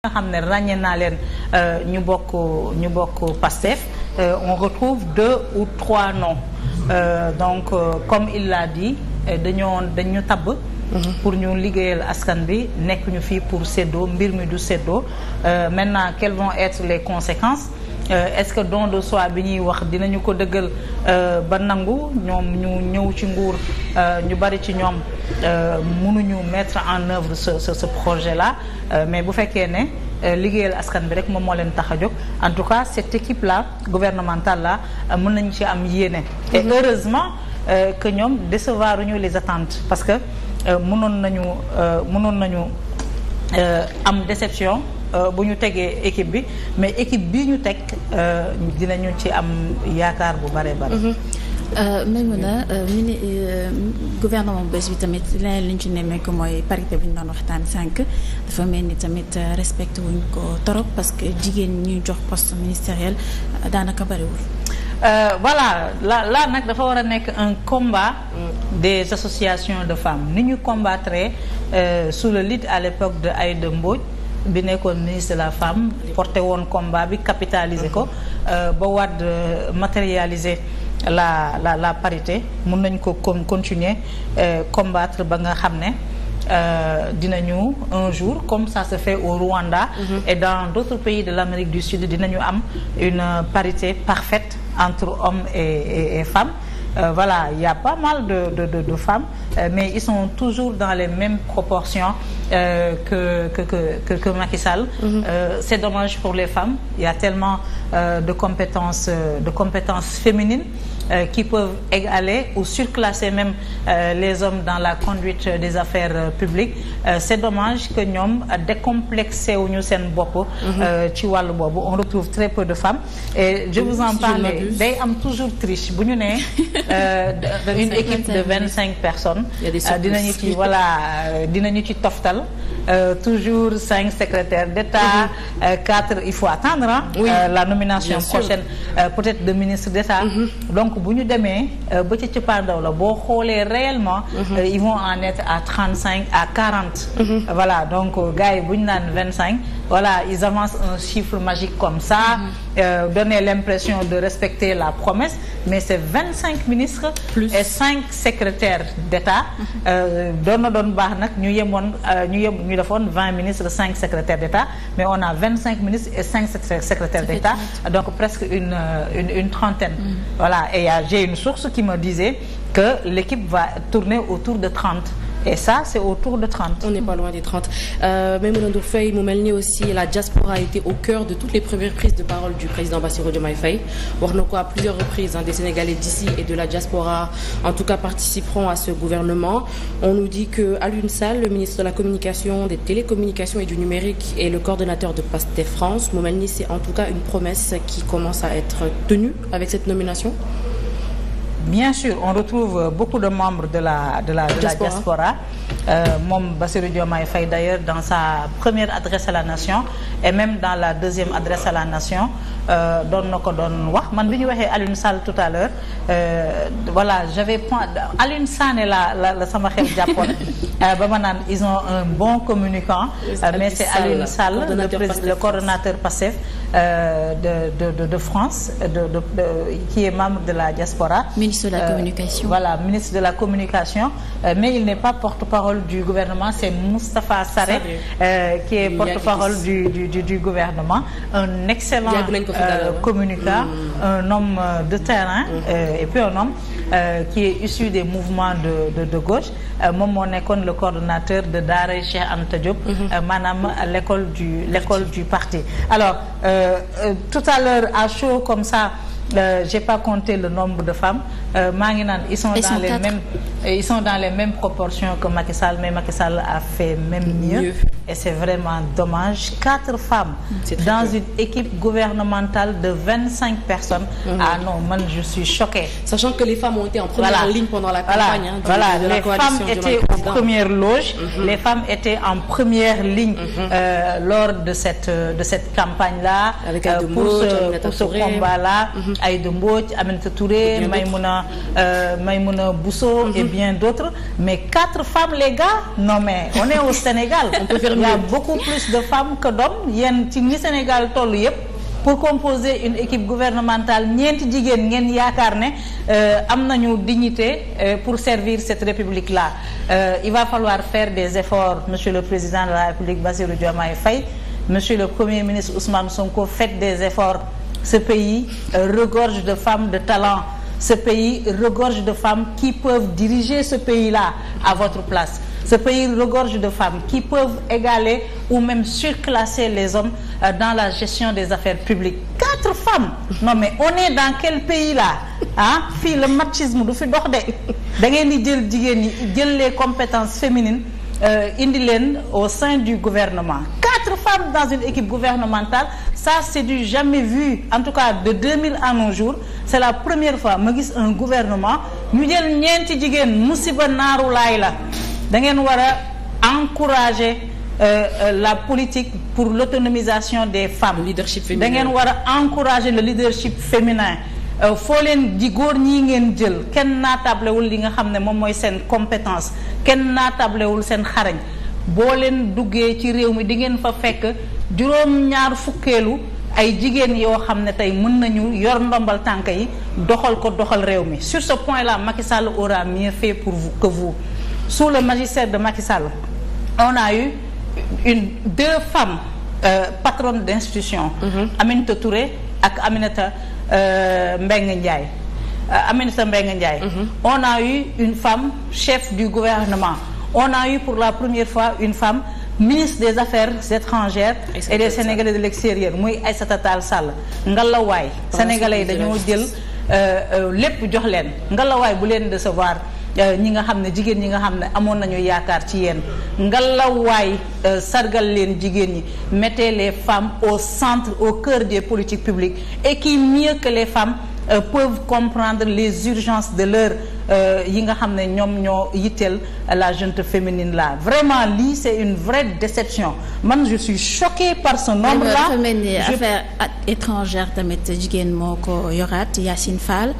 nga xam ne ràññee naa leen euh, ñu bokk ñu bokk Pastef euh, on retrouve deux ou trois noms euh, donc euh, comme il l'a dit dañoo dañu tabb pour ñu liggéeyal askan bi nekk ñu fii pour séddoo mbir mi du séddoo maintenant quelles vont être les conséquences Euh, est-ce que don de soi bi ñuy wax dinañu ko dëggal euh, ba nangu ñoom ñu ñëw ci nguur euh, ñu bari ci ñoom munuñu mettre en œuvre ce ce, projet la mais bu fekkee ne liggéeyal askan bi rek moom moo leen tax a jóg en tout cas cette équipe là gouvernementale là mën nañu ci am yéene. et mhm. heureusement euh, que ñoom décevoir ñu les attentes parce que mënoon nañu mënoon nañu am déception. Euh, bu ñu tegee équipe bi mais équipe bi ñu teg euh, dinañu ci am yaakaar bu bare bare mhm. euh, Maïmouna mini gouvernement bu bees bi tamit leneen li ñu ci nemmeeku mooy parité bu ñu doon waxtaan sànq dafa mel ni tamit respecté wuñ ko torop parce que jigéen ñuy jox post ministériel daanaka bariwul voilà la la nag dafa war a nekk un combat des associations de femmes ni ñu combattre sous le lead à l'époque de Aïda Mbodj bi nekkoon ministre de la femme porté woon combat bi capitaliser ko euh, ba wadd euh, matérialiser la la la parité mun nañ ko kon continuer euh, combatre ba nga xam ne dinañu un jour comme ça se fait au Rwanda mm-hmm. et dans d'autres pays de l'Amérique du Sud dinañu am une parité parfaite entre hommes et et, et femmes euh, voilà il y a pas mal de de de, de femmes euh, mais ils sont toujours dans les mêmes proportions euh, que que que que Macky Sall. Mm-hmm. c'est dommage pour les femmes il y a tellement euh, de compétences euh, de compétences féminines. euh, qui peuvent égaler ou surclasser même euh, les hommes dans la conduite euh, des affaires euh, publiques euh, c'est dommage que ñoom décomplexé wuñu seen bopp mhm. ci wàllu boobu on retrouve très peu de femmes et je vous en parlais day am toujours triche bu ñu nee une équipe de vingt cinq personnes dinañu ci voilà dinañu ci toftal Euh, toujours cinq secrétaires d'État. Mm-hmm. quatre il faut attendre. la nomination prochaine peut-être de ministre d'État. mm Donc bu ñu demee euh, ba ca cëppaandaw la boo xoolee réellement. Mhm. Euh, ils vont en être à trente cinq à quarante. Mhm. voilà donc euh, gars yi bu ñu naan vingt cinq. voilà ils avancent un chiffre magique comme ça mm -hmm. euh, donner de respecter la promesse mais c'est vingt cinq ministres Plus. et cinq secrétaires d'État mm-hmm. euh, doon na doon baax nag ñu yemoon euh, ñu yem ñu defoon vingt ministres cinq secrétaires d'État mais a vingt cinq ministres et cinq secrétaires d'État donc presque une euh, une une trentaine mm -hmm. voilà et j'ai une source qui me disait que l'équipe de trente et ça c'est autour de 30. on n'est pas loin des 30 euh, Maïmouna Ndour Faye mu mel ni aussi la diaspora a été au cœur de toutes les premières prises de parole du président Bassirou Diomaye Faye wax na ko à plusieurs reprises hein, des Sénégalais d'ici et de la diaspora en tout cas participeront à ce gouvernement on nous dit que Alioune Sall le ministre de la communication des télécommunications et du numérique et le coordonnateur de Pastef France mu mel ni c'est en tout cas une promesse qui commence à être tenue avec cette nomination bien sûr on retrouve beaucoup de membres de la de la de la diaspora euh, moom Bassirou Diomaye Faye d'ailleurs dans sa première adresse à la nation et même dans la deuxième adresse à la nation Euh, doon na ko doon wax man bi ñu waxee Alioune Sall tout à l'heure euh, voilà j'avais point Alioune Sané la la sama xel jàppoon euh, ba ma naan ils ont un bon communicant mais c'est Alioune Sall le coordonnateur Pastef de de de France de de qui est membre de la diaspora ministre de la communication voilà ministre de la communication mais il n'est pas porte-parole du gouvernement c'est Moustapha Sarré qui est porte-parole du du du gouvernement un excellent Euh, communica un homme euh, de terrain euh, et puis un homme qui est issu des mouvements de de gauche moom moo nekkoon le coordonnateur de Daara Cheikh Anta Diop mhm. maanaam l'école du l'école parti alors tout à l'heure à comme ça Euh, j'ai pas le nombre de femmes euh, maa ngi naan ils sont Elles dans les quatre. mêmes euh, ils sont dans les mêmes proportions que vraiment dommage quatre femmes dans bien. une équipe gouvernementale de vingt-cinq personnes mm -hmm. ah non man je suis choquée sachant que les femmes ont été en de, de mhm. mhm. euh, de cette campagne là ay Aïda Mbodj Aminata Touré Maïmouna euh, Maïmouna Bousso mm -hmm. et mhm. bien d'autres mais quatre femmes les no mais on est au Sénégal il y a beaucoup plus de femmes que d'hommes yéen ci ni Sénégal toll yëpp pour composer une équipe gouvernementale ñeenti jigéen ngeen yaakaar ne euh, am nañu dignité euh, pour servir cette république là euh, il va falloir faire des efforts monsieur le président de la république Bassirou Diomaye Faye monsieur le premier ministre Ousmane Sonko faites Ce pays regorge de femmes de talent. Ce pays regorge de femmes qui peuvent diriger ce pays-là à votre place. Ce pays regorge de femmes qui peuvent égaler ou même surclasser les hommes euh, dans la gestion des affaires publiques. Quatre femmes. Non mais on est dans quel pays-là? ah fii le machisme du fi de da ngeen di jël jigéen ñi jël les compétences féminines Euh, indi leen au sein du gouvernement quatre femmes dans une équipe gouvernementale ça c'est du jamais vu en tout cas de 2000 à nos jours c'est la première fois ma gis un gouvernement ñu jël ñeenti jigéen musiba naaru laay la da ngeen war a encourager euh, euh, la politique pour l'autonomisation des femmes leadership féminin da ngeen war a encourager le leadership féminin Euh, foo leen ji góor ñii ngeen jël kenn naatablewul li nga xam ne moom mooy seen compétence kenn naatablewul seen xarañ boo leen duggee ci réew mi di ngeen fa fekk juróom ñaar fukkeelu ay jigéen yoo xam ne tey mën nañu yor ndombal tànk yi doxal ko doxal réew mi sur ce point la Macky Sall aura fait pour vous que vous sous le magistère de Macky Sall on a eu une deux femmes euh, d'institution mm -hmm. ak Aminata Euh, Mbengue Ndiaye euh, Aminata Mbengue Ndiaye mhm. on a eu une femme chef du gouvernement on a eu pour la première fois une femme ministre des affaires étrangères et des sénégalais de l'extérieur muy Aïssata Tall Sall ngalawaay sénégalais yi dañoo jël euh, lépp jox leen ngalawaay bu leen décevoir ñi nga xam ne jigéen ñi nga xam ne amoon nañu yaakaar ci yéen ngalawaay euh, sargal leen jigéen ñi mettez les femmes au centre au cœur des politiques publiques et qui mieux que femmes euh, peuvent comprendre les urgences de l'heure Euh, yi nga xam ne ñoom ñoo yitteel la gente féminine là vraiment lii c'est une vraie déception man je suis choquée par ce nombre là dafa mel ni affaire étrangère tamit jigéen moo ko yoraat Yacine Fall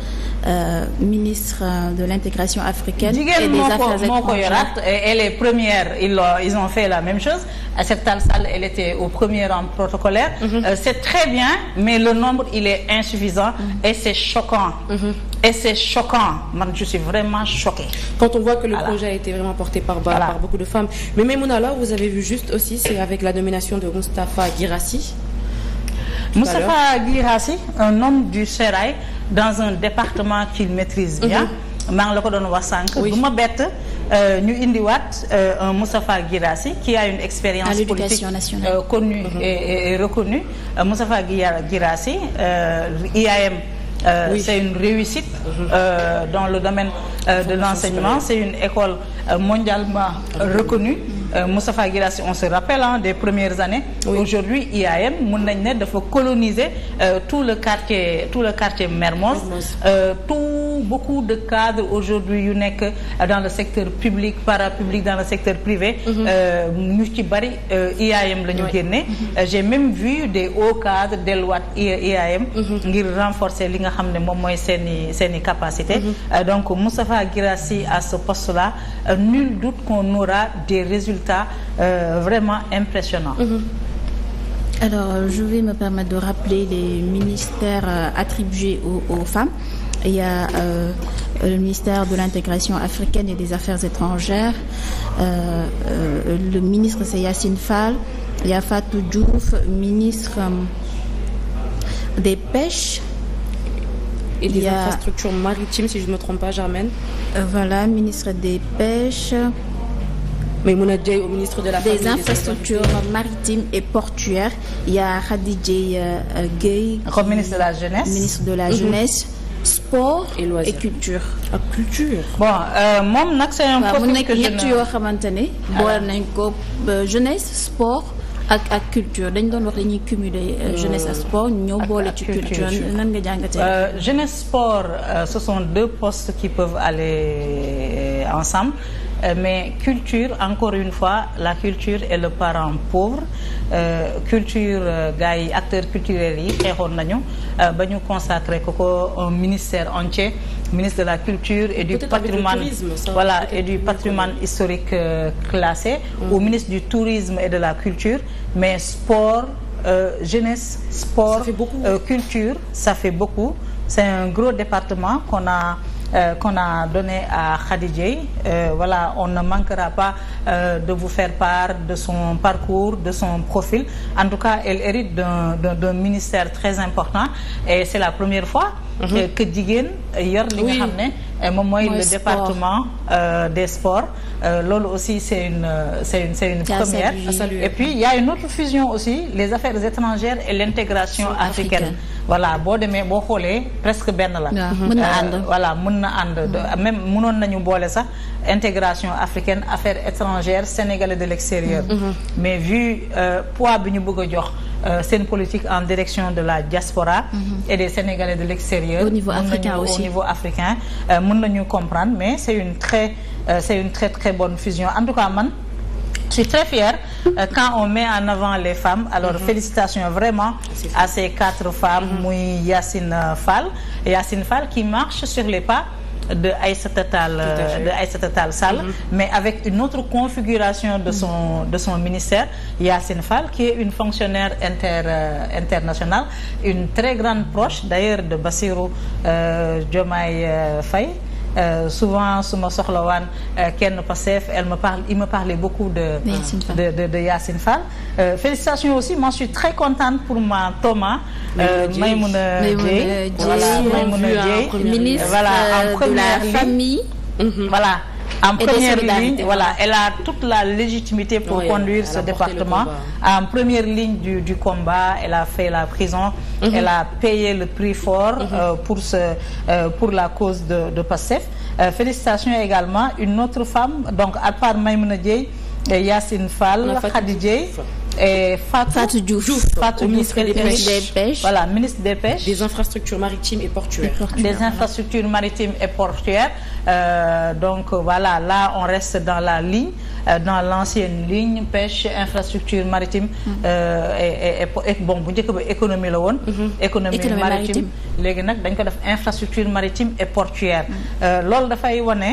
euh, ministre de l'intégration africaine et des affaires étrangères jigéen moo ko yoraat et les premières ils ils ont fait la même chose Aïssata Tall Sall elle était au premier rang protocolaire mhm. euh, c'est très bien mais le nombre il est insuffisant mhm. et c'est choquant mhm. Et c'est choquant. Man, je vraiment choquée. Quand on voit que le projet a été vraiment porté par, voilà. par beaucoup de femmes. Mais Memouna, là, vous avez vu juste aussi, c'est avec la nomination de Moustapha Guirassi. Moustapha Guirassi, un homme du Serail, dans un département qu'il maîtrise mhm. bien. maa ngi la ko doon wax sànq. du ma bett euh, ñu indiwaat euh, un Moustapha Guirassi qui a une expérience politique euh, connue mm -hmm. et, et reconnue euh, Moustapha Guirassi euh, Euh, oui. c'est une réussite mhm. euh, dans le domaine euh, de l'enseignement. C'est une école euh, mondialement mhm. reconnue. Euh, Moustapha Guirassy on se rappelle hein, des premières années oui. aujourd'hui IAM mën nañ ne dafa coloniser euh, tout le quartier tout le quartier Mermoz euh, tout beaucoup de cadres aujourd'hui yu nekk dans le secteur public parapublic dans le secteur privé mm-hmm. euh, ñu ci bari euh, IAM la ñu génne mm-hmm. euh, j'ai même vu des hauts cadres delluwaat IAM mm-hmm. ngir renforcer li nga xam ne moom mooy seeni seeni capacité donc Moustapha Guirassy à ce poste là nul doute qu'on aura des résultats euh, vraiment impressionnants. Mmh. Alors, je vais me permettre de rappeler les ministères euh, attribués aux, femmes. Euh, le ministère de l'intégration africaine et des affaires étrangères, le ministre c'est Yassine Fall, il ministre des pêches. Et des infrastructures maritimes, si je ne me trompe pas, Germaine. ministre des pêches. Maïmouna Dièye au ministre de la des infrastructures maritimes et portuaires il y a Khady Dièye Guèye comme ministre de la jeunesse ministre de la mhm. jeunesse sport et cultures et culture. ak ah, culture. bon euh, moom nag c'est un profil que yoo xamante ne. boole nañ ko euh, jeunesse sport ak ak culture dañ doon wax dañuy cumuler euh, jeunesse ak sport ñëw boole ci culture nan nga jàngatee. jeunesse sport ce sont deux postes qui peuvent aller ensemble. Euh, mais culture encore une fois la culture est le parent pauvre euh, culture euh, gars yi acteurs culturels yi xeexoon nañu ba ñu consacré ko ko un ministère entier ministre de la culture et du patrimoine voilà et du patrimoine historique classé mm. au ministre du tourisme et de la culture mais sport jeunesse sport culture ça fait beaucoup c'est un gros département qu'on a euh, qu'on a donné à Khady Dièye euh, on ne manquera pas euh, de vous faire part de son parcours de son profil en tout cas elle hérite d'un ministère très important et c'est la première fois mhm. euh, que jigéen yor li nga xam ne euh, moom mooy le département euh, des sports loolu aussi c'est une c'est une c'est une première et puis il y a une autre fusion aussi les affaires étrangères et l'intégration africaine voilà boo demee boo xoolee presque benn la. mën na ànd euh, voilà mën na ànd. Hmm. même mënoon nañu boole sax intégration africaine affaires étrangères sénégalais de l'extérieur. Hmm. Hmm. mais vu euh, poids bi ñu bëgg a jox euh, seen politique en direction de la diaspora. et des sénégalais de l'extérieur. au niveau africain aussi au niveau nañu comprendre mais c'est une très c'est très bonne fusion en tout cas man. Je suis très fière euh, quand on met en avant les femmes. Alors mm -hmm. félicitations vraiment à ces quatre femmes, mhm. muy mm -hmm. Yacine Fall, Yacine Fall qui marche sur les pas de Aïssata Tall euh, de mhm. mais avec une autre configuration de son mhm. de son ministère Yacine Fall qui est une fonctionnaire inter euh, internationale une très grande proche d'ailleurs de Bassirou euh, Diomaye euh, Faye Euh, souvent su ma soxlawaan euh, kenn Pastef elle me parle il me parlait beaucoup de de de, de Yacine Fall euh, félicitations aussi moi suis très contente pour ma Thomas Maïmouna Dièye Maïmouna Dièye voilà en première ligne en première ligne voilà elle a toute la légitimité pour oui, conduire ce département en première ligne du du combat elle a fait la prison mm-hmm. elle a payé le prix fort mhm. euh, pour euh, pour la cause de de Pastef euh, félicitations également une autre femme donc à part Maïmouna Dièye euh, Yacine Fall Khady Dièye Euh, Fatou Fatou Diouf Fatou Diouf ministre des pêches voilà ministre des pêches des infrastructures maritimes et portuaires des infrastructures maritimes et portuaires euh, donc voilà la on reste dans la ligne euh, dans l'ancienne ligne pêche infrastructure maritime mm. et et bon bu njëkk ba économie la woon mm-hmm. économie maritime léegi nag dañ ko def infrastructure maritime et portuaire mm. loolu dafay wane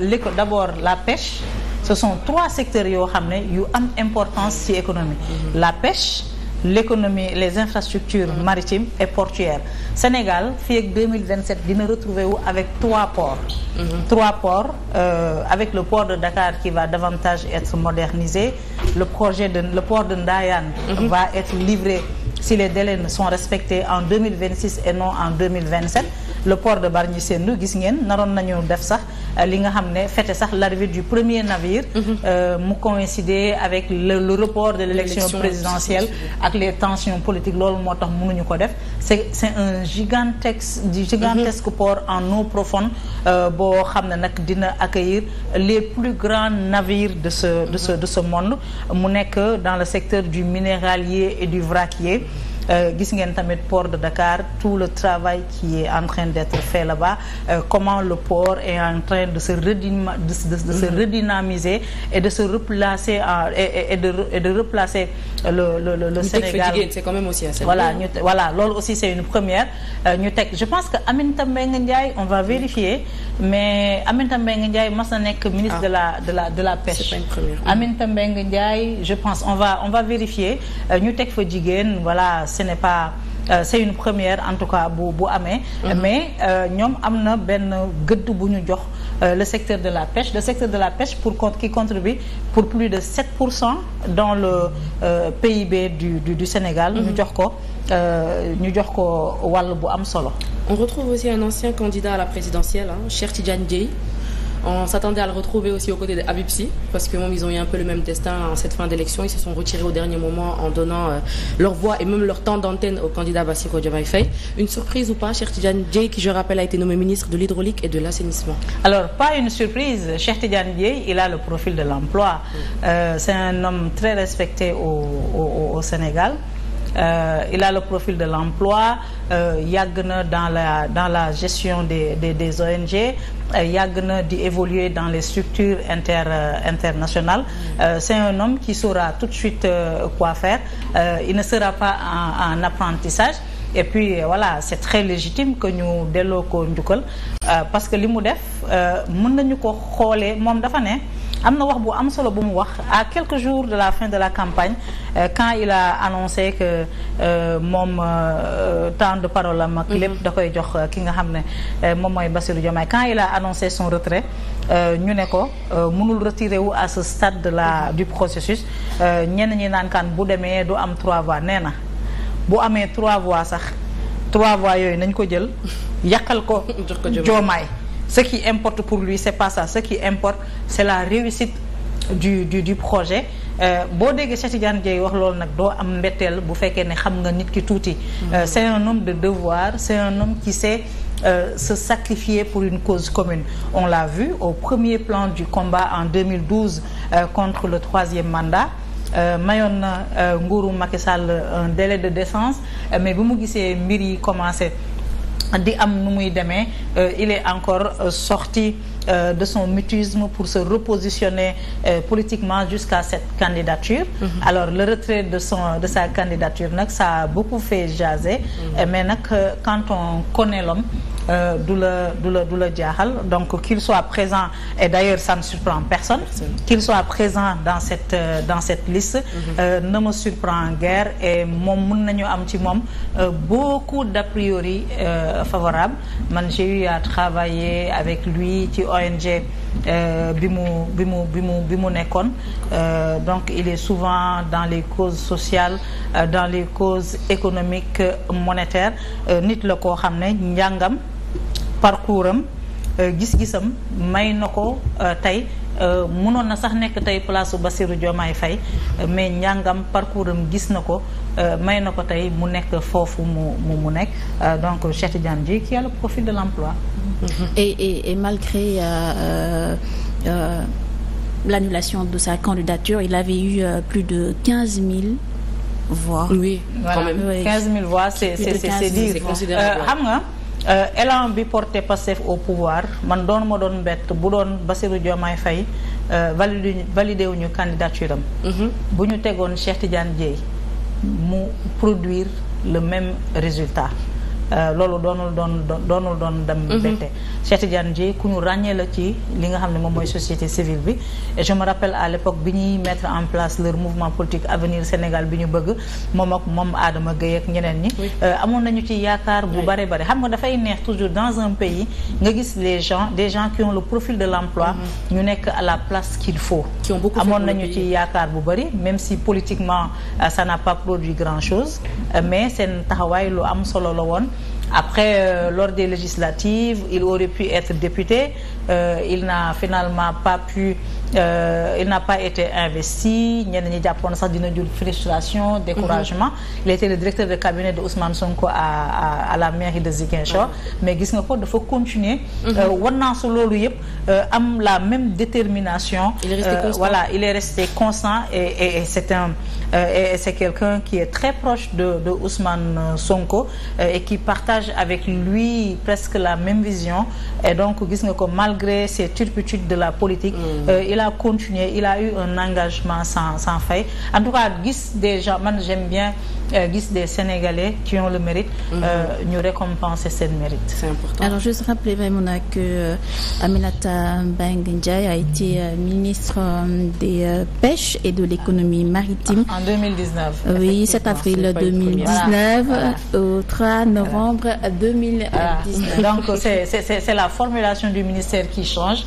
li ko d'abord la pêche ce sont trois secteurs yoo xam ne yu am importance ci économie mhm. la pêche l'économie les infrastructures maritimes et portuaires Sénégal fii ak 2027 dina retrouver wu avec trois ports mm -hmm. trois ports euh, avec le port de Dakar qui va davantage être modernisé le projet de port de Ndayane mm -hmm. va être livré si les délais sont respectés en 2026 et non en 2027 le port de Bargny Sendou gis ngeen naroon nañu def sax Euh, li nga xam ne fête sax l'arrivée du premier navire mhm. euh, mu coïncider avec le report de l'élection présidentielle ak les tensions politiques loolu moo tax ñu ko def c'est c'est un gigantesque mhm. gigantesque port en eau profonde euh, boo xam ne nag dina accueillir les plus grands navires de ce de ce mhm. de ce monde mu nekk dans le secteur du minéralier et du vraquier Euh, gis ngeen tamit port de Dakar tout le travail qui est en train d'être fait là-bas euh, comment le port est en train de se redynam de, de, de se mm-hmm. redynamiser et de se replacer en et, de replacer le le le, le Sénégal c'est quand même aussi voilà ñu loolu aussi c'est une première euh, ñu je pense que Aminata Mbengue Ndiaye on va vérifier mais Aminata Mbengue Ndiaye mas na nekk ministre ah. de la de la de la pêche c'est pas une première je pense on va on va vérifier ñu teg fa jigéen voilà ce n'est pas euh, c'est une première en tout cas bu bu amee mhm. mais euh, ñoom am na benn gëdd bu ñu jox euh, le secteur de la pêche le secteur de la pêche pour qui contribue pour plus de 7 pour cent dans le euh, PIB du Sénégal mhm. ñu jox ko euh, ñu jox ko wàll bu am solo on retrouve aussi un ancien candidat à la présidentielle hein, Cheikh Tidiane Dièye On s'attendait à le retrouver aussi aux côtés de Habib Sy parce que même ils ont eu un peu le même destin en cette fin d'élection. Ils se sont retirés au dernier moment en donnant euh, leur voix et même leur temps d'antenne au candidat Bassirou Diomaye Faye. Une surprise ou pas, Cheikh Tidiane Dièye, qui je rappelle a été nommé ministre de l'hydraulique et de l'assainissement. Alors, pas une surprise. Cheikh Tidiane Dièye, il a le profil de l'emploi. Euh, c'est un homme très respecté au, au, au Sénégal. euh, il a le profil de l'emploi euh, yàgg na dans la dans la gestion des des, des ONG euh, yàgg na di évoluer dans les structures inter euh, internationales c'est un homme qui saura tout de suite quoi faire il ne sera pas en, en apprentissage et puis voilà c'est très légitime que ñu delloo ko njukkal parce que li mu def mën nañu ko xoolee moom dafa ne am na wax bu am solo bu mu wax à quelque jours de la fin de la campagne euh, quand il a annoncé que euh, moom euh, temps de parole am ak mhm. lépp da koy jox euh, ki nga xam ne euh, moom mooy Bassirou Diomaye quand il a annoncé son retrait ñu ne ko mënul retirer wu à ce stade de la mhm. du processus ñenn ñi naan kaan bu demee du am trois voix nee na bu amee trois voix sax trois voix yooyu nañ ko jël yàqal ko Diomaye ce qui importe pour lui c'est pas ça ce qui importe c'est la réussite du du du projet euh, boo déggee Cheikh Tidiane Dieye wax loolu nag doo am mbetteel bu fekkee ne xam nga nit ki tuuti. Mm-hmm. Euh, c'est un homme de devoir c'est un homme qui sait euh, se sacrifier pour une cause commune on l'a vu au premier plan du combat en 2012 euh, contre le troisième mandat. Euh, mayoon na euh, nguuru Macky Sall un délai de décence mais bi mu gisee mbir yi commencé. di am nu muy demee euh, il est encore euh, sorti euh, de son mutisme pour se repositionner euh, politiquement jusqu'à cette candidature mm-hmm. alors le retrait de son de sa candidature nag ça a beaucoup fait jaser mm-hmm. euh, mais nag quand on connaît l'homme euh, du la du la du la jaaxal donc qu'il soit présent et d'ailleurs ça ne surprend personne qu'il soit présent dans cette euh, dans cette liste mm-hmm. euh, ne me surprend guère et moom mun nañu am ci moom euh, beaucoup d'a priori euh, favorables man j'ai eu à travailler avec lui ci ONG bi mu bi mu bi mu bi mu nekkoon donc il est souvent dans les causes sociales dans les causes économiques monétaires nit la koo xam ne njàngam parcours am euh, gis-gisam may na ko euh, tey euh, mënoon na sax nekk tey place Bassirou Diomaye Faye mais njàngam parcours am gis na ko may na ko tey mu nekk foofu mu mu nekk donc Cheikh Tidiane Dièye qui a le profil de l'emploi mm-hmm. et et et malgré euh, euh, l'annulation de sa candidature il avait eu plus de quinze mille voix. oui voilà. quand même quinze mille voix c'est c'est c'est dire xam nga. Euh, élan bi porté Pastef au pouvoir man doon ma doon mbett bu doon Bassirou Diomaye fay euh, validé validé wuñu candidature am mhm. bu ñu tegoon Cheikh Tidiane Dièye mu produire le même résultat Euh, loolu doonul doon doonul doon dem mhm. bette Cheikh Tidiane Dièye ku ñu ràññee la ci li nga xam ne moom mooy société civile bi et je me rappelle à l'époque bi ñuy mettre en place leur mouvement politique avenir Sénégal bi ñu bëgg moom ak moom Adama Gueye ak ñeneen ñi euh, amoon nañu ci yaakaar bu bare bare xam nga dafay neex toujours dans un pays nga gis les gens des gens qui ont le profil de l'emploi mhm. ñu nekk à la place qu'il faut amoon nañu ci yaakaar bu bari même si politiquement euh, ça n'a pas produit grand chose mais seen taxawaay lu am solo la woon Après, euh, lors des législatives, il aurait pu être député. Euh, il n'a finalement pas pu Euh, il n'a pas été investi ñenn ñi jàppoon sax dina jur frustration mhm. découragement il était le directeur de cabinet de Ousmane Sonko à à, à la mairie de Ziguinchor mais gis nga ko dafa continuer mhm. euh, war naa su loolu yëpp euh, am la même détermination il est euh, voilà il est resté constant et et, et c'est un euh, et c'est quelqu'un qui est très proche de de Sonko et qui partage avec lui presque la même vision et donc gis nga ko malgré ces turpitudes de la politique mhm. a continué il a eu un engagement en gis des gens man j'aime bien euh, des Sénégalais qui le mérite. Mhm. Euh, ñu euh, seen mérite. c'est important alors juste rappeler Maïmouna que euh, Aminata Mbengue Ndiaye a été ministre des pêches de l'économie maritime. Ah, en 2019. oui 7 avril 2019 voilà. au 3 novembre voilà. 2019. Voilà. donc c'est c'est c'est ministère qui change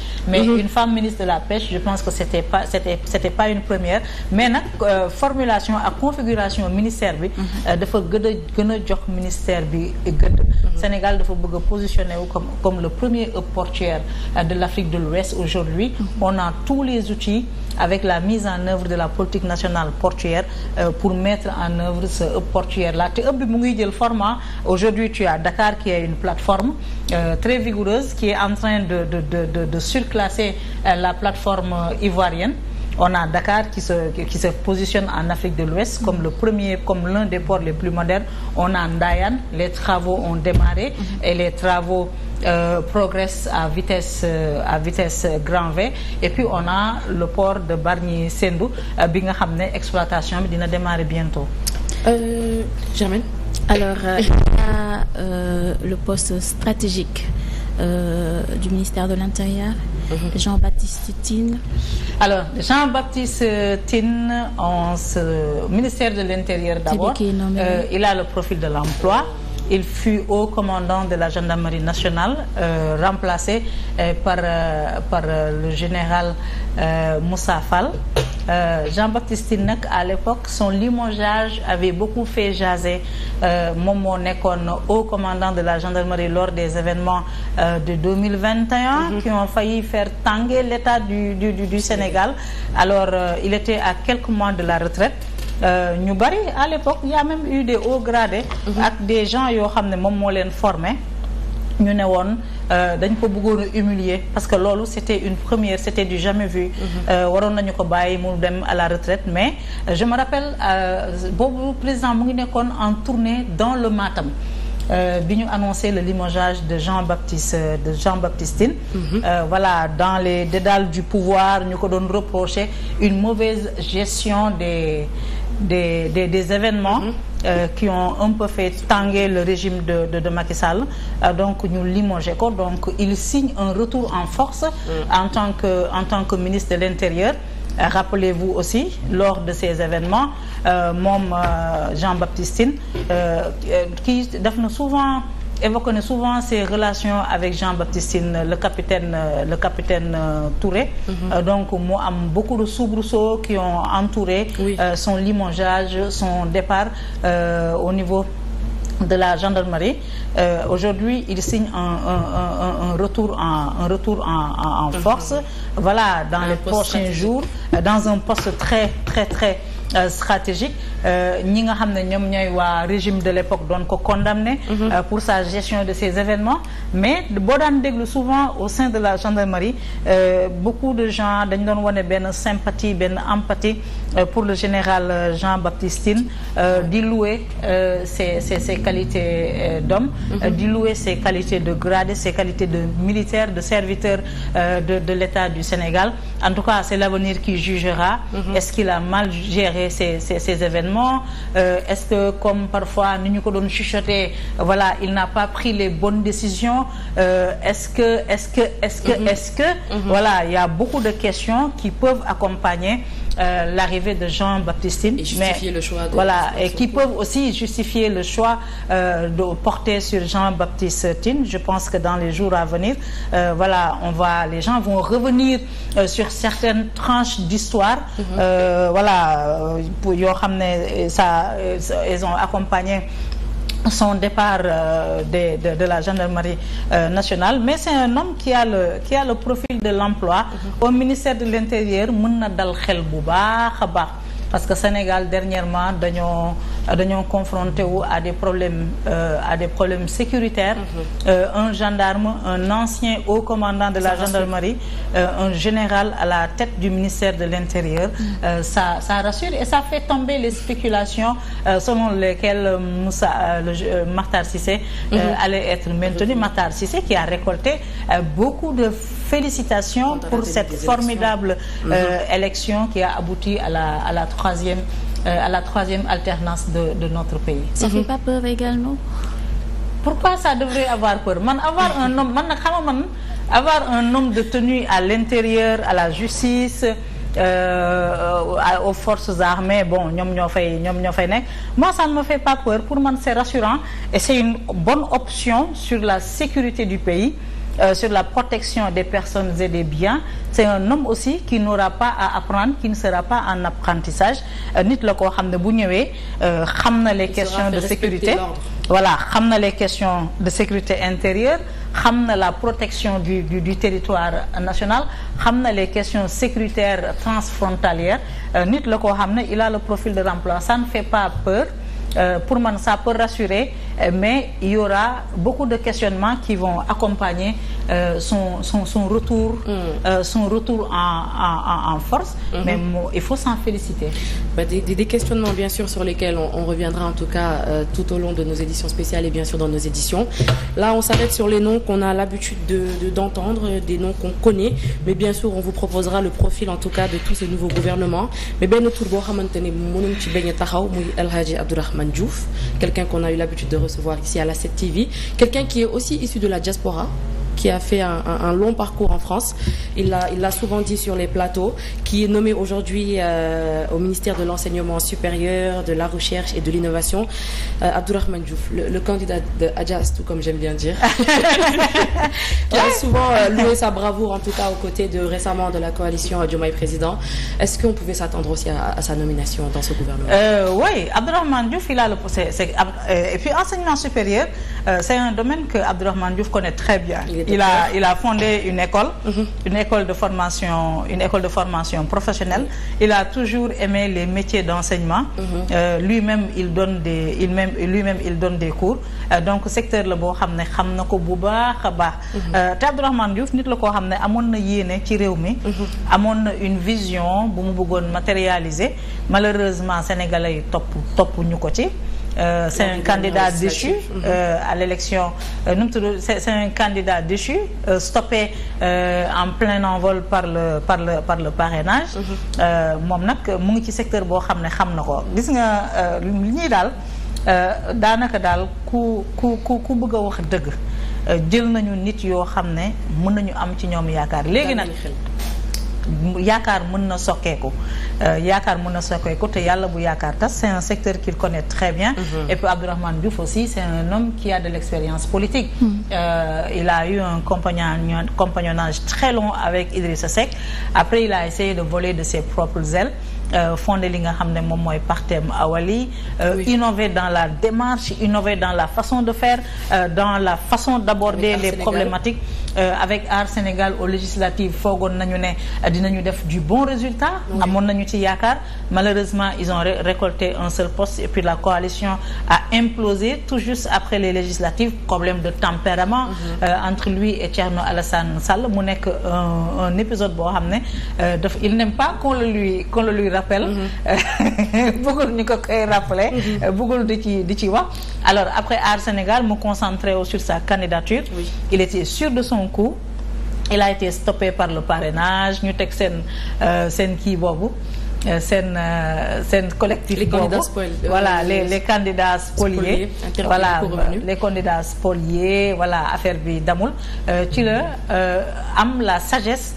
pense que c'était pas c'était c'était pas une première mais nag euh, formulation ak configuration ministère bi mhm. euh, dafa gën a gën a jox ministère bi gëdd mhm. Sénégal dafa bëgg a positionné wu comme comme le premier hub portuaire euh, de l'Afrique de l'Ouest aujourd'hui mhm. on a tous les outils avec la mise en œuvre de la politique nationale portuaire euh, pour mettre en œuvre ce portuaire là te hub bi mu ngi jël format aujourd'hui tu as Dakar qui est une plateforme euh, très vigoureuse qui est en train de de de de, de surclasser euh, la plateforme euh, ivoirienne on a Dakar qui se qui se positionne en Afrique de l'Ouest comme le premier comme l'un des ports les plus modernes on a Ndayane les travaux ont démarré mm-hmm. et les travaux euh, progresse à vitesse euh, à vitesse grand V et puis on a le port de Bargny Sendou euh, bi nga xam ne exploitation bi dina démarrer bientôt. Euh, Germaine. alors il y a le poste stratégique. Euh, du ministère de l'Intérieur. Mmh. Jean-Baptiste Tine. Alors, Jean-Baptiste Tine, on se... ministère de l'Intérieur d'abord, il a le profil de l'emploi. Il fut haut commandant de la gendarmerie nationale, euh, remplacé euh, par, euh, par euh, le général euh, Moussa Fall. Euh, Jean-Baptiste nag à l'époque son limogeage avait beaucoup fait jaser moom moo nekkoon haut commandant de la gendarmerie lors des événements de 2021 mhm. qui ont failli faire tanguer l'état du du du Sénégal alors il était à quelques mois de la retraite Euh, ñu bari à l'époque y même eu des hauts gradés mhm. ak des gens yoo xam ne moom moo leen formé ñu ne woon euh, dañ ko buggoon a humilier parce que loolu c'était une première c'était du jamais vu mhm. euh, waroon nañu ko bàyyi mu dem à la retraite mais je me rappelle boobu président mu ngi nekkoon en tournée dans le Matam Euh, bi ñu annoncé le limogeage de Jean-Baptiste de Jean-Baptiste mhm. voilà dans les dédales du pouvoir ñu ko doon reprocher une mauvaise gestion des des des des événements. Mm qui ont un peu fait tanguer le régime de de, de Macky Sall euh, donc ñu limogé ko donc il signe un retour en force mm. en tant que en tant que ministre de l'Intérieur euh, rappelez-vous aussi lors de ces événements euh, moom Jean-Baptiste Tine qui def souvent évoqué na souvent ses relations avec Jean-Baptiste le capitaine euh, le capitaine euh, Touré. Mhm. Euh, donc mu am beaucoup de soubresauts qui ont entouré. son limogeage son départ au niveau. de la gendarmerie euh, aujourd'hui il signe un, un, un, un retour en un retour en, en, en force voilà dans les prochains jours dans un poste très très très stratégique Euh, ñi nga xam ne ñoom ñooy waa régime de l'époque doon ko condamné mhm. euh, pour sa gestion de ces événements mais boo daan déglu souvent au sein de la gendarmerie euh, beaucoup de gens dañ doon wane benn sympathie benn empathie pour le général Jean-Baptiste Tine di louer ses ses ses qualités d'homme mhm. di louer ses qualités de gradé ses qualités de militaire de serviteur de de l'État du Sénégal en tout cas c'est l'avenir qui jugera mhm. est-ce qu'il a mal géré ces événements vraiment euh, est-ce que comme parfois ni ñu ko doon chuchoter voilà il n'a pas pris les bonnes décisions euh, est-ce que est-ce que est-ce que mm-hmm. est-ce que mm -hmm. voilà il y a beaucoup de questions qui peuvent accompagner euh, l'arrivée de Jean Baptistine. Et mais, le choix de voilà, et qui peuvent aussi justifier le choix euh, de porter sur Jean Baptistine. Je pense que dans les jours à venir, euh, voilà, on va, les gens vont revenir euh, sur certaines tranches d'histoire. Mm -hmm. voilà, euh, pour ça, ils ont accompagné son départ euh, de, de, de, la gendarmerie euh, nationale, mais c'est un homme qui a le, qui a le profil de l'emploi. Mm -hmm. Au ministère de l'Intérieur, Mouna Dal Parce que Sénégal, dernièrement, dañoo dañoo confronté wu à des problèmes euh, à des problèmes sécuritaires mhm. euh, un gendarme un ancien haut commandant de la gendarmerie euh, un général à la tête du ministère de l'intérieur mhm. euh, ça ça rassure et ça fait tomber les spéculations euh, selon lesquelles Moussa le Makhtar Cissé mhm. allait être maintenu Makhtar Cissé qui a récolté beaucoup de félicitations pour cette formidable euh, élection qui a abouti à la à la troisième Euh, à la troisième alternance de de notre pays. ça fait pas peur également. pourquoi ça devrait avoir peur man avoir un homme man nag xam man avoir un homme de tenue à l'intérieur à la justice. Euh, euh, aux forces armées bon ñoom ñoo fay ñoom ñoo fay nekk moi ça ne me fait pas peur pour man c'est rassurant et c'est une bonne option sur la sécurité du pays euh, sur la protection des personnes et des biens c'est un homme aussi qui n'aura pas à apprendre qui ne sera pas en apprentissage euh, nit la koo xam ne bu ñëwee euh, xam na les questions de sécurité voilà xam na les questions de sécurité intérieure xam na la protection du, du, du territoire national xam na les questions sécuritaires transfrontalières euh, nit la koo xam ne il a le profil de remploi ça ne fait pas peur pour man ça peut rassurer Euh, mais il y aura beaucoup de questionnements qui vont accompagner euh, son son son retour. Mm. Euh, son retour en en en force. Mm -hmm. mais moo il faut s'en féliciter. Bah, des, des questionnements bien sûr sur lesquels on, on reviendra en tout cas euh, tout au long de nos éditions spéciales et bien sûr dans nos éditions. Là on s'arrête sur les noms qu'on a l'habitude de de d'entendre euh, des noms qu'on connaît mais bien sûr on vous proposera le profil en tout cas de tout ce nouveau gouvernement mais benn tour boo xamante ne mënuñ ci bañ a taxaw muy El Hadji Abdourahmane Diouf quelqu'un qu'on a eu l'habitude de recevoir ici à la 7TV quelqu'un qui est aussi issu de la diaspora qui a fait un, un, un long parcours en France. Il l'a il l'a souvent dit sur les plateaux, qui est nommé aujourd'hui euh, au ministère de l'enseignement supérieur, de la recherche et de l'innovation, euh, Abdourahmane Diouf, le, le candidat de Adjastou, comme j'aime bien dire, qui a souvent euh, loué sa bravoure, en tout cas aux côtés de récemment de la coalition Diomaye Président. Est-ce qu'on pouvait s'attendre aussi à, à, sa nomination dans ce gouvernement euh, Oui, Abdourahmane Diouf, il a le procès. Euh, et puis enseignement supérieur, euh, c'est un domaine que Abdourahmane Diouf connaît très bien. Il il a il a fondé une école. Mm une école de formation une école de formation professionnelle. il a toujours aimé les métiers d'enseignement. Mm -hmm. lui-même il donne des il même lui-même des cours euh, donc secteur la boo xam ne xam na ko bu baax a baax. Mhm. Euh, te Abdourahmane Diouf nit la koo xam ne amoon na yéene ci réew mi. Mhm. amoon na une vision bu mu bëggoon matérialiser malheureusement sénégalais yi topp topp ñu ko ci. Euh, c'est un candidat déchu euh, à l'élection euh, nu mu tudd c'est un candidat déchu euh, stoppé euh, en plein envol par le par le par le parrainage mhm. euh, moom nag mu ngi ci secteur boo xam ne xam na ko gis nga li ñuy daal daanaka daal ku ku ku ku bëgg a wax dëgg jël nañu nit yoo xam ne mën nañu am ci ñoom yaakaar léegi nag yaakaar mën na sokkeeku euh, yaakaar mën na sokkeeku te yàlla bu yaakaar tas c'est un secteur qu'il connaît très bien mm -hmm. et puis Abdourahmane Diouf aussi c'est un homme qui a de l'expérience politique mm euh, il a eu un compagnonnage très long avec Idrissa Seck après il a essayé de voler de ses propres ailes Euh, fondé li nga xam ne moom mooy Partem Awali euh, innover dans la démarche innover dans la façon de faire euh, dans la façon d'aborder les problématiques avec Aar Sénégal aux législatives foogoon nañu ne dinañu def du bon résultat amoon nañu ci yaakaar malheureusement ils ont récolté un seul poste et la coalition a implosé tout juste après les législatives problème de tempérament mhm. entre lui et Thierno Alassane Sall mu nekk un épisode boo xam ne il n'aime pas qu'on le lui rappel. Mm-hmm. bëggul ñu ko koy rappeler. Mm-hmm. bëggul di ci di ci wax. alors après Aar Sénégal mu concentré sur sa candidature. Oui. il était sûr de son coup. il a été stoppé par le parrainage ñu teg seen euh, seen kii boobu. Euh, seen euh, seen collectif boobu voilà les les candidats voilà les candidats spoliés voilà affaire bi damul ci la am la sagesse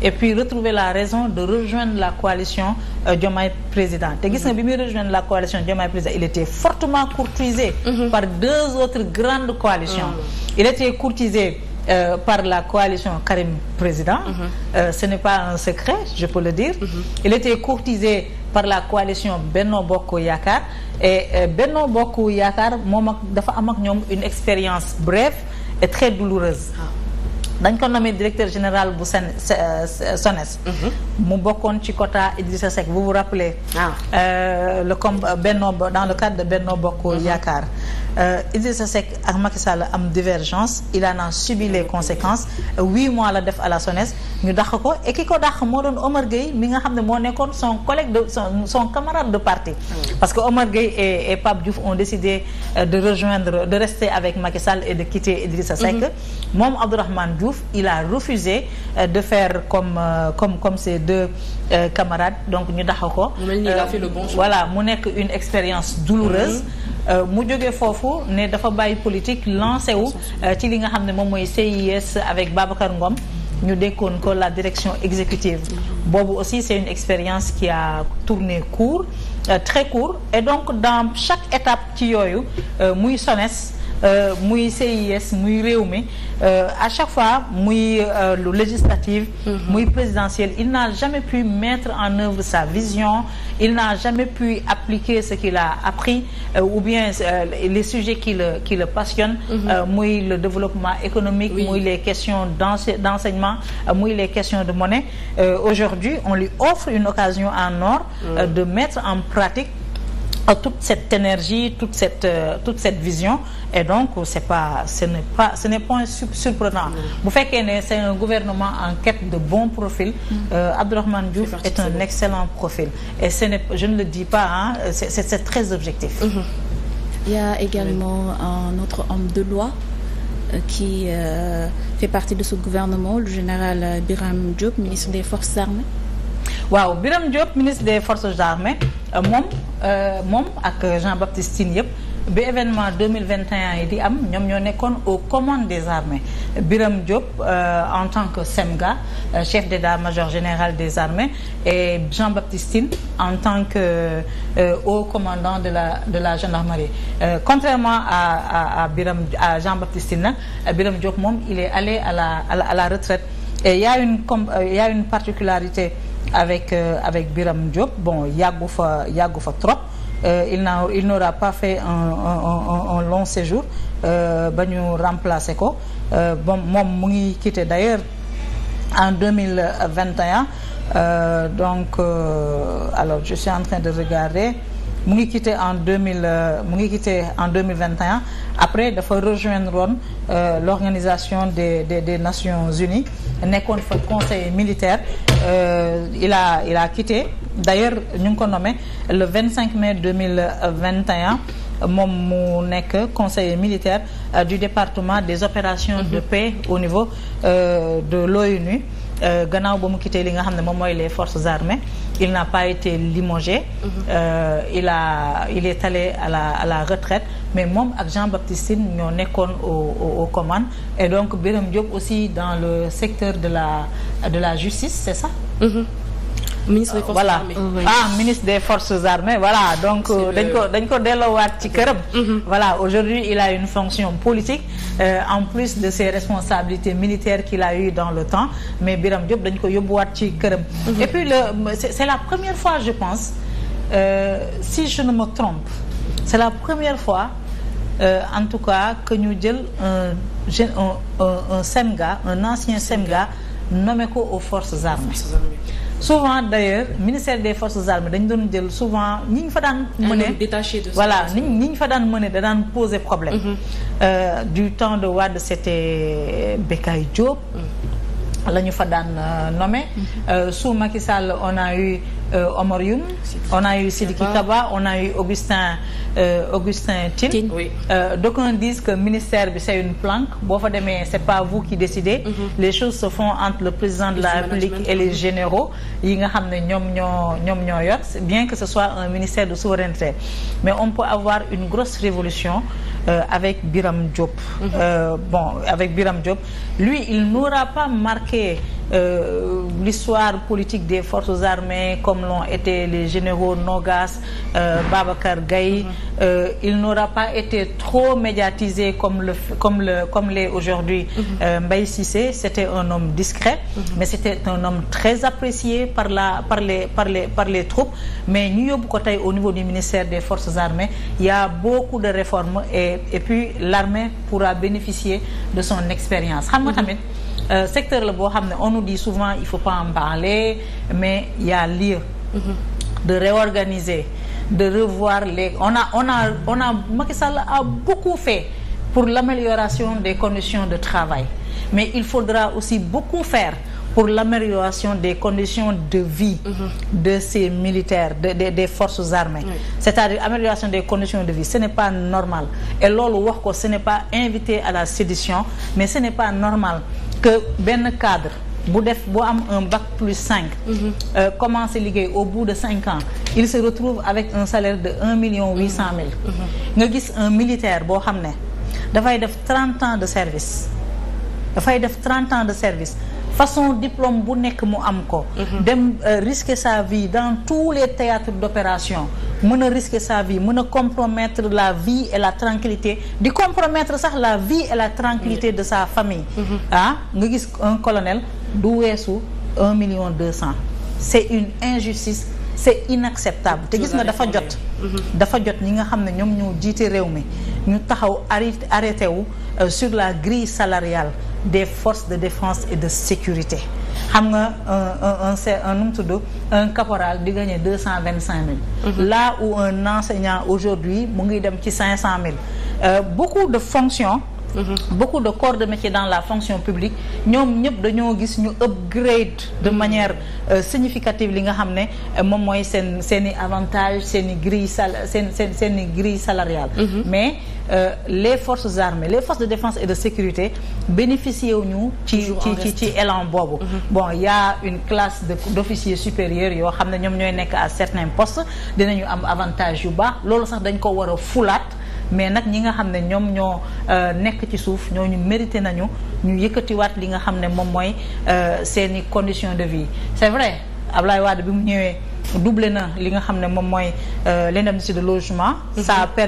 et puis retrouver la raison de rejoindre la coalition euh, Diomaye euh, président te gis nga bi muy rejoindre la coalition Diomaye président il était fortement courtisé mhm. par deux autres grandes coalitions mm -hmm. il était courtisé euh, par la coalition Karim président mm -hmm. euh, ce n'est pas un secret je peux le dire mhm. il était courtisé par la coalition Benno Bokk Yaakaar e Benno Bokk Yaakaar moom ak dafa am ak ñoom une expérience brève et très douloureuse ah. dañ ko nommé directeur général bu sen SONES mhm. mu bokkoon ci quota Idrissa Seck vous vous rappelez ah. euh, le com Benno dans le cadre de Benno Bokk mhm. Yaakaar Euh, Idrissa Seck ak Macky Sall am divergence il en a subi les conséquences huit mois la def à la SONES ñu dax ko et ki ko dàq moo doon Omar Gueye mi nga xam ne moo nekkoon son collègue de son son camarade de parti. parce que Omar Gueye et et Pape Diouf ont décidé euh, de rejoindre de rester avec Macky Sall et de quitter Idrissa Seck. Mm-hmm. moom Abdourahmane Diouf il a refusé euh, de faire comme comme comme ses deux camarades donc ñu dàq ko. voilà mu nekk une expérience douloureuse. Mm-hmm. Euh, mu jóge foofu ne dafa bàyyi politique lancé wu euh, ci li nga xam ne moom mooy CIS avec Babacar Ngom ñu dékkoon ko la direction exécutive boobu aussi c'est une expérience qui a tourné court euh, très court et donc dans chaque étape ci yooyu muy SONES Euh, muy CIS muy réew mi euh, à chaque fois muy euh, lu législative mhm. muy présidentielle il n'a jamais pu mettre en œuvre sa vision il n'a jamais pu appliquer ce qu'il a appris ou bien les sujets qui le qui le passionnent mhm. muy le développement économique muy les questions d'enseignement muy les questions de monnaie aujourd'hui on lui offre une occasion en or mhm. de mettre en pratique toute cette énergie, toute cette, euh, toute cette vision. Et donc, pas, ce n'est pas, ce n'est pas surprenant. Vous faites que c'est un gouvernement en quête de bons profils. Euh, Abdurrahman Diouf est, est, un excellent profil. Et ce je ne le dis pas, hein, c'est, très objectif. Mm -hmm. Il y a également un autre homme de loi euh, qui euh, fait partie de ce gouvernement, le général euh, Biram Diop, ministre des Forces armées. Waouh, Biram Diop, ministre des Forces armées. Euh, moom euh, moom ak Jean-Baptiste Tine yëpp bi événement 2021 yi di am ñoom ñoo nekkoon aux commande des armées Biram Diop euh, en tant que SEMGA euh, chef d'état-major général des armées et Jean-Baptiste en tant que euh, haut commandant de la de la gendarmerie euh, contrairement à à à Biram à Jean-Baptiste Tine Biram Diop moom il est allé à la à la, à la retraite et il comme il y a une particularité avec euh, avec Biram Diop bon yàggu fa yàggu fa trop euh, il n'a il n'aura pas fait un un, un, un long séjour euh, ba ñu remplacer ko euh, bon moom mu ngi quitté d'ailleurs en 2021 donc alors je suis en train de regarder mu ngi quitté en deux mille euh, mu ngi quitté en deux mille vingt et après dafa rejoindre woon euh, l'organisation des des des Nations Unies nekkoon fa conseiller militaire euh, il a il a d'ailleurs ñu ngi ko nommé le vingt cinq mai deux mille vingt et un moom mu nekk conseiller militaire euh, du département des opérations de mhm. paix au niveau euh, de l'ONU gannaaw ba mu quitté li nga xam ne moom mooy les forces armées il n'a pas été limogé. Mhm. Euh, il a il est allé à la à la retraite mais moom ak Jean Baptiste Tine ñoo nekkoon au aux commandes et donc Birame Diop aussi dans le secteur de la de la justice c'est ça. Mm-hmm. Euh, ah, ministre des forces armées ah ministre des voilà donc euh, dañ ko dañ ko delloowaat ci këram. Mhm. Mhm. voilà aujourd'hui il a une fonction politique euh, en plus de ses responsabilités militaires qu'il a eu dans le temps mais biram Diop dañ ko yóbbuwaat ci këram. Mhm. et puis le c'est, la première fois je pense euh, si je ne me trompe c'est la première fois. Euh, en tout cas que ñu jël un jeune un un un SEMGA un ancien SEMGA nommé ko aux forces armées. souvent d'ailleurs ministère des forces armées dañ doon jël souvent ni ñu fa daan mëne voilà ñi ñi ñu fa daan mëne da daan poser problème mm-hmm. euh, du temps de Wade c'était Bekay Diop mm. la ñu fa daan euh, nommé mm-hmm. euh, sous Macky Sall on a eu euh, Omar Youn on a eu Sidiki Kaba on a eu Augustin euh, Augustin euh, disent que ministère bi c'est une planque boo fa demee c'est pas vous qui décidez mm -hmm. les choses se font entre le président de la République et les généraux yi nga xam ne ñoom ñoo ñoom ñoo yor bien que ce soit un ministère de souveraineté mais on peut avoir une grosse révolution euh, avec Biram Diop mm-hmm. euh, avec Biram Diop lui il n'aura pas marqué euh, l'histoire politique des forces armées comme l'ont été les généraux Nogas euh, Babacar Gaye mm -hmm. euh, il n'aura pas été trop médiatisé comme le comme le comme l'est aujourd'hui mm -hmm. Mbaye Cissé c'était un homme discret mm -hmm. mais c'était un homme très apprécié par la par les par les par les troupes mais ñu yóbbu ko tey au niveau du ministère des forces armées il y a beaucoup de réformes et et puis l'armée pourra bénéficier de son expérience nga tamit euh, secteur la boo xam ne on nous dit souvent il faut pas en parler mais il y a lieu de réorganiser de revoir les on a on a on a Macky a beaucoup fait pour l'amélioration des conditions de travail mais il faudra aussi beaucoup faire pour l'amélioration des conditions de vie mm-hmm. de ces militaires de, de des forces armées c'est-à-dire amélioration des conditions de vie ce n'est pas normal et loolu wax ko ce n'est pas invité à la sédition mais ce n'est pas normal que benn cadre bu def bu am un bac plus cinq mm-hmm. euh, commencé liggéey au bout de cinq ans il se retrouve avec un salaire de un million huit cent mille mm-hmm. nga gis un militaire boo xam ne dafay def trente ans de service dafay def trente ans façon diplôme bu nekk mu am ko mhm. dem euh, risquer sa vie dans tous les théâtres d'opération mun a risquer sa vie mën a compromettre la vie et la tranquillité di compromettre sax la vie et la tranquillité de sa famille mhm. ah nga gis un colonel du weesu un million deux cent c'est une injustice c'est inacceptable te gis nga dafa jot dafa jot ñi nga xam ne ñoom ñoo jiite réew mi ñu taxaw arrêté wu euh, sur la grille salariale des forces de défense et de sécurité xam nga un un un nu mu tudd un caporal di gagné deux cent vingt cinq mille. Mhm. là où un enseignant aujourd'hui mu ngi dem ci cinq cent mille. Euh, beaucoup de fonctions. beaucoup de corps de métier dans la fonction publique ñoom ñëpp dañoo gis ñu upgrade de manière euh, significative li nga xam ne euh, moom mooy seen seen i avantage seen i grille sal seen seen seen i grille salariale mm-hmm. mais euh, les forces armées les forces de défense et de sécurité bénéficié wu ñu ci ci ci élan boobu mm-hmm. bon y a une classe de d'officiers supérieurs yoo xam ne ñoom ñooy nekk à certains postes dinañu am avantage yu baax loolu sax dañ ko war a fulaat mais nag ñi nga xam ne ñoom ñoo euh, nekk ci suuf ñooñu mérité nañu ñu yëkkatiwaat li nga xam ne moom mooy euh, seeni conditions de vie c'est vrai Ablaye Wade bi mu ñëwee doublé na li nga xam ne moom mooy euh, l'indemnité de logement mhm. ça a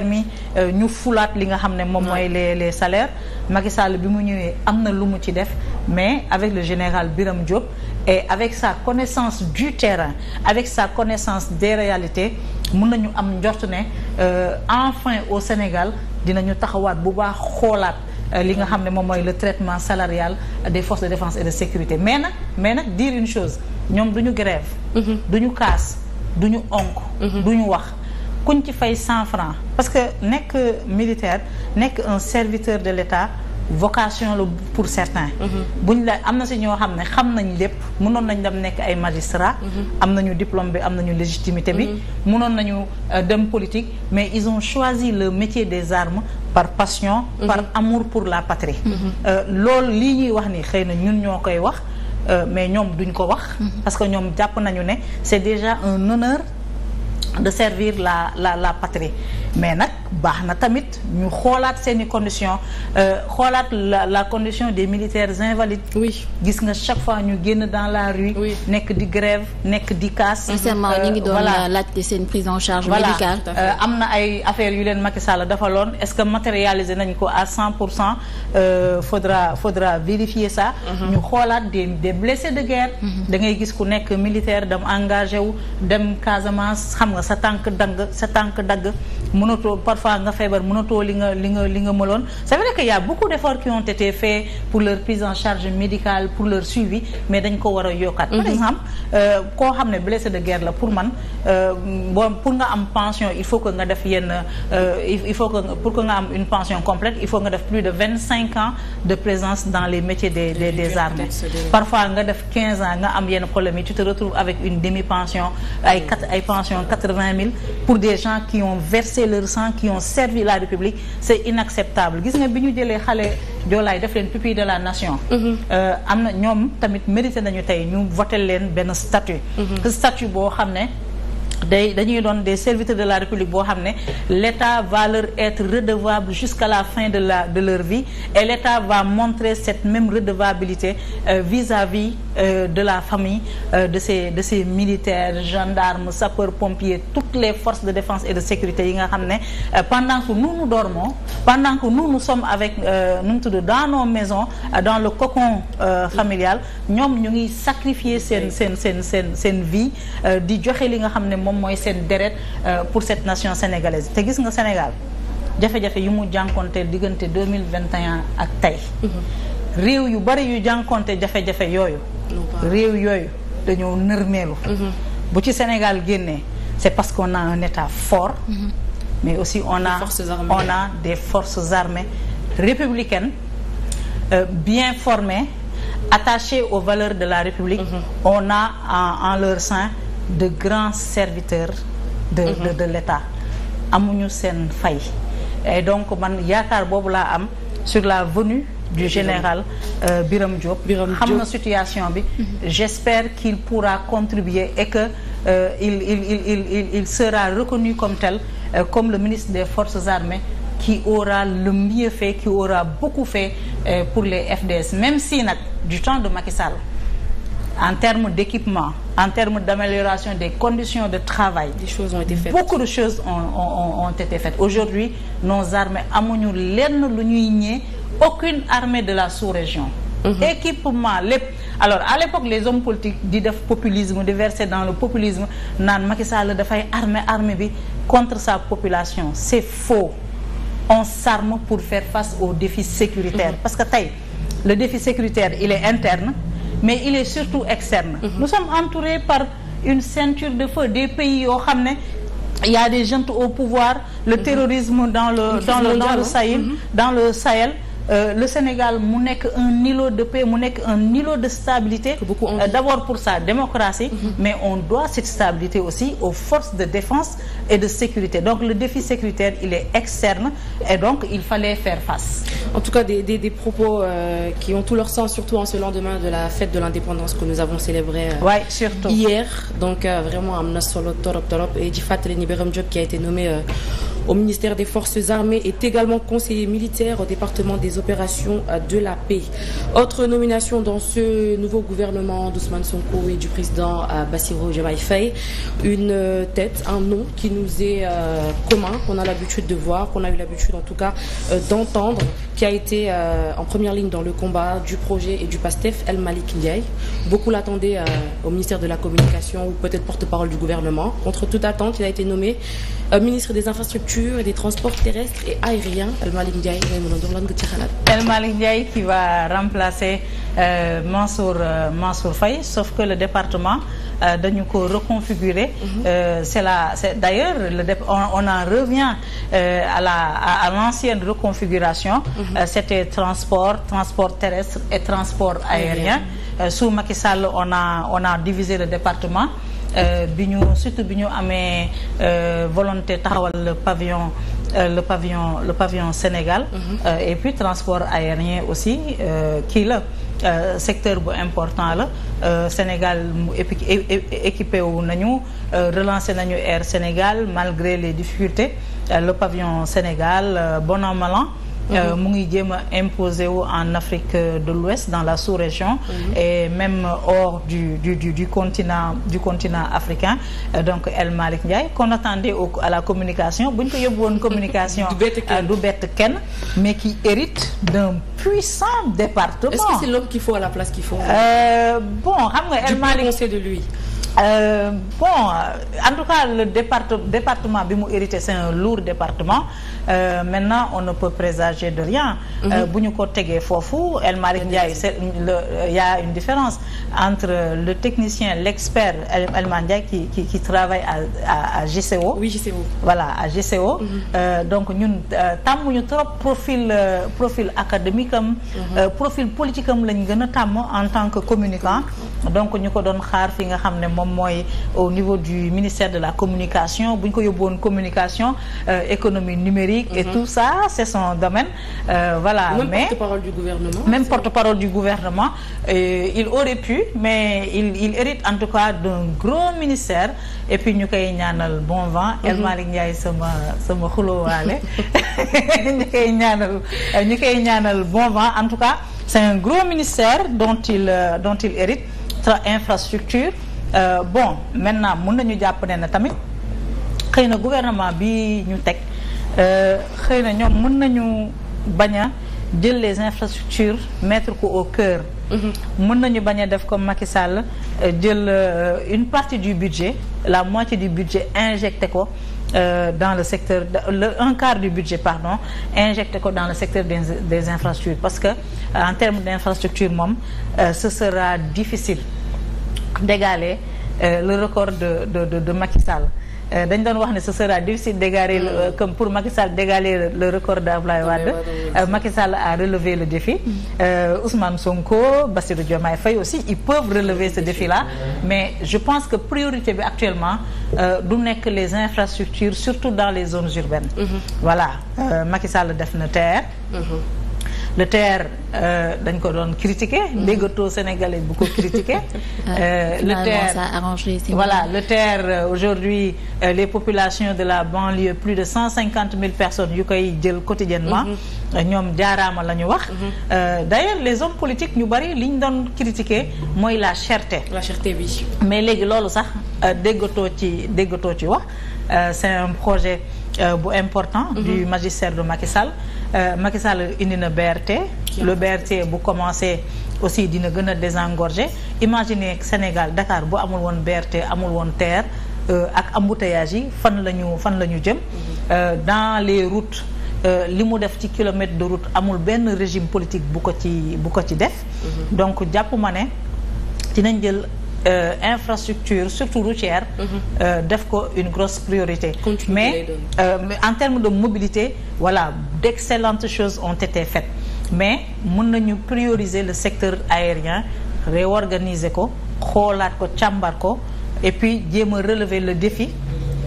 ñu fulaat li nga xam ne moom mooy les les salaires Macky Sall bi mu ñëwee am na lu mu ci def mais avec le général biram Diop et avec sa connaissance du terrain avec sa connaissance de réalité mën nañu am njort ne euh, enfin au Sénégal dinañu taxawaat bu baax xoolaat euh, li nga xam ne moom mooy le traitement salarial des forces de défense et de sécurité mais nag mais nag dire une chose ñoom du ñu grève mhm. du ñu kaas du ñu onk mhm. du ñu wax kuñ ci fay cent francs parce que nekk militaire nekk un serviteur de l'État vocation la pour certains. Mhm. buñ la am na si ñoo xam ne xam nañ lépp mënoon nañ dem nekk ay magistrats. Mhm. am nañu diplôme bi am nañu légitimité bi. Mhm. mënoon nañu euh, dem politique mais ils ont choisi le métier des armes par passion. par amour pour la patrie. Euh, loolu lii ñuy wax ni xëy na ñun ñoo koy wax euh, mais ñoom duñ ko wax. parce que ñoom jàpp nañu ne c'est déjà un honneur. de servir la la la patrie mais nag baax na tamit ñu xoolaat seeni conditions euh, xoolaat la la condition des militaires invalides. oui gis nga chaque fois ñu génn dans la rue. nekk di grève nekk di casse. récemment ñu ngi euh, doon euh, laajte seen prise en charge médicale. voilà am na ay affaires yu leen Macky Sall loon est-ce que matérialiser nañ ko à cent pour cent faudra faudra vérifier ça. Mhm. ñu xoolaat des des blessés de guerre. Mhm. da ngay gis ku nekk militaire dem engagé wu dem Casamance xam nga. feebar sa tànk dagg sa tànk dagg mënatoo parfois nga feebar mënatoo li nga li nga li nga mënoon c'est vrai que y a beaucoup d'efforts qui ont été faits pour leur prise en charge médicale pour leur suivi mais dañ ko war a yokkaat par mhm. exemple euh, koo xam ne blessé de guerre la pour man euh, pour nga am pension il faut que nga def yenn euh, il faut que pour que nga am une pension complète il faut nga def plus de vingt cinq ans de présence dans les métiers des des, parfois nga def am yenn problème yi quatre-vingt mille pour des gens qui ont versé leur sang qui ont servi la République c'est inacceptable gis nga bi ñu jëlee xale joolaay def leen pupille de la nation mhm. euh, am na ñoom tamit mérité nañu tey ñu voté leen benn statut mhm. statut boo xam ne day dañuy doon des serviteurs de la république boo xam ne l'état va leur être redevable jusqu'à la fin de la de leur vie et l'état va montrer cette même redevabilité euh, vis-à-vis euh, de la famille euh, de ces de ces militaires gendarmes sapeurs pompiers toutes les forces de défense et de sécurité yi nga xam ne euh, pendant que nous nous dormons pendant que nous nous sommes avec euh, nu mu tudd dans nos maisons dans le cocon familial ñoom ñu ngi sacrifier seen seen seen seen seen vie di joxe li nga xam moom mooy seen deret euh, pour cette nation sénégalaise te gis nga Sénégal jafe-jafe yu mu jànkonteel diggante deux mille vingt et ak tey mm-hmm. réew yu bari yu jànkonte jafe-jafe yooyu mm-hmm. réew yooyu dañoo nërmeelu mm-hmm. bu ci Sénégal génnee c'est parce qu'on a un état fort mais aussi on a on a des forces armées républicaines euh, bien formées attachées aux valeurs de la République on a en, leur sein de grands serviteurs de de mhm. de l'État amuñu seen fay et donc man yaakaar boobu laa am sur la venue du général euh, Birame Diop xam na situation bi mhm. j'espère qu'il pourra contribuer et que euh, il, il il il il sera reconnu comme tel euh, comme le ministre des Forces armées qui aura le mieux fait qui aura beaucoup fait euh, pour les FDS même si nag du temps de Macky Sall en termes d'équipement en termes d'amélioration des conditions de travail. Des choses ont été faites. Beaucoup de choses ont, ont, ont, ont été faites. Aujourd'hui, nos armées amuñu lenn lu ñuy ñee aucune armée de la sous-région. Mm Équipement Alors à l'époque les hommes politiques di def populisme di verser dans le populisme naan Macky Sall dafay armer armée bi contre sa population. C'est faux. On s'arme pour faire face aux défis sécuritaires mhm. parce que tey le défi sécuritaire il est interne. mais il est surtout externe. Mhm. nous sommes entourés par une ceinture de feu des pays yoo xam ne. il y a des jeunes au pouvoir le mhm. terrorisme dans le dans le dans le Sahel mhm. dans le Sahel Euh, le Sénégal mu nekk un îlot de paix mu nekk un îlot de stabilité euh, d'abord pour sa démocratie mm-hmm. mais on doit cette stabilité aussi aux forces de défense et de sécurité donc le défi sécuritaire il est externe et donc il fallait faire face en tout cas des des, des propos euh, qui ont tout leur sens surtout en ce lendemain de la fête de l'indépendance que nous avons célébrée euh, hier donc vraiment am na solo torop torop et di fàttali ni Birame Diop qui a été nommé au ministère des Forces armées est également conseiller militaire au département des opérations de la paix. Autre nomination dans ce nouveau gouvernement d'Ousmane Sonko et du président euh, Bassirou Diomaye Faye, une euh, tête, un nom qui nous est euh, commun, qu'on a l'habitude de voir, qu'on a eu l'habitude en tout cas euh, d'entendre, qui a été euh, en première ligne dans le combat du projet et du PASTEF, El Malik Ndiaye. Beaucoup l'attendaient euh, au ministère de la Communication ou peut-être infrastructures et des transports terrestres et El Malick Ndiaye a jox lan nga ci xalaat. El Malick Ndiaye qui va remplacer euh, Mansour euh, sauf que le département euh, dañu ko reconfigurer. Mm -hmm. c'est la c'est d'ailleurs le on, on en revient euh, à la à, à l'ancienne reconfiguration. Mm -hmm. c'était transport transport terrestre et transport aérien. Mm sous Macky on a divisé le département. Euh, bi ñu surtout bi ñu amee euh, volonté taxawal pavillon euh, le pavillon le pavillon Sénégal mhm. et puis transport aérien aussi kii la secteur bu important la Sénégal mu équipé wu nañu relancé nañu Air Sénégal malgré les difficultés le pavillon Sénégal bon an mal Euh, mu ngi jéem a imposer wu en Afrique de l'Ouest dans la sous-région mhm. et même hors du du du, du continent africain euh, donc El Malick Ndiaye qu'on attendait au, à la communication bu ñu ko yóbbu communication euh, du bett kenn mais qui hérite d'un puissant département est-ce que c'est l'homme qu'il faut à la place qu'il faut euh, bon xam nga El Malick du procès de lui Euh, bon euh, en tout cas le départe département bi mu hérité c'est un lourd département euh, maintenant on ne peut présager de rien. Mhm. Euh, bu ñu ko tegee foofu El Malick Ndiaye c'est le euh, y a une différence entre le technicien l'expert El El Malick Ndiaye qui travaille à à à GCO. oui voilà à GCO. Mm donc ñun tàmmuñu trop profil profil académique am. Mm -hmm. profil politique am lañ gën a tàmm en tant que communicant donc ñu ko doon xaar fi nga xam ne. moom mooy au niveau du ministère de la communication bu ñu ko yóbboon communication euh, économie numérique et mhm. tout ça c'est son domaine euh, voilà mais porte-parole du gouvernement même porte-parole du gouvernement euh, il aurait pu mais il hérite en tout cas d'un gros ministère et puis ñu koy ñaanal bon vent El mhm. Malick Ndiaye sama sama xuloowaale ñu koy ñaanal koy ñaanal bon vent en tout cas c'est un gros ministère dont il dont il hérite tra infrastructure Euh, bon maintenant mun nañu jàpp ne na tamit xëy na gouvernement bi ñu teg euh, xëy na ñoom mun nañu bañ a jël les infrastructures mettre ko au cœur. mën mm-hmm. nañu bañ a def ko Macky Sall euh, jël une partie du budget la moitié du budget injecté ko euh, dans le secteur le un quart du budget pardon injecté ko dans le secteur des, des infrastructures parce que en termes d'infrastructure moom euh, ce sera difficile. d'égaler euh, le record de de de, de Macky Sall euh, dañ doon wax ne ce sera difficile d'égaler euh, comme pour Macky Sall d'égaler le record d'Abdoulaye Wade Macky Sall a relevé le défi mm-hmm. Ousmane Sonko Bassirou Diomaye Faye aussi ils peuvent relever ce défi là mais je pense que priorité bi actuellement du nekk les infrastructures surtout dans les zones urbaines mm-hmm. voilà Macky Sall def na terre mm-hmm. le TER euh, dañ ko doon critiquer mm. déggatoo sénégalais bu ko critiquer euh, le TER voilà le TER euh, aujourd'hui les populations de la banlieue plus de cent cinquante mille personnes yu koy jël quotidiennement mm-hmm. ñoom jaaraama la ñu wax mm-hmm. d'ailleurs les hommes politiques ñu bari liñ doon critiquer mooy la cherté la cherté bi mais léegi loolu sax déggatoo ci déggatoo ci wax c'est un projet Euh, bu important mhm. du magistère de Macky Sall euh, Macky Sall indi na BRT le BRT bu commencé aussi dina gën a désengorger imaginez Sénégal Dakar bu amul woon BRT amul woon TER euh, ak embouteillage yi fan la ñu fan la ñu jëm mhm. dans les routes li mu def ci kilomètres de route amul benn régime politique bu ko ci bu ko ci def mhm. donc jàpp ma ne dinañ jël Euh, infrastructure surtout routière mhm. euh, def ko une grosse priorité Continue euh, mais en termes de mobilité voilà d'excellentes choses ont été faites mais mën nañu prioriser le secteur aérien réorganiser ko xoolaat ko càmbar ko et puis jéem a relever le défi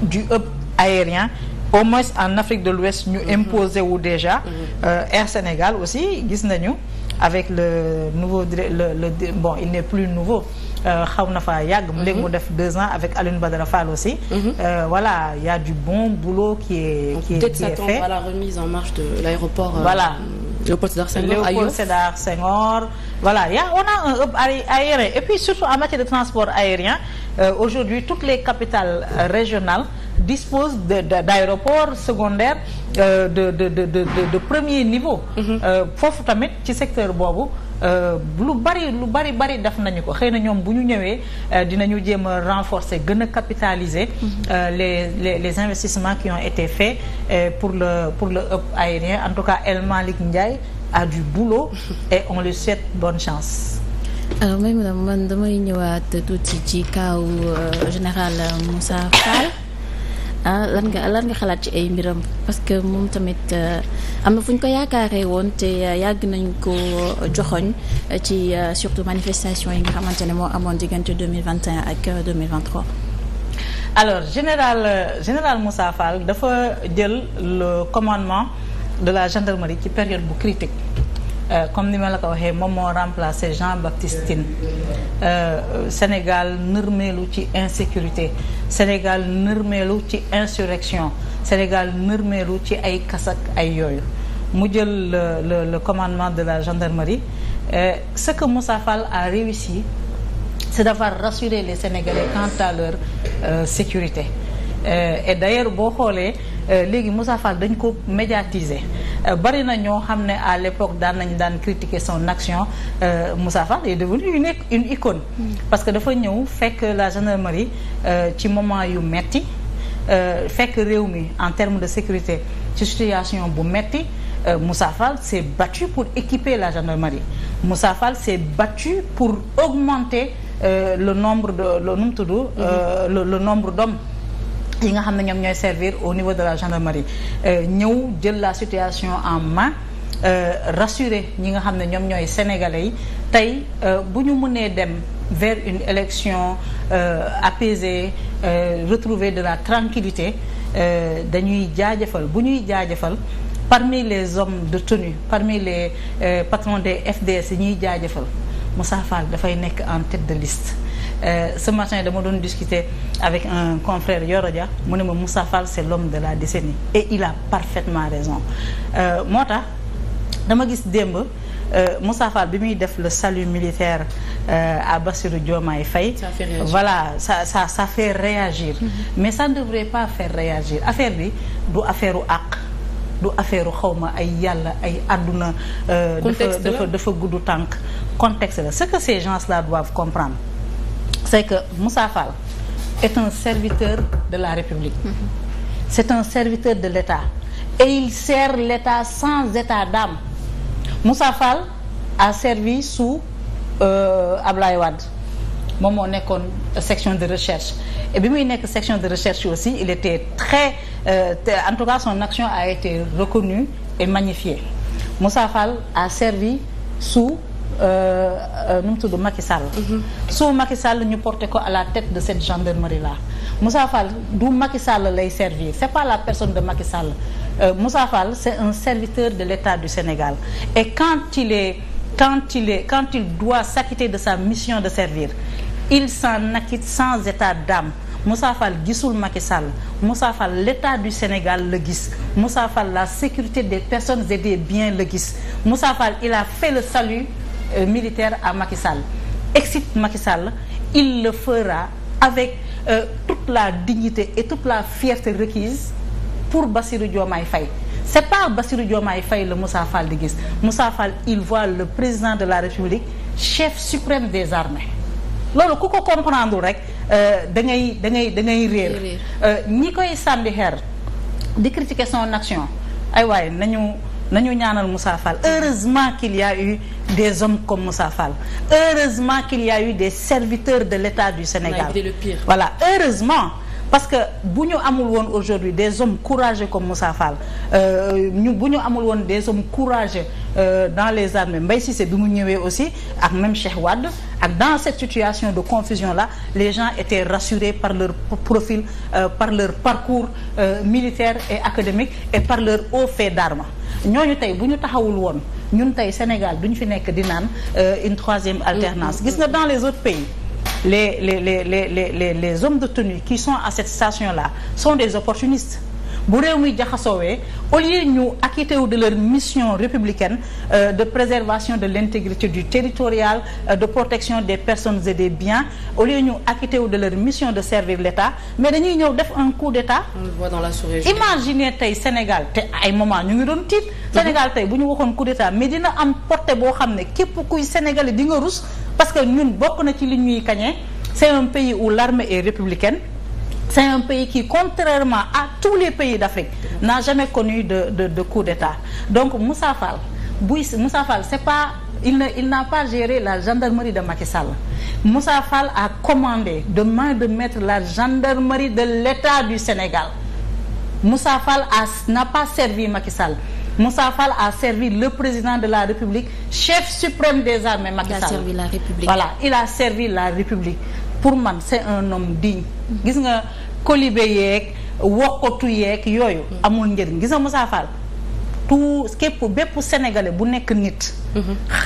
du hub aérien au moins en Afrique de l'Ouest ñu mm -hmm. imposer wu déjà mhm. euh, Air Sénégal aussi gis nañu avec le nouveau le, le, le bon il n'est plus nouveau Euh, xaw na faa yàgg. léegi mu mhm. def deux ans avec Alioune Badara Fall aussi. Mhm. Euh, voilà il y a du bon boulot qui est. qui fait peut-être ça tombe l'aéroport. Euh, voilà. Léopold Sédar Senghor Léopold Sédar Senghor voilà a aérien et puis surtout en matière de transport aérien euh, aujourd'hui toutes les capitales euh, régionales disposent de, de d'aéroports secondaires euh, de, de de de de premier niveau. Mhm. foofu tamit ci secteur boobu. Euh, lu bari lu bari bari def nañu ko xëy na ñoom bu ñu ñëwee euh, dinañu jéem a renforcer gën a capitaliser mhm. euh, les les les investissements qui ont été faits pour le pour le hub aérien en tout cas El lig Ndiaye a du boulot et on lui souhaite bonne chance may madame man damay ñëwaat tuuti ci kaaw général Moussa Fall ah lan nga lan nga xalaat ci ay mbiram parce que moom tamit euh, am na fu ñu ko yaakaaree woon te euh, yàgg nañ ko joxoñ euh, ci surtout manifestation yi nga xamante ne moo amoon diggante 2021 ak 2023 alors général général Moussa Fall dafa jël le commandement de la gendarmerie ci période bu critique Euh, comme ni ma la ko waxee moom moo remplacé Jean Baptiste Tine euh, Sénégal nërmeelu ci insécurité Sénégal nërmeelu ci insurrection Sénégal nërmeelu ci ay kasak ay yooyu mu jël le commandement de la gendarmerie euh, ce que Moussa Fall a réussi c'est d'avoir rassurer les Sénégalais quant à leur sécurité et d'ailleurs boo xoolee Euh, léegi Moussa Fall dañ ko médiatiser euh, bari na ñoo xam ne à l'époque daan nañ daan critiquer son action euh, Moussa Fall est devenu une une mm. parce que dafa ñëw fekk la gendarmerie ci moment yu metti fekk réew mi en termes de sécurité ci situation bu metti Moussa Fall s'est battu pour équiper la gendarmerie Moussa Fall s'est battu pour augmenter le nombre de le nu mu tudd mm-hmm. le nombre d'hommes yi nga xam ne ñoom ñooy servir au niveau de la gendarmerie euh, ñëw jël la situation en main euh, rassurer ñi nga xam ne ñoom ñooy sénégalais yi tey euh, bu ñu mënee dem vers une élection apaisée retrouver de la tranquillité dañuy jaajëfal bu ñuy jaajëfal parmi les hommes de tenue parmi les patrons des FDS yi ñuy jaajëfal Moussa Fall dafay nekk en tête de liste Euh, ce matin dama doon discuter avec un confrère Yoro Dia mu ne ma Moussa Fall c'est l'homme de la décennie et il a parfaitement raison euh, moo tax dama gis démb euh, Moussa bi muy def le salut militaire euh, à Bassirou Diomaye Faye voilà ça ça ça fait réagir mm -hmm. mais ça ne devrait pas faire réagir affaire bi du affaire u àq du affaire xawma ay yàlla ay adduna euh, dafa dafa dafa gudd tànk. contexte la ce que ces gens-là doivent comprendre c'est que Moussa Fall est un serviteur de la République. Mm c'est un serviteur de l'État et il sert l'État sans état d'âme Moussa a servi sous euh, Ablaye moom moo nekkoon section de recherche et bi muy nekk section de recherche aussi il était très euh, en tout cas son action a été reconnue et magnifiée Moussa Fall a servi sous euh, euh, nu mu tudd Macky Sall mm-hmm. sous Macky Sall ñu porté ko à la tête de cette gendarmerie là Moussa du Macky Sall lay servir c'est pas la personne de Macky Sall euh, Moussa c'est un serviteur de l'État du Sénégal et quand il est quand il est quand il doit s'acquitter de sa mission de servir il s'en acquitte sans état d'âme Moussa Fall gisul Macky Sall Moussa Fall l'état du Sénégal la gis Moussa la sécurité des personnes et des biens la gis Moussa Fall il a fait le salut euh, militaire à Macky Sall excite Macky Sall il le fera avec euh, toute la dignité et toute la fierté requise pour Bassirou Diomaye Faye c'est pas Bassirou Diomaye Faye le Moussa Fall di gis Moussa Fall il voit le président de la République chef suprême des armées loolu ku ko comprendre rek euh, da ngay da ngay da ngay réer euh, ñi koy sànni xeer di critiquer son action ay waaye nañu nañu ñaanal Moussa Fall heureusement qu'il y eu des hommes comme Moussa Fall heureusement qu'il y eu des serviteurs de l'État du Sénégal voilà heureusement parce que bu ñu amul woon aujourd'hui des hommes courageux comme Moussa Fall euh, ñu bu ñu amul woon des hommes courageux euh, dans les armées Mbaye Cissé bi mu ñëwee aussi ak même Cheikh Wade ak dans cette situation de confusion la les gens étaient rassurés par leur profil euh, par leur parcours euh, militaire et académique et par leur haut fait d'armes ñooñu tey bu ñu taxawul woon ñun tey Sénégal ñu fi nekk di naan euh, une troisième alternance mm-hmm. gis nga dans les autres pays les les les les les les hommes de tenue qui sont à cette station là sont des opportunistes bu réew mi jaxasoowee au lieu ñu acquitté wu de leur mission républicaine euh, de préservation de l'intégrité du territorial euh, de protection des personnes et des biens au lieu ñu acquitté wu de leur mission de servir l'État mais dañuy ñëw def un coup d'État. on le voit dans la sous-région. imaginez tey Sénégal te ay moment ñu ngi doon tiit. Mhm. Sénégal tey bu ñu waxoon coup d'État mais dina am portée boo xam ne képp kuy sénégalais di nga rus. parce que ñun bokk na ci li ñuy kañee c'est un pays où l'armée est républicaine c'est un pays qui contrairement à tous les pays d'Afrique n'a jamais connu de de de coup d'État donc Moussa Fall buy Moussa Fall c'est pas il ne il n'a pas géré la gendarmerie de Macky Sall Moussa Fall a commandé de main de maître la gendarmerie de l'État du Sénégal Moussa Fall a n'a pas servi Macky Moussa Fall a servi le président de la République chef suprême des armées Macky Sall. il a servi la République voilà il a servi la République pour man c'est un nom digne. gis nga kolibé yeeg wokkatu yeeg yooyu. amul njëriñ gisa nga Moussa Fall tout képp bépp sénégalais bu nekk nit.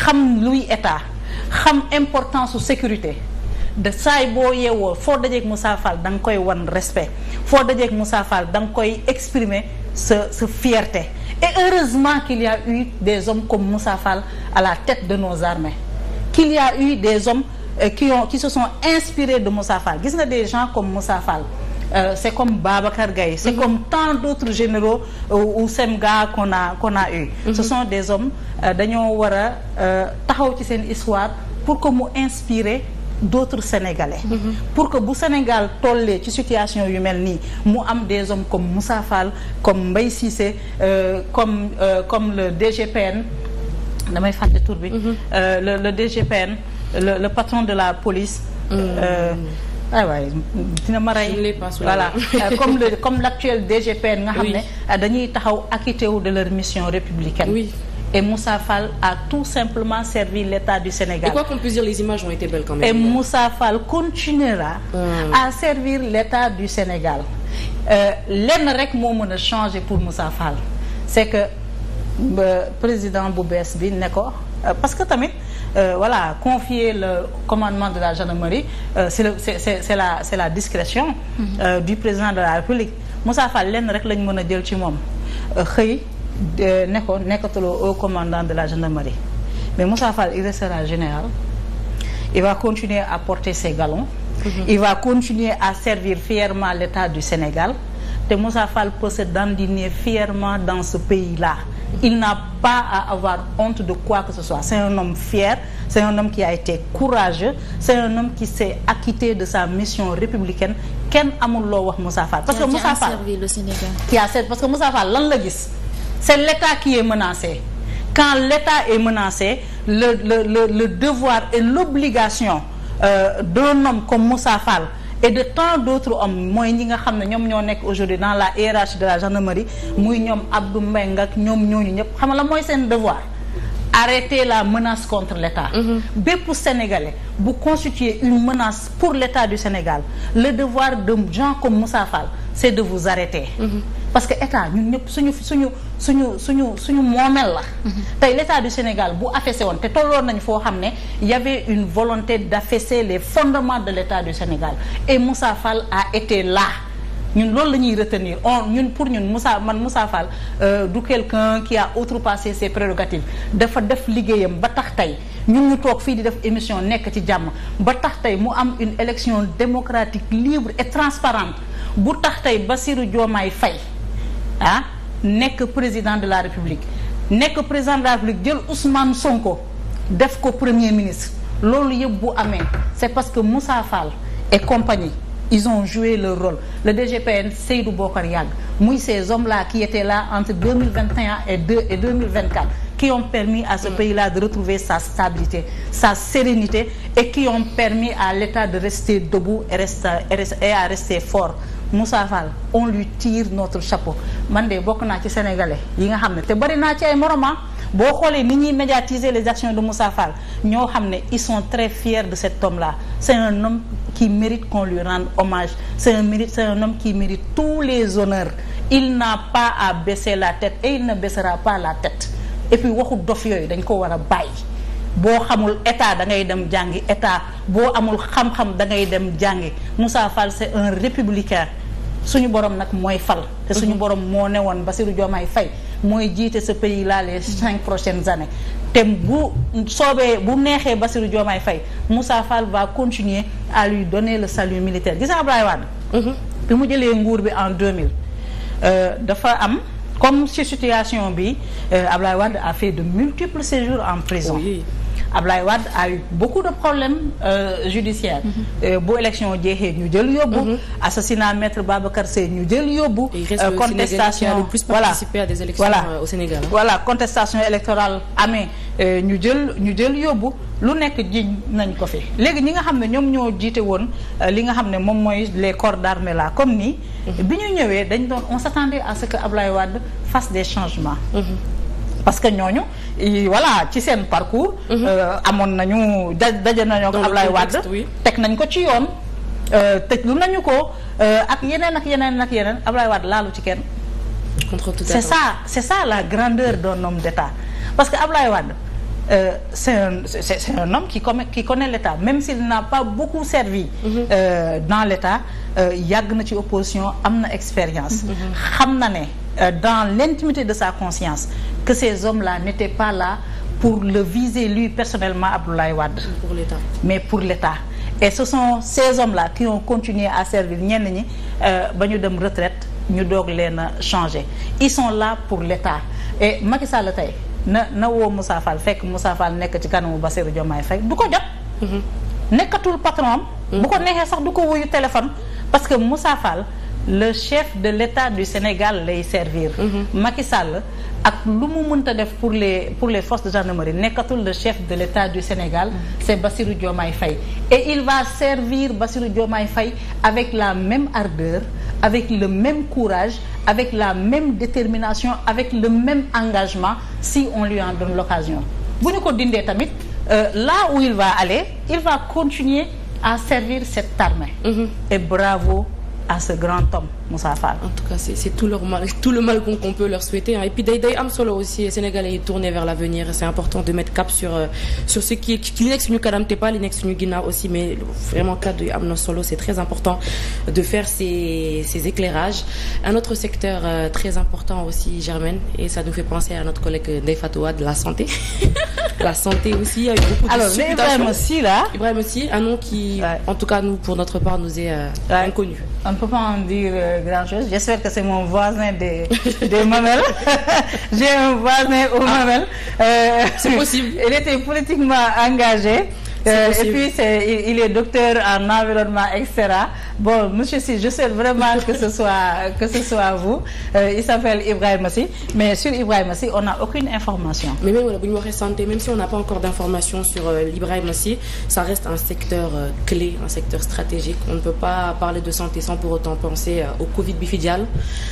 xam luy état xam importance su sécurité. de saay boo yeewoo foo dajeeg Moussa Fall da koy wan respect foo dajeeg Moussa Fall da nga koy exprimer sa sa fierte Et heureusement qu'il y a eu des hommes comme Moussa Fall à la tête de nos armées. Qu'il y a eu des hommes euh, qui, ont, qui se sont inspirés de Moussa Fall. Gis nga des gens comme Moussa Fall. Euh, c'est comme Babacar Gaye c'est mm -hmm. comme tant d'autres généraux euh, ou Semga qu'on a eu mm -hmm. des hommes euh, dañoo war a taxaw ci seen histoire pour que mu inspirer d'autres Sénégalais. Mm-hmm. pour que bu Sénégal tollee ci situation yu mel nii mu am des hommes comme Moussa Fall comme Mbaye Cissé euh, comme euh, comme le DGPN damay fàtte tour bi. Mm-hmm. Euh, le le DGPN le le patron de la police. Mm -hmm. waay euh, ah dina ma rey voilà comme le comme l'actuel DGPN nga xam ne dañuy taxaw acquitté wu de leur mission républicaine. Oui. Et Moussa Fall a tout simplement servi l'État du Sénégal. Et quoi qu'on puisse dire, les images ont été belles quand même. continuera euh. à servir l'État du Sénégal. Euh, lenn rek moo mën a changer pour Moussa Fall c'est que euh, président bu bees bi ne ko parce que tamit euh, voilà confier le commandement de la gendarmerie c'est le c'est c'est c'est la c'est la discrétion mm du président de la République Moussa Fall lenn rek lañ mën a jël ci moom xëy ne ko nekkatuloo au commandant de la gendarmerie mais Moussa Fall il restera général il va continuer à porter ses galons mhm. il va continuer à servir fièrement l'état du Sénégal te Moussa Fall peut se fièrement dans ce pays-là il n'a pas à avoir honte de quoi que ce soit c'est un homme fier c'est un homme qui a été courageux c'est un homme qui s'est acquitté de sa mission républicaine kenn amul loo wax Moussa Fall parce que Moussa Fall lan la gis c'est l'État qui est menacé quand l'État est menacé le le le le devoir et l'obligation euh, d'un homme comme Moussa Fall et de tant d'autres hommes mooy ñi nga xam ne ñoom ñoo nekk aujourd'hui dans la érage de la gendarmerie muy ñoom Abdou Mbengue ak ñoom ñooñu ñëpp xam la mooy seen devoir arrêter la menace contre l'État mm-hmm. bépp sénégalais bu constituer une menace pour l'État du Sénégal le devoir de gens comme Moussa Fall c'est de vous arrêter mm -hmm. parce que État ñun ñëpp suñu suñu suñu suñu suñu moomeel la. Mhm. tey l'état du Sénégal bu affaissé woon te tolloon nañu foo xam ne yabe avait une volonté d'affaisser les fondement de l'état du Sénégal et Moussa Fall a été là. ñun loolu la ñuy retenir on ñun pour ñun Moussa man Moussa Fall euh, du quelqu'un qui a outrepassé ses prérogatives dafa def liggéeyam ba tax tey ñu ñu toog fii di def émission nekk ci jàmm ba tax tey mu am une élection démocratique libre et transparente bu tax tey Bassirou Diomaye Faye ah nekk président de la république nekk président de la république jël Ousmane Sonko def ko premier ministre loolu yëpp bu amee c'est parce que Moussa Fall et compagnie ils ont joué leur rôle le DGPN Seydou Bokar Yàgg muy ces hommes là qui étaient là entre 2021 et 2 et 2024 qui ont permis à ce mm. pays là de retrouver sa stabilité sa sérénité et qui ont permis à l'État de rester debout et, rester, et à rester fort Moussa Fall on lui tire notre chapeau man de bokk naa ci sénégalais yi nga xam ne te bari naa ci ay moroma ah. boo xoolee ni ñuy médiatiser les actions de Moussa Fall ñoo xam ne ils sont très fiers de cet homme là c'est un homme qui mérite qu'on lui rende hommage c'est un mérite c'est un homme qui mérite tous les honneurs il n'a pas à baisser la tête et il ne baissera pas la tête et puis waxu dof yooyu dañ ko war a bàyyi boo xamul état da ngay dem jàngi état boo amul xam-xam da dem jàngi Moussa Fall c'est un républicain suñu borom nag mooy fal te suñu mhm. borom moo ne woon Bassirou Diomaye Faye mooy jiite sa pays là les mhm. cinq prochaines années te bu soobee bu neexee Bassirou Diomaye fay Moussa Fall va continuer à lui donner le salut militaire gis nga mhm. bi mu jëlee nguur bi en 2000 euh, dafa am comme ci situation bi euh, Ablaye Wade a fait de multiples séjours en prison. Oui. Ablaye Wade a eu beaucoup de problèmes euh, judiciaires. Mm-hmm. Euh, bu élection jeexee ñu jël yóbbu. Mm-hmm. assassinat metre Babacar Sèye ñu jël yóbbu. Euh, contestation plus participer à des élections au Sénégal voilà contestation électorale amee ñu jël ñu jël yóbbu. lu nekk jiñ nañ ko fi léegi ñi nga xam ne ñoom ñoo jiite woon li nga xam ne moom mooy les corps d'armée là comme nii. Mm-hmm. bi ñu ñëwee dañ doon on s'attendait à ce que Ablaye Wade fasse des changements. parce que ñooñu. voilà ci seen parcours. Mhm. Euh, amoon nañu da daje nañoo ak Ablaye Wade teg nañ ko ci yoon. Euh, tëjlu nañu ko euh, ak yeneen ak yeneen ak yeneen Ablaye Wade laalu ci kenn. contre tout c'est ça c'est ça la grandeur d'un nom d'État parce que Ablaye Wade euh, c'est un c'est, c'est qui commet, qui connaît l'État même si n'a pas beaucoup servi mhm. euh, dans l'État yàgg na ci opposition am na expérience mhm. xam na ne Euh, dans l'intimité de sa conscience que ces hommes-là n'étaient pas là pour le viser lui personnellement Abdoulaye Wade mais pour l'État et ce sont ces hommes-là qui ont continué à servir ñenn ñi euh, ba ñu dem retraite ñu doog leen a changer ils sont là pour l'État et Macky Sall tey na na woo Moussa Fall fekk Moussa Fall nekk ci kanamu Bassirou Diomaye Faye du ko jot mhm. nekkatul patron am mhm. bu ko neexee sax du ko wuyu téléphone parce que Moussa Fall le chef de l'État du Sénégal lay servir. Mhm. Macky ak lu mu mënta def pour les pour les forces de gendarmerie nekkatul le chef de l'État du Sénégal. Mhm. c'est Bassirou Diomaye Faye et il va servir Bassirou Diomaye Faye avec la même ardeur avec le même courage avec la même détermination avec le même engagement si on lui en donne l'occasion bu ñu ko tamit euh, là où il va aller il va continuer à servir cette armée. Mhm. et bravo. à ce grand homme Moussa Fall. en tout cas c'est c'est tout leur mal tout le mal qu'on peut leur souhaiter hein. et puis day day am solo aussi sénégalais yi tourner vers l'avenir c'est important de mettre cap sur euh, sur ce qui li nekk suñu kanam te pas li nekk suñu ginnaaw aussi mais vraiment kaddu yi am na solo c'est très important de faire ces ces éclairages un autre secteur euh, très important aussi Germaine et ça nous fait penser à notre collègue Ndeye Fatou Wade de la santé la santé aussi il y a eu beaucoup alors, de alors Ibrahima Sy là Ibrahima Sy un nom qui ouais. en tout cas nous pour notre part nous est euh, ouais. inconnu ne peut pas en dire euh, grand-chose j'espère que c'est mon voisin des des mamelles j'ai un voisin aux ah. mamelles. Euh, c'est possible il était politiquement engagé. Euh, et puis c'est il est docteur en environnement et cetera bon monsieur Sy je souhaite vraiment que ce soit que ce soit vous euh, il s'appelle Ibrahima Sy mais sur Ibrahima Sy on n'a aucune information mais même bu ñu waxee santé même si on n'a pas encore d'information sur euh, Ibrahima Sy ça reste un secteur clé un secteur stratégique on ne peut pas parler de santé sans pour autant penser au Covid bi fi jàll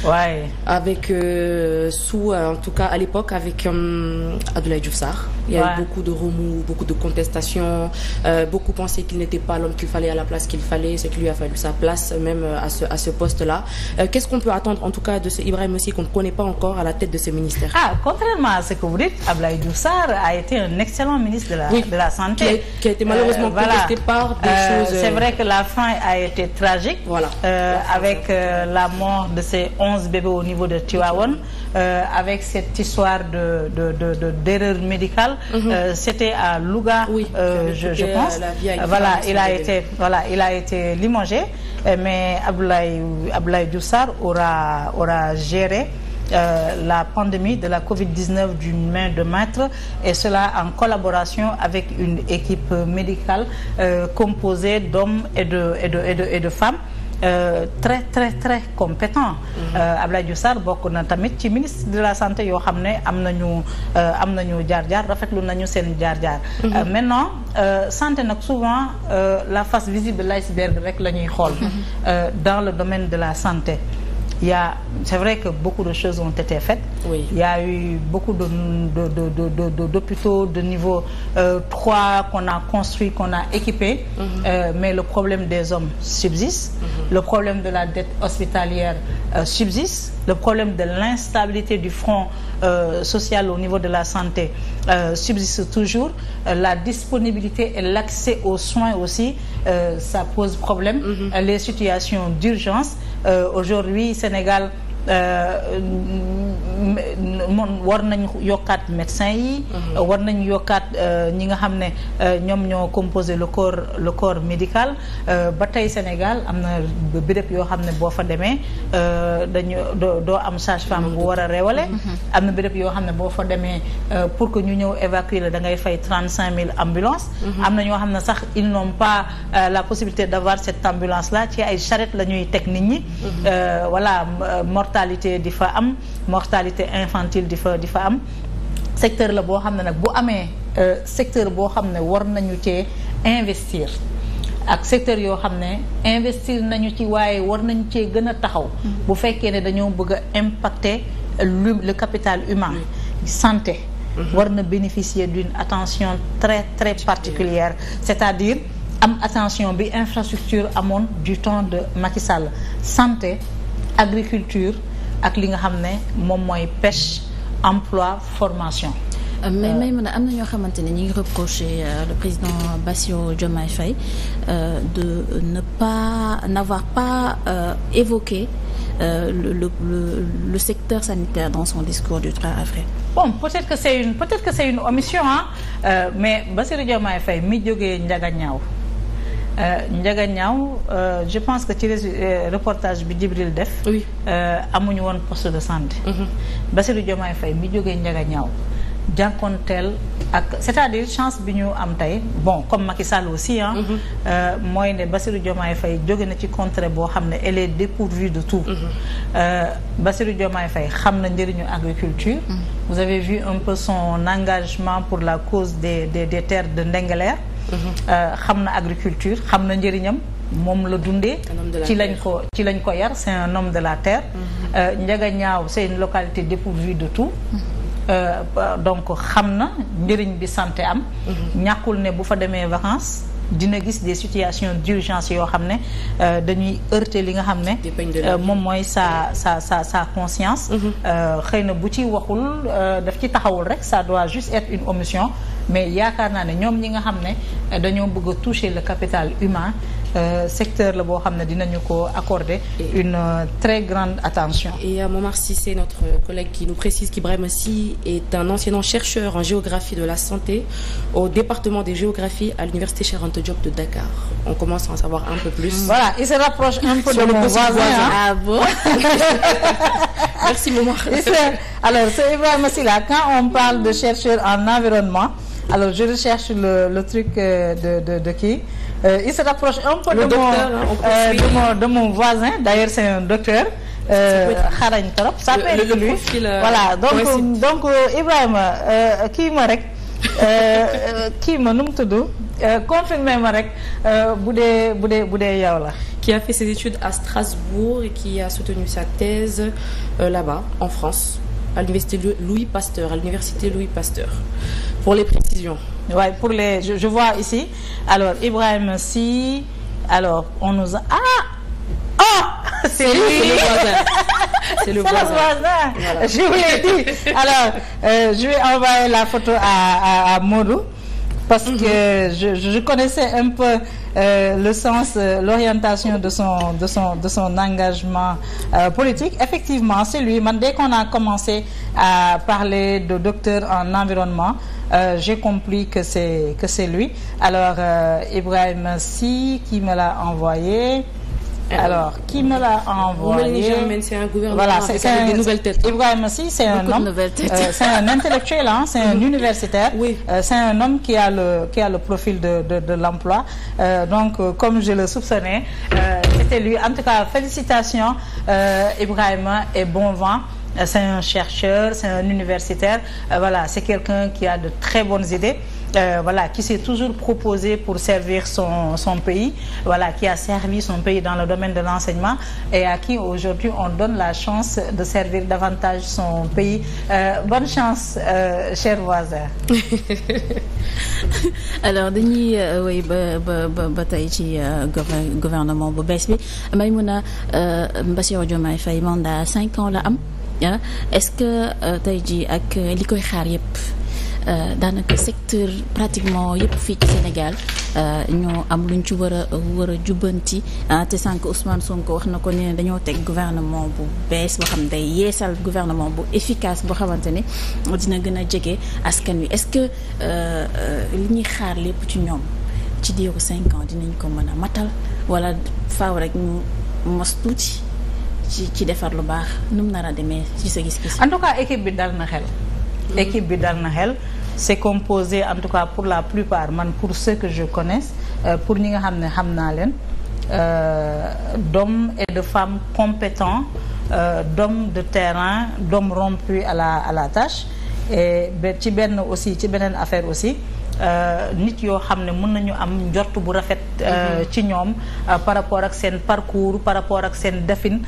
waaye avec euh, sous en tout cas à l'époque avec euh, Abdoulaye Diouf Sarr il y a ouais. eu beaucoup de remous beaucoup de contestations Euh, beaucoup pensaient qu'il n'était pas l'homme qu'il fallait à la place qu'il fallait, a euh, euh, qu'est-ce qu'on peut attendre en tout cas de ce Ibrahim aussi qu'on ne connaît pas encore à la tête de ce ministère ah, contrairement à ce que vous dites, Ablaye a été un excellent ministre de la, Santé. Qui a, a été euh, malheureusement par des choses... a la mort de ces bébés au niveau de Tivaouane. Euh, avec cette histoire de d'erreur médicale. Mm-hmm. C'était à Louga. je, je pense euh, voilà il voilà il a euh, mais Abdoulaye Abdoulaye Diouf Sarr aura aura géré euh, la pandémie de la Covid-19 d'une main de maître et cela en collaboration avec une équipe médicale euh, composée d'hommes et de, Euh, très très très compétent. Mhm. Euh, Abdoulaye Diouf Sarr bokk na tamit ci ministre de la santé yoo xam ne am na ñu euh, am nañu jaar-jaar rafetlu nañu seen jaar-jaar. Mhm. Euh, maintenant euh, santé nag souvent euh, la face visible de l'iceberg rek la ñuy xool. Mhm. dans le domaine de la santé. ya y c'est vrai que beaucoup de choses ont été faites. Oui. Il y a eu beaucoup de de de niveau euh, 3 qu'on a construit, qu'on a équipé. Mhm. Euh, mais le problème des hommes subsiste. Mhm. Le problème de la dette ospitalière euh, subsiste. Le problème de l'instabilité du front euh, social au niveau de la santé Euh, subsiste toujours euh, la disponibilité et l'accès aux soins aussi euh, ça pose problème. Mm-hmm. Les situations d'urgence euh, aujourd'hui Sénégal moom euh, war nañ yokkaat médecin yi mm-hmm. war nañ yokkaat euh, ñi nga xam ne euh, ñoom ñoo composé le corps le corps médical ba tey Sénégal am na béréb yoo xam ne boo fa demee dañu doo am sage-femme bu war a mm-hmm. am na béréb yoo xam ne boo fa demee pour que ñu ñëw évacuer la da ngay fay trente cinq mille ambulances mm-hmm. am na ñoo xam ne sax ils n'ont pas la possibilité d'avoir cette ambulance là ci ay charrette la ñuy teg nit ñi voilà mortalité di fa am mortalité infantile di fa am secteur la boo xam ne nag bu amee euh, secteur boo xam ne war nañu cee investir ak secteur yoo xam ne investir nañu ci waaye war nañu cee gën a taxaw mm-hmm. bu fekkee ne dañoo bëgg a impacter le capital humain santé mm-hmm. war na bénéficier d'une attention très très particulière c'est-à-dire am attention bi infrastructure amoon du temps de Macky Sall santé agriculture ak li nga xam ne moom mooy peche emploi formation. Euh, mais euh, may mën a am na ñoo xamante ne ñi ngi reprocher euh, le président Bassirou Diomaye Faye de ne pas n'avoir pas euh, évoqué euh, le, le le le secteur sanitaire dans son discours du 3 avril. bon peut-être que c'est une peut-être que c'est une omission ah euh, mais Bassirou Diomaye Faye mi jógee Ndiaga Euh, Ndiaga Niaw euh, je pense que ci euh, reportage bi Djibril def amuñu woon poste de santé mhm. Bassirou Diomaye fay mi jóge Ndiaga ñaaw jànkoonteel ak c'est-à-dire chance bi ñu am tey bon comme Macky Sall aussi ah mooy ne Bassirou Diomaye fay jóge na ci contrée boo xam ne elle est dépourvue de tout mhm. Bassirou Diomaye fay xam na njëriñu agriculture vous avez vu un peu son engagement pour la cause des des des terres de Ndengler Euh, xam na agriculture xam na njëriñam moom la dundee ci lañ ko ci lañ ko yar c'est un homme de la terre Ndiaga Niao seen une localité dépourvue de tout mm-hmm. Euh, donc xam na njëriñ bi santé am mm-hmm. ñàkkul ne bu fa demee vacances dina gis des situation d'urgence yoo xam ne euh, dañuy heurter li nga xam ne euh, moom mooy sa mm-hmm. sa sa sa conscience xëy na bu ci waxul daf ci taxawul rek sa doit juste être une omission mais yaakaar naa ne ñoom ñi nga xam ne euh, dañoo bëgg a toucher le capital humain euh, secteur la boo xam ne dinañu ko accorder une euh, très grande attention. Et euh, Momar Cissé, notre euh, collègue qui nous précise qu'Ibrahima Sy est un ancien chercheur en géographie de la santé au département des géographie à l'université Cheikh Anta Diop de Dakar. On commence à en savoir un peu plus. Voilà, il se rapproche un de mon ah chercheur en environnement alors je recherche le le truc euh, de de de kii euh, il se rapproche un peu. Le de docteur, euh, mon voisin d'ailleurs c'est un docteur. xarañ euh, trop ça peut lui voilà donc Merci. donc Ibrahima kii ma rek kii ma nu mu tudd confirmer ma rek bu dee bu dee bu dee yow la. qui a fait ses études à Strasbourg et qui a soutenu sa thèse là-bas en France. à l'université Louis Pasteur, à l'université Louis Pasteur. Pour les précisions. Ouais, pour les je, je vois ici. Alors Ibrahim si alors on nous a ah oh c'est lui c'est le voisin. C'est le voisin. voisin. Voilà. Je vous l'ai dit. Alors euh, je vais envoyer la photo à à, à Modou parce mm -hmm. que je je connaissais un peu euh, le sens, euh, l'orientation de son, de, son, de son engagement euh, politique. Effectivement, c'est lui. Dès qu'on a commencé à parler de docteur en environnement, euh, j'ai compris que c'est lui. Alors, euh, Ibrahim Si qui me l'a envoyé. Euh, alors qui me l'a envoyé voilà c'est c'est nouvelle tête Ibrahima Sy c'est un homme euh, c'est un intellectuel hein c'est un universitaire euh, c'est un homme qui a le qui a le profil de de de l'emploi donc comme je le soupçonnais c'était lui en tout cas félicitations Ibrahima et bon vent c'est un chercheur c'est un universitaire voilà c'est quelqu'un qui a de très bonnes idées euh, voilà, qui s'est toujours proposé pour servir son, son pays, voilà, qui a servi son pays dans le domaine de l'enseignement et à qui aujourd'hui on donne la chance de servir davantage son pays. Euh, bonne chance, euh, cher voisin. alors dañuy euh, wéy ba ba tey ci euh, gouvernement bu bees bi Maïmouna euh, Bassirou Diomaye Faye mandat cinq ans la am est-ce que tey jii ak li koy xaar yépp Euh, daanaka secteur pratiquement yëpp fii ci Sénégal euh, ñoo am luñ ci war a war a jubbanti ah, te sànq Ousmane Sonko wax na ko ne dañoo teg gouvernement bu bees boo xam ne day yeesal gouvernement bu efficace boo xamante ne dina gën a jege askan wi est-ce que euh, li ñuy xaar lépp ci ñoom ci diiru cinq ans dinañ ko mën a matal wala faw rek ñu mos tuuti ci ci defar lu baax nu mu nar a demee ci sa gis-gis. en équipe bi dal na xel. Hmm. équipe bi dal na xel. c'est composé en tout cas pour la plupart man pour ceux que je connais euh, pour ñi nga xam ne xam naa leen euh, d'hommes et de femmes compétents euh, d'hommes de terrain d'hommes rompu à la à la tâche et ci benn aussi ci beneen affaire aussi nit yoo xam ne mën nañu am njort bu rafet mhm. ci ñoom par rapport ak seen parcours par rapport ak seen defin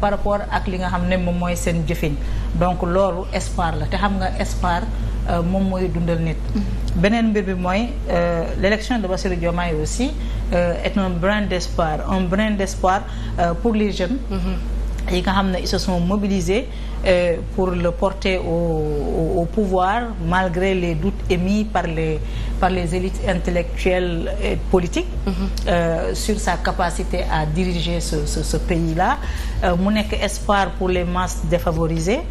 par rapport ak li nga xam ne moom mooy seen jëfin donc loolu espoir la te xam nga espoir Euh, moom mooy dundal nit. Mm-hmm. beneen mbir bi mooy euh, l'élection de Bassirou Diomaye aussi euh, est un brin d'espoir un brin d'espoir pour les jeunes. Mm-hmm. yi nga xam ne ils se sont mobilisés pour le porter au pouvoir malgré les doutes émis par les par les élites intellectuelles et politiques mm -hmm. sur sa capacité à diriger ce pays-là mu euh, nekk espoir pour les masses défavorisées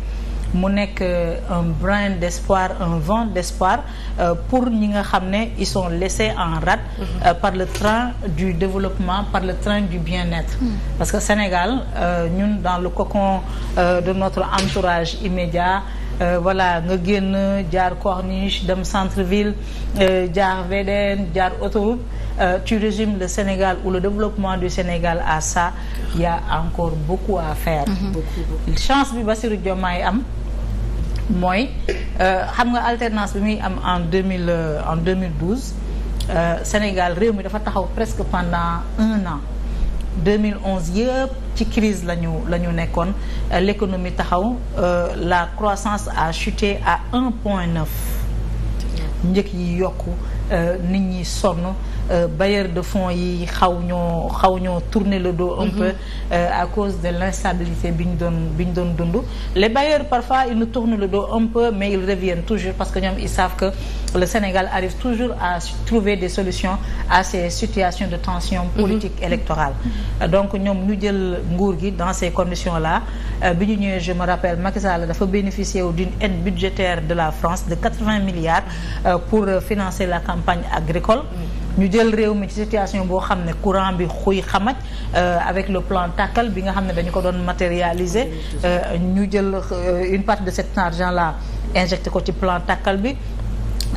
mu nekk euh, un brin d'espoir un vent d'espoir euh, pour ñi nga xam ne ils sont laissés en rade mhm. euh, par le train du développement par le train du bien-être mhm. parce que Sénégal euh, ñun dans le cocon euh, de notre entourage immédiat Euh, voilà nga génn jaar Corniche dem centre-ville jaar VDN jaar autoroute tu résumes le Sénégal ou le développement du Sénégal à ça il y a encore beaucoup à faire. Mm -hmm. chance bi Bassirou Diomaye am. mooy euh, xam nga alternance bi muy am en deux mille euh, en deux mille douze euh, Sénégal réew mi dafa taxaw presque pendant un an deux mille onze yëpp ci crise la ñu la ñu nekkoon l'économie taxaw la croissance a chuté à un point neuf njëkk yi yokk nit ñi sonn Euh, bailleurs de fonds yi xaw ñoo tourner le dos un mhm. peu euh, à cause de l'instabilité bi ñu doon bi ñu doon dund les bailleurs parfois ils nous tournent le dos un peu mais ils reviennent toujours parce que ñoom ils savent que le Sénégal arrive toujours à trouver des solutions à ces situations de tension mhm. politique électorale euh, donc ñoom ñu jël nguur gi dans ces conditions là bi ñu ñëwee je me rappelle Macky Sall dafa bénéficier wu d'une aide budgétaire de la France de 80 milliards pour financer la campagne agricole ñu jël réew mi ci situation boo xam ne courant bi xuy xamaj euh, avec le plan tàkkal bi nga xam ne dañu ko doon matérialiser euh, ñu jël euh, une partie de cet argent là injecté ko ci plan tàkkal bi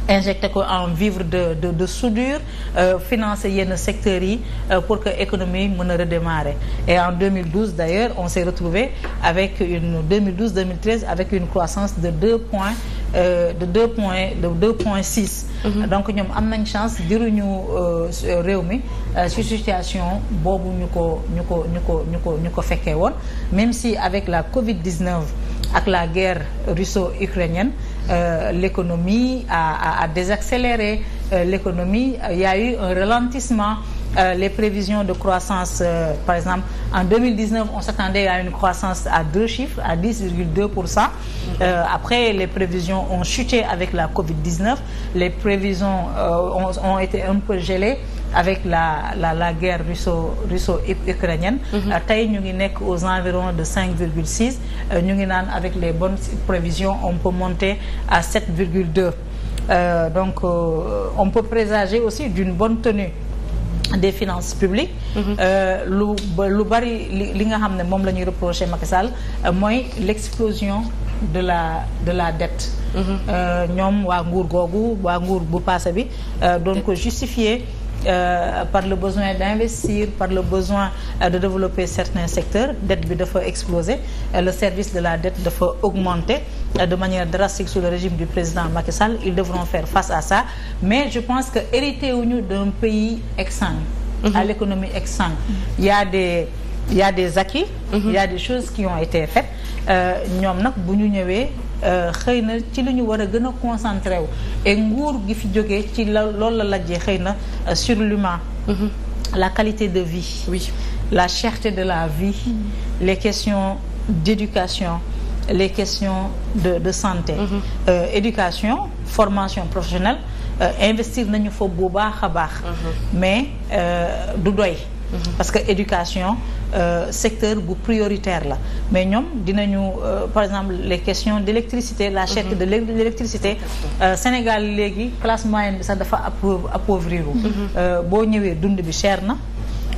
injecté ko en vivre de de de soudure euh, financer yenn secteurs yi euh, pour que économie mën a redémarrer et en 2012 d'ailleurs on s'est retrouvé avec une 2012 2013 avec une croissance de 2 points euh, de 2 points de 2 point 6 mm mm-hmm. donc ñoom am nañ chance jëruñu euh, réew mi ci euh, situation boobu ñu ko ñu ko ñu ko ñu ko ñu ko fekkee woon même si avec la Covid-19 ak la guerre russo-ukrainienne euh, l'économie a, a, a désaccéléré, euh, l'économie, euh, il y a eu un ralentissement. Euh, les prévisions de croissance, euh, par exemple, en 2019, on s'attendait à une croissance à deux chiffres, à 10,2%. Euh, après, les prévisions ont chuté avec la COVID-19. Les prévisions euh, ont, ont été un peu avec la la la guerre russo russo ukrainienne mhm. euh, tey ñu ngi nekk aux environs de cinq virgule six euh, ñu ngi naan avec les bonnes prévisions on peut monter à sept virgule deux euh, donc euh, on peut présager aussi d'une bonne tenue des finances publiques mhm. lu lu bari li nga xam ne moom la ñuy reproché Macky mooy l'explosion de la de la dette mhm. ñoom waa nguur googu waa nguur bu passé bi doon justifier Euh, par le besoin d'investir par le besoin euh, de développer certains secteurs dette bi dafa exploser euh, le service de la dette dafa augmenter euh, de manière drastique sous le régime du président Macky Sall ils devront faire face à ça mais je pense que hérité wuñu d'un pays exsangue mm -hmm. à l'économie exsangue y a des il des acquis mm -hmm. il y a des choses qui ont été faites euh, ñoom nag bu ñu ñëwee Euh, xëy na ci li ñu war a gën a concentré wu et nguur gi fi jóge ci la loolu la lajjee xëy na euh, sur l'humain mm-hmm. la qualité de vie la cherté de la vie mm-hmm. les questions d'éducation les questions de de santé mm-hmm. euh, éducation formation professionnelle euh, investir nañu fa bu baax a baax mais du doy Mm-hmm. parce que éducation euh, secteur bu prioritaire la mais ñoom dinañu euh, par exemple les questions d'électricité la chèque mm-hmm. de l'électricité euh, Sénégal léegi classe moyenne bi sax dafa appauvrir mm-hmm. euh, boo ñëwee dund bi cher na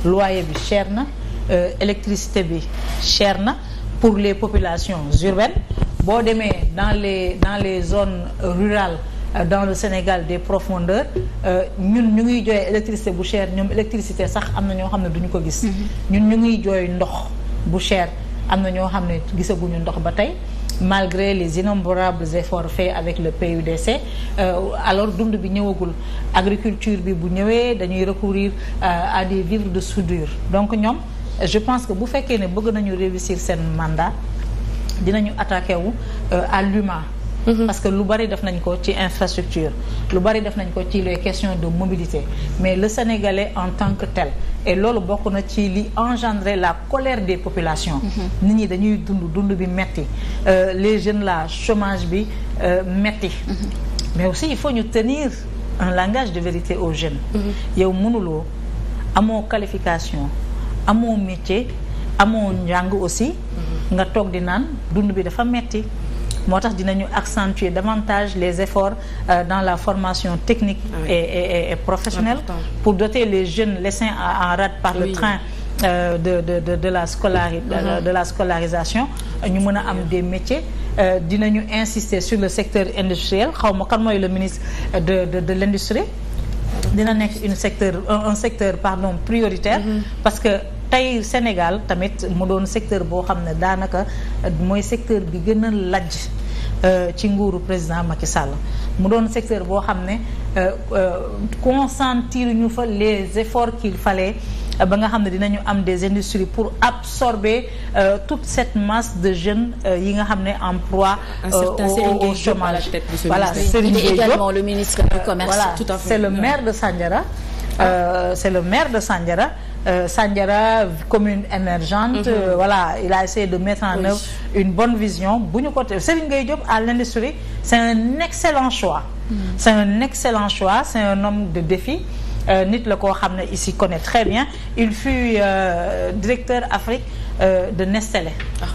loyer bi cher na euh, électricité bi cher na pour les populations urbaines boo demee dans les dans les zones rurales Euh, dans le Sénégal des profondeurs euh, ñun ñu ngi jooy électricité bu cher ñoom électricité sax am na ñoo xam ne duñu ko gis. Mhm. ñun ñu ngi jooy ndox bu cher am na ñoo xam ne gisaguñu ndox ba tey. malgré les innombrables efforts faits avec le PUDC euh, alors dund bi ñëwagul agriculture bi bu ñëwee dañuy recourir euh, à des vivres de soudure donc ñoom je pense que bu fekkee ne bëgg nañu réussir seen mandat dinañu attaqué wu euh, Mm-hmm. parce que lu bari def nañ ko ci infrastructure lu bari def nañ ko ci les questions de mobilité mais le sénégalais en tant que tel et loolu bokk na ci li engendrer la colère des population mm-hmm. nit ñi dañuy dund dund bi metti euh, les jeunes là chômage bi euh, metti mm-hmm. mais aussi il faut ñu tenir un langage de vérité au jeunes yow mënuloo amoo qualification amoo métier amoo njàng aussi nga toog di naan dund bi dafa metti moo tax dinañu accentuer davantage les efforts euh, dans la formation technique ah et, et, et professionnelle pour doter les jeunes laissés en rade par oui. le train euh, de de de de la scolari de uh-huh. la scolarisation ñu mën a am des métiers euh, dinañu insister sur le secteur industriel xaw ma kan mooy le ministre de de de l'industrie dina nekk une secteur un, un secteur pardon prioritaire mm-hmm. parce que tey Sénégal tamit mu doon secteur boo xam ne daanaka mooy secteur bi gën a lajj euh, ci nguuru président Macky Sall mu doon secteur boo xam ne euh, euh, consentir ñu fa les efforts qu'il fallait ba nga xam ne dinañu am des industries pour absorber euh, toute cette masse de jeunes yi nga xam ne en proie au chômage voilà Serigne ministre du commerce tout à c'est le maire de Sandiara ah. euh, c'est le maire de Sandiara euh, Sandiara commune émergente. Mhm. Euh, voilà il a essayé de mettre en œuvre une bonne vision bu ñu ko te Serigne Gueye à l'industrie c'est un excellent choix. Mm -hmm. c'est un excellent choix homme de défi. Euh, nit la koo xam ne il s'y connaît très bien il fut euh, directeur Afrique euh, de nestelle ah.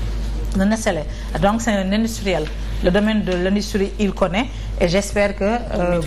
de Nestlé donc c'est un industriel le domaine de l'industrie il connaît et j'espère que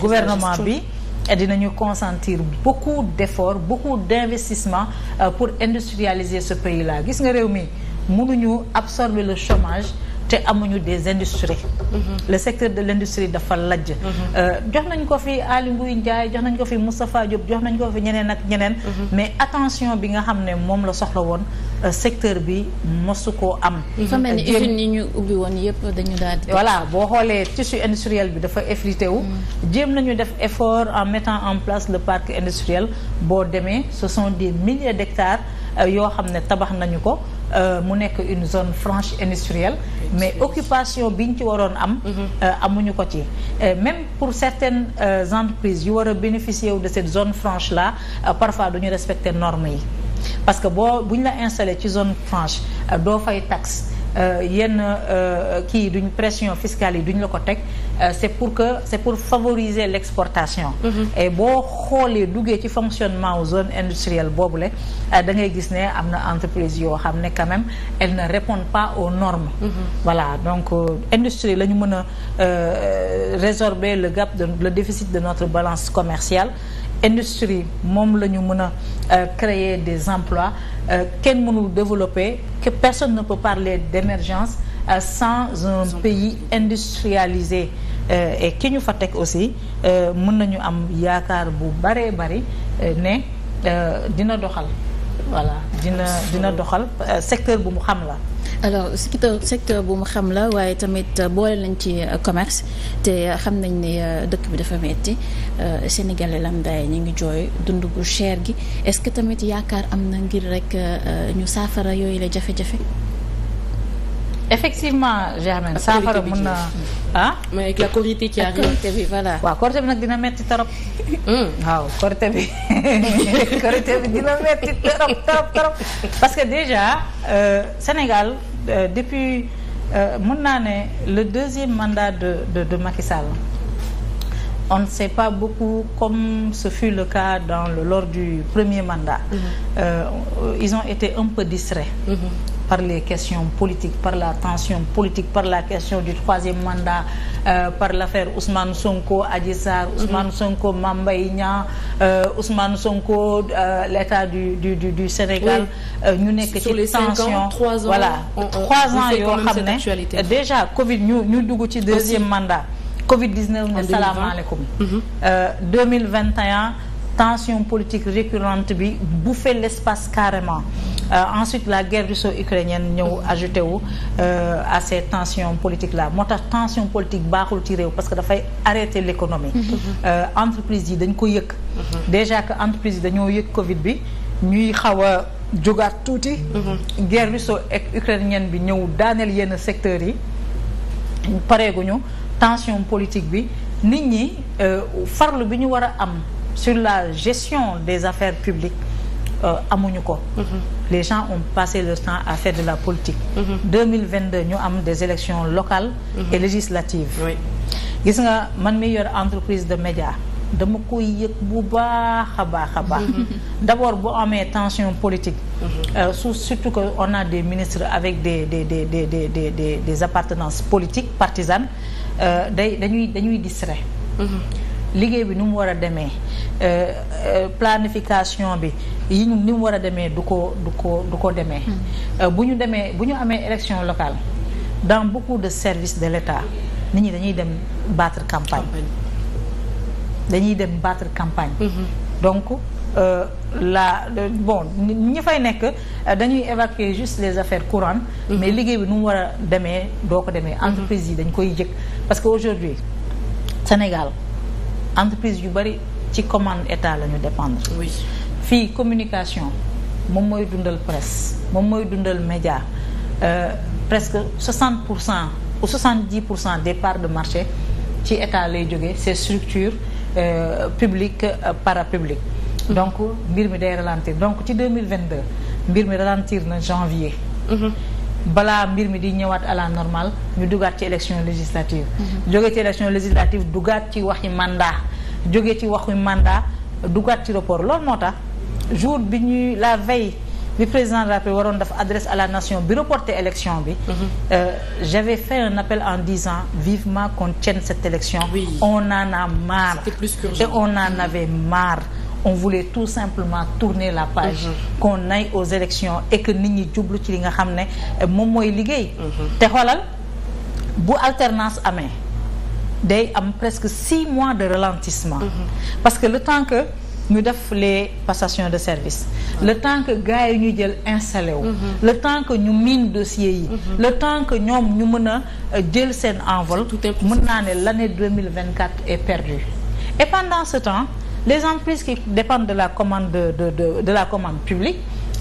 gouvernement bi et dinañu consentir beaucoup d'efforts beaucoup d'investissements euh, pour industrialiser ce pays-là gis nga réew mi mënuñu absorber le chômage te amuñu des industries mm-hmm. le secteur de l'industrie dafa lajj mm-hmm. euh, jox nañ ko fi Aly Ngouille Ndiaye jox nañ ko fi Moustapha Diop jox nañ ko fi ñeneen ak ñeneen mm-hmm. mais attention bi nga xam ne moom la soxla woon euh, secteur bi mosu koo am dafa mel ni euh, ñu ubbi woon yëpp dañu daal voilà boo xoolee tissu industriel bi dafa effrité wu jéem nañu def effort en mettant en place le parc industriel boo demee ce sont des milliers d'hectares yoo xam ne tabax nañu ko Euh, mu nekk une zone franche industrielle mais occupation bi ñu ci waroon am mhm. euh, amuñu ko ci euh, même pour certaines entreprises yu war a bénéficier de cette zone franche là parfois duñu respecter normes yi parce que boo bu ñu la installé ci zone franche doo fay taxe yenn kii duñu pression fiscale yi duñ la ko teg Euh, c'est pour que c'est pour favoriser l'exportation mm-hmm. et boo xoolee duggee ci fonctionnement wu zone industrielle boobule euh, da ngay gis ne am na entreprise yoo xam ne quand même elles ne répondent pas aux normes mm-hmm. voilà donc euh, industrie la ñu mën a résorber le gap de déficit de notre balance commerciale industrie moom la ñu mën a créer des emplois kenn mënul développer que personne ne peut parler d'émergence sans un pays industrialisé Euh, et ki ñu fa teg aussi euh, mën nañu am yaakaar bu baree bari euh, ne dina doxal voilà dina dina doxal secteur bu mu xam la alors secteur bu mu xam la waaye tamit boole nañ ci commerce te xam nañ ni dëkk bi dafa metti sénégalais lambda yi ñu ngi jooy dund gu cher gi est-ce que tamit yaakaar am na ngir rek ñu saafara yooyu la jafe-jafe effectivement Germaine saafara mën na ah. bi dina metti trop. waaw Korité bi Korité bi dina metti trop trop parce que déjà euh, Sénégal euh, depuis euh, mën naa ne le deuxième mandat de de on ne sait pas beaucoup comme ce fut le cas dans le premier mandat. Mm-hmm. Euh, ils ont été un peu distraits. Mm-hmm. par les questions politique par la tension politique par la question du troisième mandat euh, par l'affaire Ousmane Sonko Adji Sarr mhm. Ousmane mm -hmm. Sonko Mame Mbaye Niang euh, euh, l'état du du du du Sénégal. Euh, ñu nekk ci tension trois ans voilà trois yoo xam ne déjà Covid ñu ñu dugg ci deuxième mandat Covid 19 ne tension politique récurrente bi bouffer l'espace carrément euh, ensuite la guerre russo-ukrainienne ñëw ajouté wu euh, tension politique tensions moo tax tension politique baaxul ci réew parce que dafay arrêter l'économie mm-hmm. euh, entreprise yi dañ ko yëkk mm-hmm. déjà que entreprise yi dañoo yëg Covid bi ñuy xaw a jógaat tuuti mm-hmm. guerre russo-ukrainienne bi ñëw daaneel yenn secteurs yi pareeguñu tension politique bi nit ñi euh, farlu bi ñu war a am sur la gestion des affaires publiques euh, amuñu ko. Mhm. les gens ont passé le temps à faire de la politique. 2022 mhm. ñu am des élections locales. Mhm. et législatives. oui gis nga man mi yor entreprise de média dama koy yëg bu baax a baax a baax. d'abord bu amee tension politique. Euh, su surtout que on a des ministres avec des des des des des des des appartenances politiques partisanes euh, day dañuy dañuy distrait. liggéey bi nu mu war a demee euh, euh, planification bi yi ñu ni mu war a demee du ko du ko du ko demee hmm. euh, bu ñu demee bu ñu amee élection locale dans beaucoup de service de l'État nit ñi dañuy dem battre campagne dañuy dem battre campagne hmm. donc Euh, la euh, bon ñu fay nekk dañuy évacuer juste les affaires courantes hmm. mais liggéey bi nu mu war a demee doo ko demee entreprise yi dañ koy jëkk parce que aujourd'hui Sénégal entreprise yu bëri ci commande état la ñu dépendre fii communication moom mooy dundal presse moom mooy dundal média euh, presque 60 pour cent ou 70 pour cent des parts de marché ci état lay jógee ces structures euh, publiques euh, parapubliques mm-hmm. donc mbir mi day ralentir donc ci 2022 mbir mi ralentir na janvier mm-hmm. balaa mbir mi di ñëwaat à la normal ñu dugaat ci élection législative jóge ci élection législative dugaat ci waxi mandat jóge ci waxi mandat dugaat ci rapport loolu moo tax jour bi ñuy la veille bi président de la waroon def adresse à la nation bi reporter élection bi mhm. euh, j'avais fait un appel en disant vivement qu'on tienne cette élection oui. on en a marre et on en avait marre on voulait tout simplement tourner la page. Mhm. qu'on aille aux élections et que nit ñi jublu ci li nga xam ne eh, moom mooy liggéey. Mhm. te xoolal bu alternance amee day am presque six mois de ralentissement. Mhm. parce que le temps que ñu def les passations de service. le temps que gars yi ñu jël installé wu. le temps que ñu miin dossier yi. le temps que ñoom ñu mën a euh, jël seen envol. mën naa ne l' ne deux mille vingt quatre est perdue et pendant ce temps. les entreprises qui dépendent de la commande de de de, de la commande publique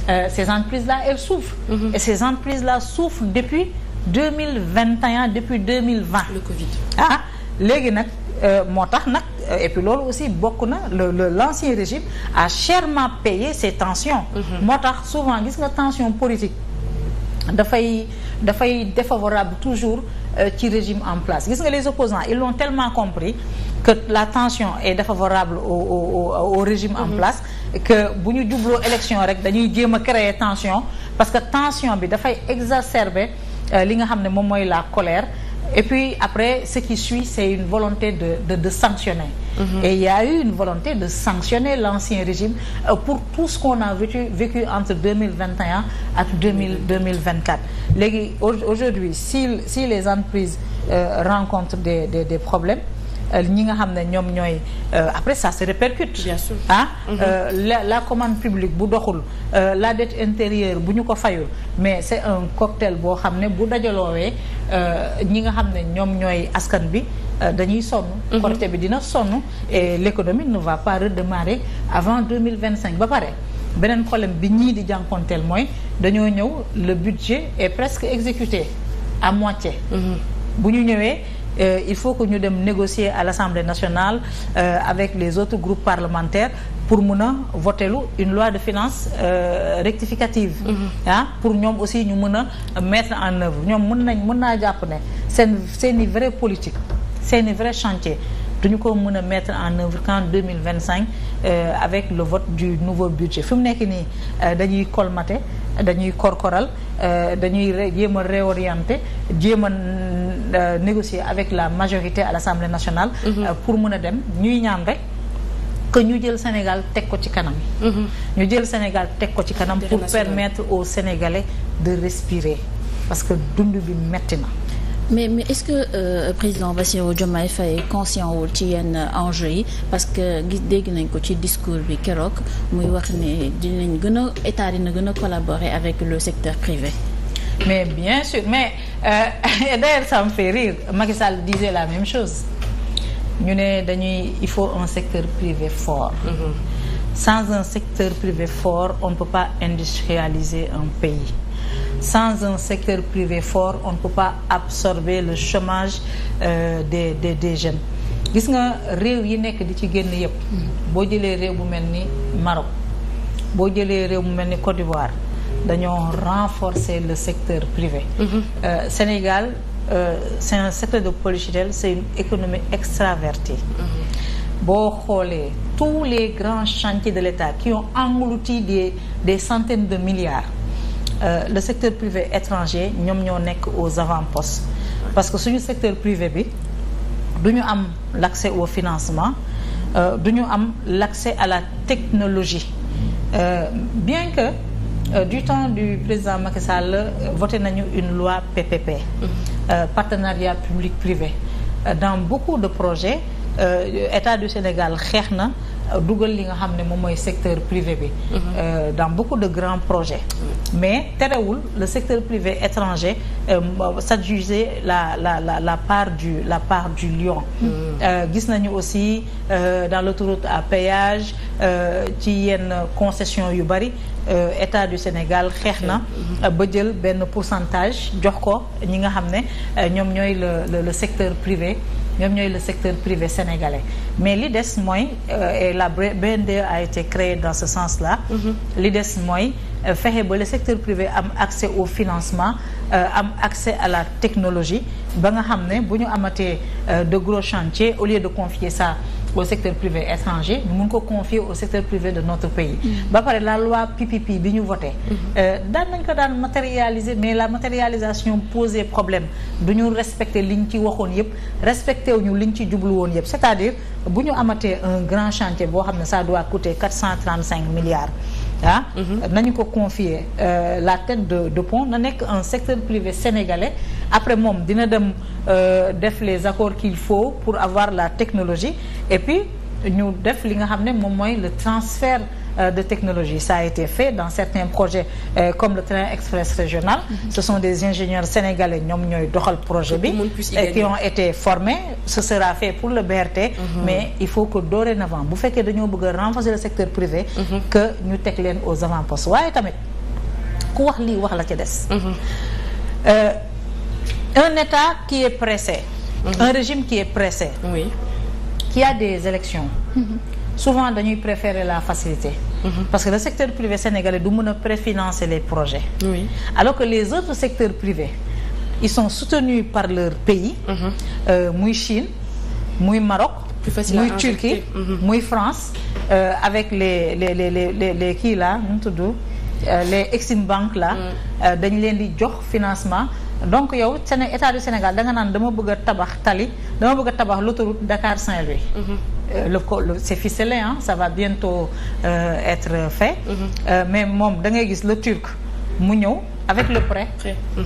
euh, ces entreprises là elles souffrent. Mm -hmm. et ces entreprises là souffrent depuis deux mille vingt et depuis deux mille vingt. le Covid ah léegi nag euh, moo tax nag euh, et puis aussi bokk na le le l' ancien régime a chèrement payé ses tensions. Mhm. moo tax souvent gis nga tension politique dafay dafay défavorable toujours euh, ci régime en place gis nga les opposants ils l'ont tellement compris. que la tension est défavorable au au, au, au régime en mhm. place que bu ñu jubloo élection rek dañuy jéem a créer tension parce que tension bi dafay exacerber euh, li nga xam ne moom mooy la colère et puis après ce qui suit c'est une volonté de de de sanctionner mm-hmm. et il y a eu une volonté de sanctionner l'ancien régime euh, pour tout ce qu'on a vécu vécu entre 2021 ak 2000 2024 léegi aujourd'hui si si les entreprises euh, rencontrent des des des problèmes Euh, ñi nga xam ne ñoom ñooy euh, après ça se répercute. bien ah. Euh, mm-hmm. la la commande publique bu doxul la dette intérieure bu ñu ko fayul mais c'est un cocktail boo xam ne bu dajaloowee ñi nga xam ne ñoom ñooy askan bi dañuy sonn. Mm-hmm. Korité bi dina sonn et l'économie ne va pas redémarrer avant deux mille vingt cinq ba pare. beneen problème bi ñii di jànkonteel mooy dañoo ñëw le budget et presque exécuté à moitié. Mm-hmm. bu ñu ñëwee. Euh, il faut que ñu dem négocier à l'Assemblée nationale euh, avec les autres groupes parlementaires pour mun a voter lu une loi de finances euh, rectificative mm-hmm. ah pour ñoom aussi ñu mun a mettre en œuvre ñoom mun nañ mun naa jàpp ne seen seen i vraie politique seen i vrai chantier ñu ko mën a mettre en œuvre qu'en deux mille vingt cinq euh, avec le vote du nouveau budget fi mu nekk nii euh, dañuy colmater dañuy korkoral euh, dañuy jéem a réorienter jéem a négocier avec la majorité à l'Assemblée nationale. Mm-hmm. pour mën a dem ñuy ñaan rek. que ñu jël Sénégal teg ko ci kanam. Mm-hmm. ñu jël Sénégal teg ko ci kanam. pour permettre au Sénégalais de respirer parce que dund bi metti na. mais mais est-ce que euh, président Bassirou Diomaye fay conscient wul ci yenn euh, enjeu yi parce que gis dégg nañ ko ci discours bi keroog muy wax ne dinañ gën a état dina gën a collaborer avec le secteur privé. mais bien sûr mais euh, d'ailleurs ça me fait rire Macky Sall disait la même chose ñu ne dañuy il faut un secteur privé fort. Mm -hmm. sans un secteur privé fort on ne peut pas industrialiser un pays. sans un secteur privé fort on ne peut pas absorber le chômage euh, des des des jeunes gis nga réew yi nekk di ci génn yëpp boo jëlee réew bu mel ni Maroc boo jëlee réew mu mel ni Côte d'Ivoire dañoo renforcer le secteur privé mhm. euh, Sénégal euh, c'est un secteur de polichinelle c'est une économie extravertie mhm. boo xoolee tous les grands chantiers de l'État qui ont englouti des des centaines de milliards Euh, le secteur privé étranger ñoom ñoo nekk aux avant-postes parce que suñu secteur privé bi du ñu am l'accès au financement euh, du ñu am l'accès à la technologie euh, bien que Euh, du temps du président Macky Sall voté nañu une loi PPP partenariat public-privé dans beaucoup de projets État du Sénégal xeex na dugal li nga xam ne moom mooy secteur privé bi mhm. euh, dans beaucoup de grands projets mhm. mais terewul le secteur privé étranger euh, s'adjuger la la la la part du la part du lion mhm. euh, gis nañu aussi dans l'autoroute à péage ci yenn concession yu bari état du Sénégal xeex na ba jël benn pourcentage jox ko ñi nga xam ne ñoom ñooy le le secteur privé ñoom ñooy le secteur privé sénégalais mais li des mooy euh, et la BNDE a été créée dans ce sens la mhm. li des mooy euh, fexe ba le secteur privé am accès au financement euh, am accès à la technologie ba nga xam ne bu ñu amatee de gros chantiers au lieu de confier ça au secteur privé étranger ñu mun ko confier au secteur privé de notre pays mm. ba pare la loi PPP bi ñu voté mm-hmm. euh, daan nañ ko daan matérialiser mais la matérialisation posait problème du ñu li ñu ci waxoon yëpp respecté wuñu ñu ci jublu woon yëpp c'est-à-dire bu ñu amatee un grand chantier boo xam ne ça doit coûter quatre cent trente-cinq milliards ah mhm. nañu ko confier euh, la tête de de pont na nekk un secteur privé sénégalais après moom dina dem euh, def les accords qu'il faut pour avoir la technologie et puis ñu def li nga xam ne moom mooy le transfert Euh, de technologie. Ça a été fait dans certains projets euh, comme le train express régional. Mhm. Ce sont des ingénieurs sénégalais ñoom ñooy doxal projet bi et qui ont été formés. Ce sera fait pour le BRT. Mhm. mais il faut que dorénavant bu fekkee dañoo bëgg a renforcer le secteur privé. Mhm. que ñu teg leen aux avant-postes waaye tamit ku wax lii wax la ci des. Euh, un État qui est pressé. un régime qui est pressé. qui a des élections. souvent dañuy préférer la facilité. Mhm. parce que le secteur privé sénégalais du mën a préfinancer les projets. oui alors que les autres secteurs privés ils sont soutenus par leur pays. Mhm. Euh, muy Chine muy Maroc. plus facile muy Turquie mhm. muy France. Euh, avec les les les les les kii là nu mu tudd euh, les Exim Bank là. dañ leen di jox financement. donc yow seen état du Sénégal da nga naan dama bëgg a tabax tali dama bëgg a tabax l'autoroute Dakar Saint-Louis. Mhm. Euh, le co c'est ficelé hein ça va biento euh, être fait. Mhm. Euh, mais moom da ngay gis le turc mu ñëw avec le prêt. Mhm.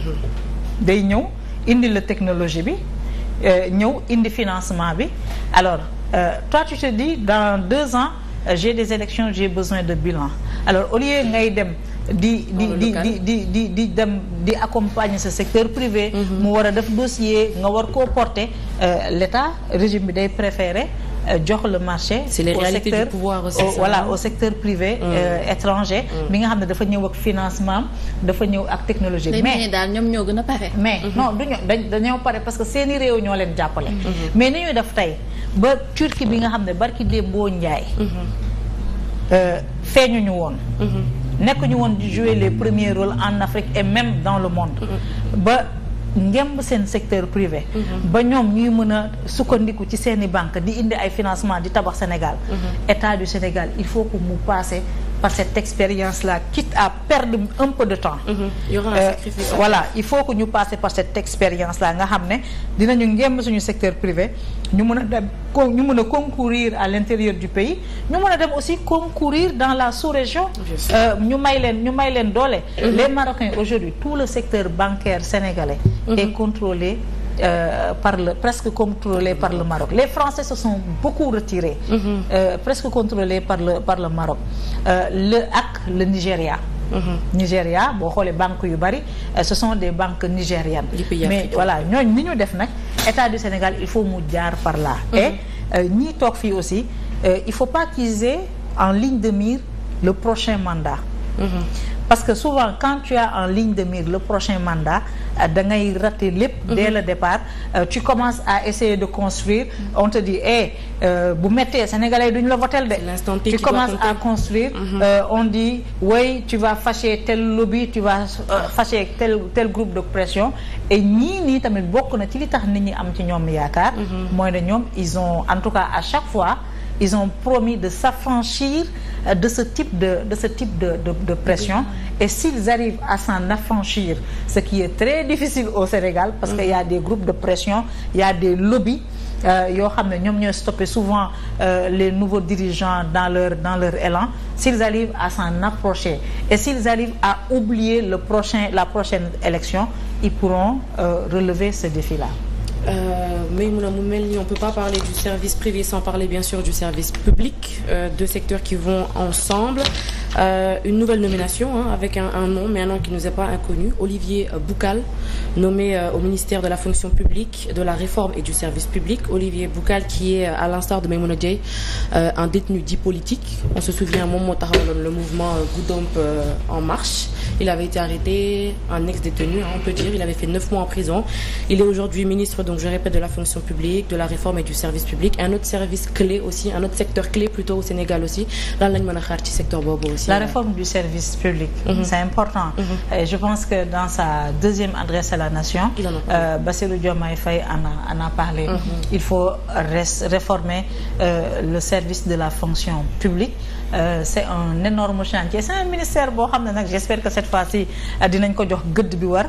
day ñëw indi la technologie bi euh, ñëw indi financement bi alors euh, toi tu te dans deux ans j'ai des élections j'ai besoin de bilan alors au lieu ngay dem. di di di di di di dem di accompagner sa secteur privé. Mhm. mu war a def dossier nga war koo porter euh, l'État régime bi day préférer euh, jox le marché. c'est les réalités du voilà au secteur privé. Mhm. Euh, étranger. Mhm. bi nga xam ne dafa ñëw ak financement dafa ñëw ak technologie. mais daal ñoom ñoo gën a pare. mais non duñu dañoo pare parce que seeni réew ñoo leen jàppale. mais ni ñuy def tey ba Turquie bi nga xam ne barki démboo Njaay. feeñu ñu woon. ñu woon di jouer les premiers rôles en Afrique et même dans le monde ba ngemb seen secteur privé ba ñoom ñuy mën a sukkandiku ci seeni banque di indi ay financement di tabax Sénégal mhm. état du Sénégal il faut que mu passe par cette expérience la quitte à perdre un peu de temps. Mm -hmm. il y aura un euh, sacrifice. Euh, voilà, il faut que nous passions par cette expérience-là. Nous avons dans le secteur privé, nous pouvons concourir à l'intérieur du pays, a dem aussi concourir dans la sous-région. Euh, may leen avons mm-hmm. les Marocains aujourd'hui, tout le secteur bancaire sénégalais mm -hmm. est contrôlé euh, par le, presque contrôlé par le Maroc. Les Français se sont beaucoup retirés, mm -hmm. euh, presque contrôlés par le, par le Maroc. Euh, le HAC, le Nigeria. Mm -hmm. Nigeria, bon, les banques Yubari, euh, ce sont des banques nigériennes. Mais voilà, nous, nous, l'État du Sénégal, il faut moudiar par là. Mm -hmm. Et ni euh, Tokfi aussi, euh, il ne faut pas qu'ils en ligne de mire le prochain mandat. Mhm. parce que souvent quand tu as en ligne de mire le prochain mandat euh, da ngay rater lépp mhm. dès le départ euh, tu commences à essayer de construire mhm. on te dit eh euh, bu mettee sénégalais duñ la votel de tu commences à construire mhm. on dit oui tu vas fâcher tel lobby tu vas fâcher tel groupe de pression et ñii nii tamit bokk na ci li tax nit ñi am ci ñoom yaakaar mooy ne ñoom ils ont en tout cas à chaque fois ils ont promis de s'affranchir Euh, de ce type de de de de, de pression et s'ils arrivent à s'en affranchir ce qui est très difficile au Sénégal parce que mm. y a des groupes de pression il y a des lobbies euh, yoo xam ne ñoom ñooy stopper souvent euh, les nouveaux dirigeants dans leur dans leur élan s'ils arrivent à s'en approcher et s'ils arrivent à oublier le prochain la prochaine élection ils pourront euh, relever ce défi-là Euh, Maïmouna mu mel ni on peut pas parler du service privé sans parler bien sûr du service public euh, deux secteurs qui vont ensemble Euh, une nouvelle nomination hein, avec un, un, nom, mais un nom qui nous est pas inconnu, Olivier euh, Boucal, nommé euh, au ministère de la fonction publique, de la réforme et du service public. Olivier Boucal qui est, euh, à l'instar de Maimouna Diaye, euh, un détenu dit politique. On se souvient à un moment le mouvement Goudomp en marche. Il avait été arrêté, un ex-détenu, on peut dire. Il avait fait neuf mois en prison. Il est aujourd'hui ministre, donc je répète, de la fonction publique, de la réforme au Sénégal aussi. Là, secteur Bobo la réforme du service public. Mhm. c'est important. Mhm. et je pense que dans sa deuxième adresse à la nation. Euh, Bassirou Diomaye Faye en a parlé. Mhm. il faut réformer euh, le service de la fonction publique. Euh, c'est un énorme chantier c'est un ministère boo xam ne nag j'espère que cette fois-ci euh, dinañ ko jox gëdd bi war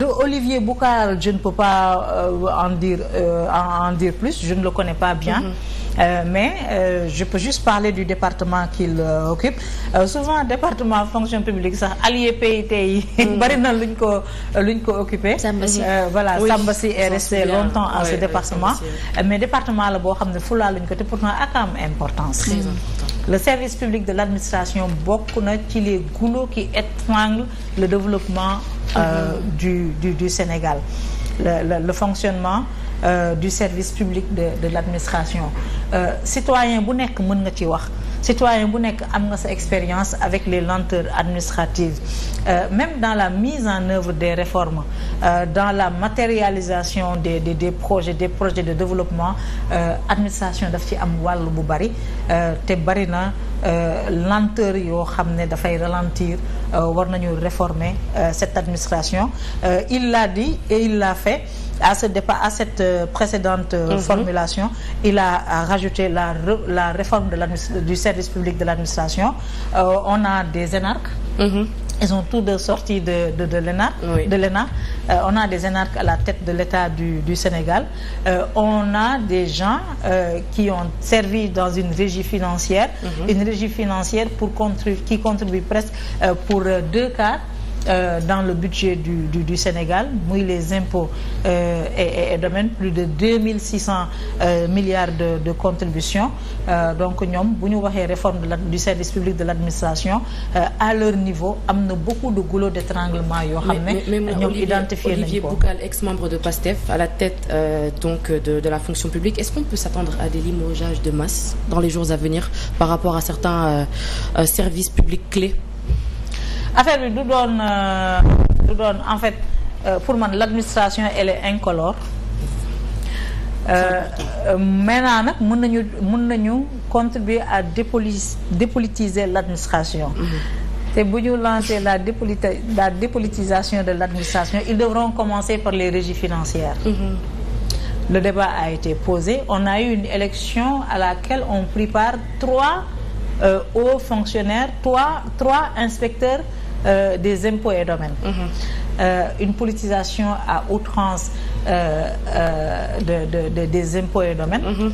de Olivier Boucar je ne peux pas euh, en dire euh, en, en dire plus je ne le connais pas bien Euh, mais euh, je peux juste parler du département qu'il euh, occupe euh, souvent département fonction publique sax allié PIT yi mm. bari na luñ ko luñ ko occupé voilà Samba Sy euh, est resté longtemps à ce département mais département la boo xam ne fulaa luñ ko te pourtant ak am importance le service public de l'administration bokk na ci les goulots qui étranglent le développement euh, mm-hmm. du du du Sénégal le le fonctionnement Euh, du service public de de l'administration euh, citoyen bu nekk mën nga ci wax citoyen bu nekk am nga sa expérience avec les lenteurs administratives euh, même dans la mise en œuvre des réformes euh, dans la matérialisation des, des des projets des projets de développement euh, administration daf ci am wàll bu bari euh, te bari na lenteur yoo xam ne dafay ralentir war nañu réformer cette administration il l'a dit et il l'a fait à ce départ à cette précédente mhm. formulation il a, a rajouté la la réforme de l'administration service public de l'administration euh, on a des énarques mm-hmm. Ils ont tous de de de l'ENARC, euh, on a des énarques à la tête de l'État du du Sénégal. Euh, on a des gens euh, qui ont servi dans une régie financière, mhm. qui contribue presque pour deux quarts euh, dans le budget du du, du Sénégal muy les impôts euh, et, et domaines de deux mille six cent euh, milliards de contribution contributions euh, donc ñoom bu ñu waxee réforme de du service public de l'administration euh, à leur niveau am na beaucoup de goulot d'étranglement yoo xam ne ñoom identifié nañ ko Boucal ex-membre de PASTEF à la tête donc de de la fonction publique est-ce qu'on peut s'attendre à des limogeages de masse dans les jours à venir par rapport à certains services publics clés affaire bi du doon euh, doon en fait euh, pour man l'administration elle est incolore euh, maintenant nag mën nañu mën nañu contribuer à dépoli dépolitiser l'administration mm-hmm. te bu ñu lancer la dépoli la dépolitisation de l'administration ils devront commencer par les régies financières mm-hmm. le débat a été posé on a eu une élection à laquelle on prépare trois euh, hauts fonctionnaires trois trois inspecteurs Euh, des impôts et domaines. Mm-hmm. Euh, une politisation à outrance euh, euh, de, de de des impôts et domaines. Mm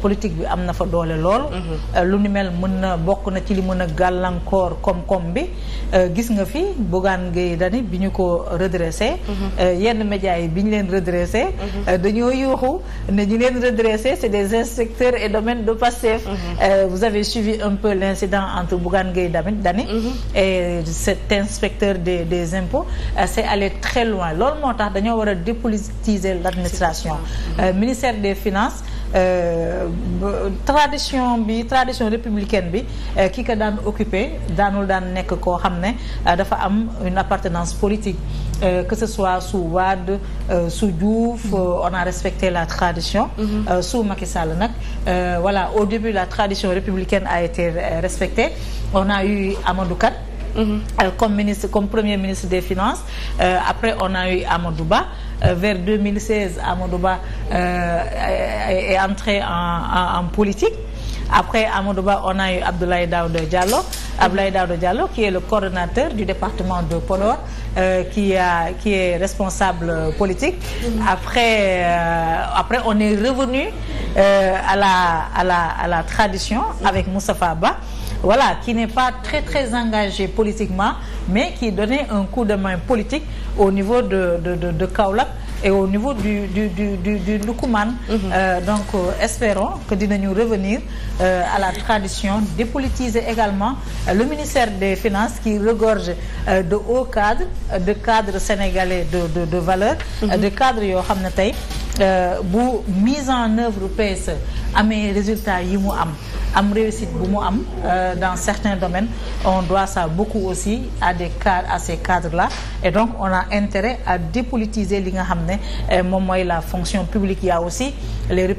politique bi am na fa doole lool. Mhm. lu nu mel mën na bokk na ci li mën a gàllankoor koom-koom bi gis nga fi Bougane Gueye Dany bi ñu ko redressé. Mhm. yenn médias yi bi ñu leen redressé. Mhm. dañoo yuuxu ne ñu leen redressé c'est des inspecteurs et domaines de Pastef. Mm -hmm. vous avez suivi un peu l'incident entre Bougane Gueye Dany. Mm -hmm. et cet inspecteur des des impôts. c'est aller très loin loolu moo tax dañoo war a dépolitiser l'administration euh, ministère des finance Euh, tradition bi tradition républicaine bi euh, ki ko daan occupé daanul daan nekk koo xam ne euh, dafa am une appartenance politique euh, que ce soit su Wade euh, su Diouf mm-hmm. on a respecté la tradition su -hmm. sous Macky Sall nag voilà au début la tradition républicaine a été respectée on a eu Amadou Euh, comme ministre comme premier ministre des finances euh, après on a eu Amadou Ba euh, vers 2016 Amadou Ba est entré en en politique après Amadou Ba on a eu Abdoulaye Daouda Diallo Abdoulaye Daouda Diallo qui est le coordonnateur du département de Podor euh, qui a est responsable politique après on est revenu à la à à la tradition avec Moustapha Ba voilà, ki ne pas très très engagé politiquement, mais qui donnait un coup de main politique au niveau de, de, de, de Kaolak. et au niveau du du du du du Ndoukoumane. Mhm. Euh, donc euh, espérons que dinañu revenir euh, à la tradition dépolitiser également euh, le ministère des Finances qui regorge de hauts cadre de cadre sénégalais de de de valeur. Mhm. de cadres yoo xam ne tey bu mise en œuvre PSE amee résultat yi mu am. am réussite bu mu am dans certains domaines on doit ça beaucoup aussi à des cadres à ces cadres là et donc on a intérêt à dépolitiser li nga xam xam ne euh, moom mooy la fonction publique y a aussi les les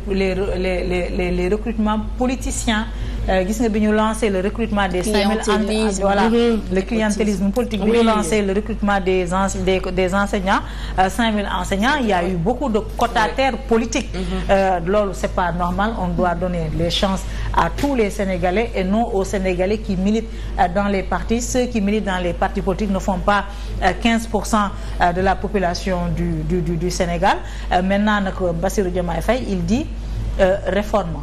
les les les recrutements politiciens Euh, gis nga bi ñu lancé le recrutement des 5000 voilà le clientélisme politique bi ñu lancé le recrutement des ense des des enseignants 5000 euh, enseignants il y a eu beaucoup de quotataires politiques. Mm-hmm. Euh, loolu c'est pas normal on doit donner les chances à tous les Sénégalais et non aux Sénégalais qui militent dans les partis ceux qui militent dans les partis politiques ne font pas 15 pour cent de la population du du Sénégal maintenant nag Bassirou Diomaye Faye il dit réforme.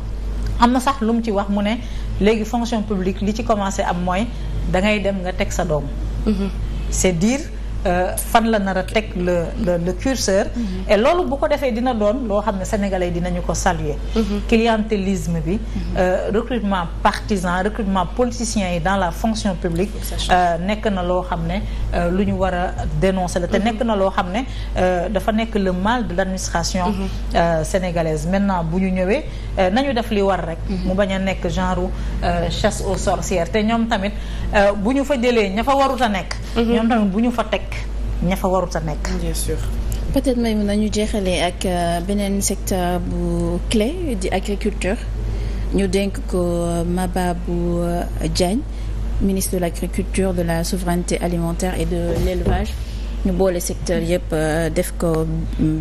am na sax lu mu ci wax mu ne léegi fonction publique li ci commencé am mooy dangay dem nga teg sa doom mhm. c'est dire Euh, fan la nar a teg le le le curseur. Mhm. et loolu bu ko defee dina doon loo xam ne sénégalais dinañu ko saluer. Mhm. clientélisme bi. Mhm. Euh, recrutement partisan recrutement politicien yi dans la fonction publique. Euh, nekk na loo xam ne lu ñu war a dénoncer la te nekk na loo xam ne dafa nekk le mal de l'administration. sénégalaise maintenant bu ñu ñëwee nañu def li war rek. mu bañ a nekk genre chasse au sorcières te ñoom tamit bu ñu fa jëlee ña fa warut a nekk. ñoom tamit bu ñu fa teg. ña fa warut a nekk. bien sûr. peut-être may mën nañu jeexalee ak euh, beneen secteur bu clé di agriculture ñu dénk ko euh, Mababou euh, Diagne ministre de l'agriculture de la souveraineté alimentaire et de l'élevage ñu boole secteur yëpp euh, def ko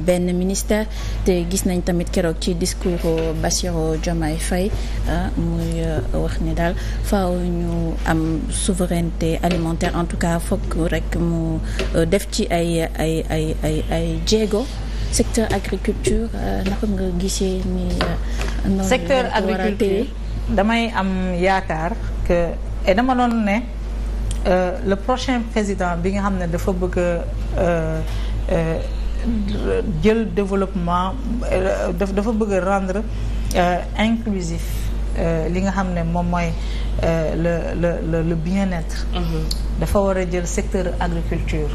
benn ministère te gis nañ tamit keroog ci discours Bassirou Diomaye fay euh, muy euh, wax ni daal faw ñu am souveraineté alimentaire en tout cas foog rek mu def ci ay ay ay ay ay jéego secteur agriculture naka nga gisee ni secteur agriculture damay am yaakaar que et dama doon ne Euh, le prochain président bi nga xam ne dafa bëgg euh, euh, jël développement dafa bëgg rendre inclusif li nga xam ne moom mooy le le le bien-être mm-hmm. dafa war a jël secteur agriculture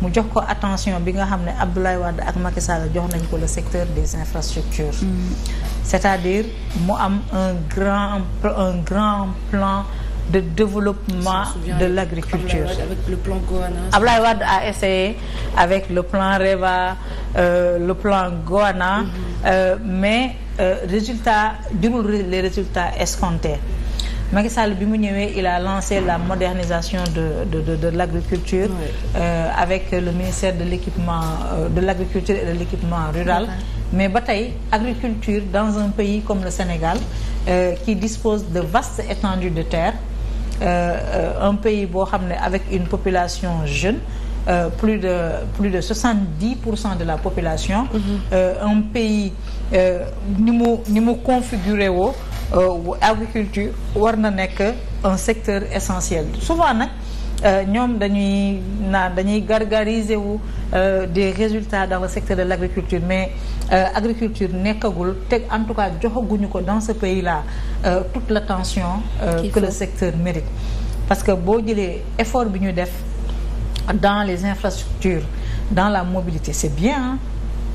mu jox ko attention bi nga xam ne lay Wade ak Macky Sall jox nañ ko le secteur des infrastructures mm-hmm. c'est-à-dire mu am un grand un grand plan de développement de l'agriculture. Avec le plan Goana. Ablaye a essayé avec le plan REVA, euh, le plan Goana, mm -hmm. mais euh, résultat, les résultats escomptés. Macky Sall bi mu ñëwee il a lancé la modernisation de de de, de l'agriculture oui. euh, avec le ministère de l'équipement euh, de l'agriculture et de l'équipement rural mais ba tey agriculture dans un pays comme le Sénégal euh, qui dispose de vastes étendues de terre Euh, euh, un pays boo xam ne avec une population jeune Euh, plus de plus de soixante-dix pour cent de la population mm -hmm. euh, un pays euh, ni mu ni mu configuré woo agriculture war na nekk un secteur essentiel souvent nag Euh, ñoom dañuy naan dañuy gargariser wu euh, des résultats dans le secteur de l' agriculture mais euh, agriculture nekkagul teg en tout cas joxaguñu ko dans ce pays là toute l' attention que le secteur mérite parce que boo jëlee effort bi ñu def dans les infrastructures dans la mobilité c' est bien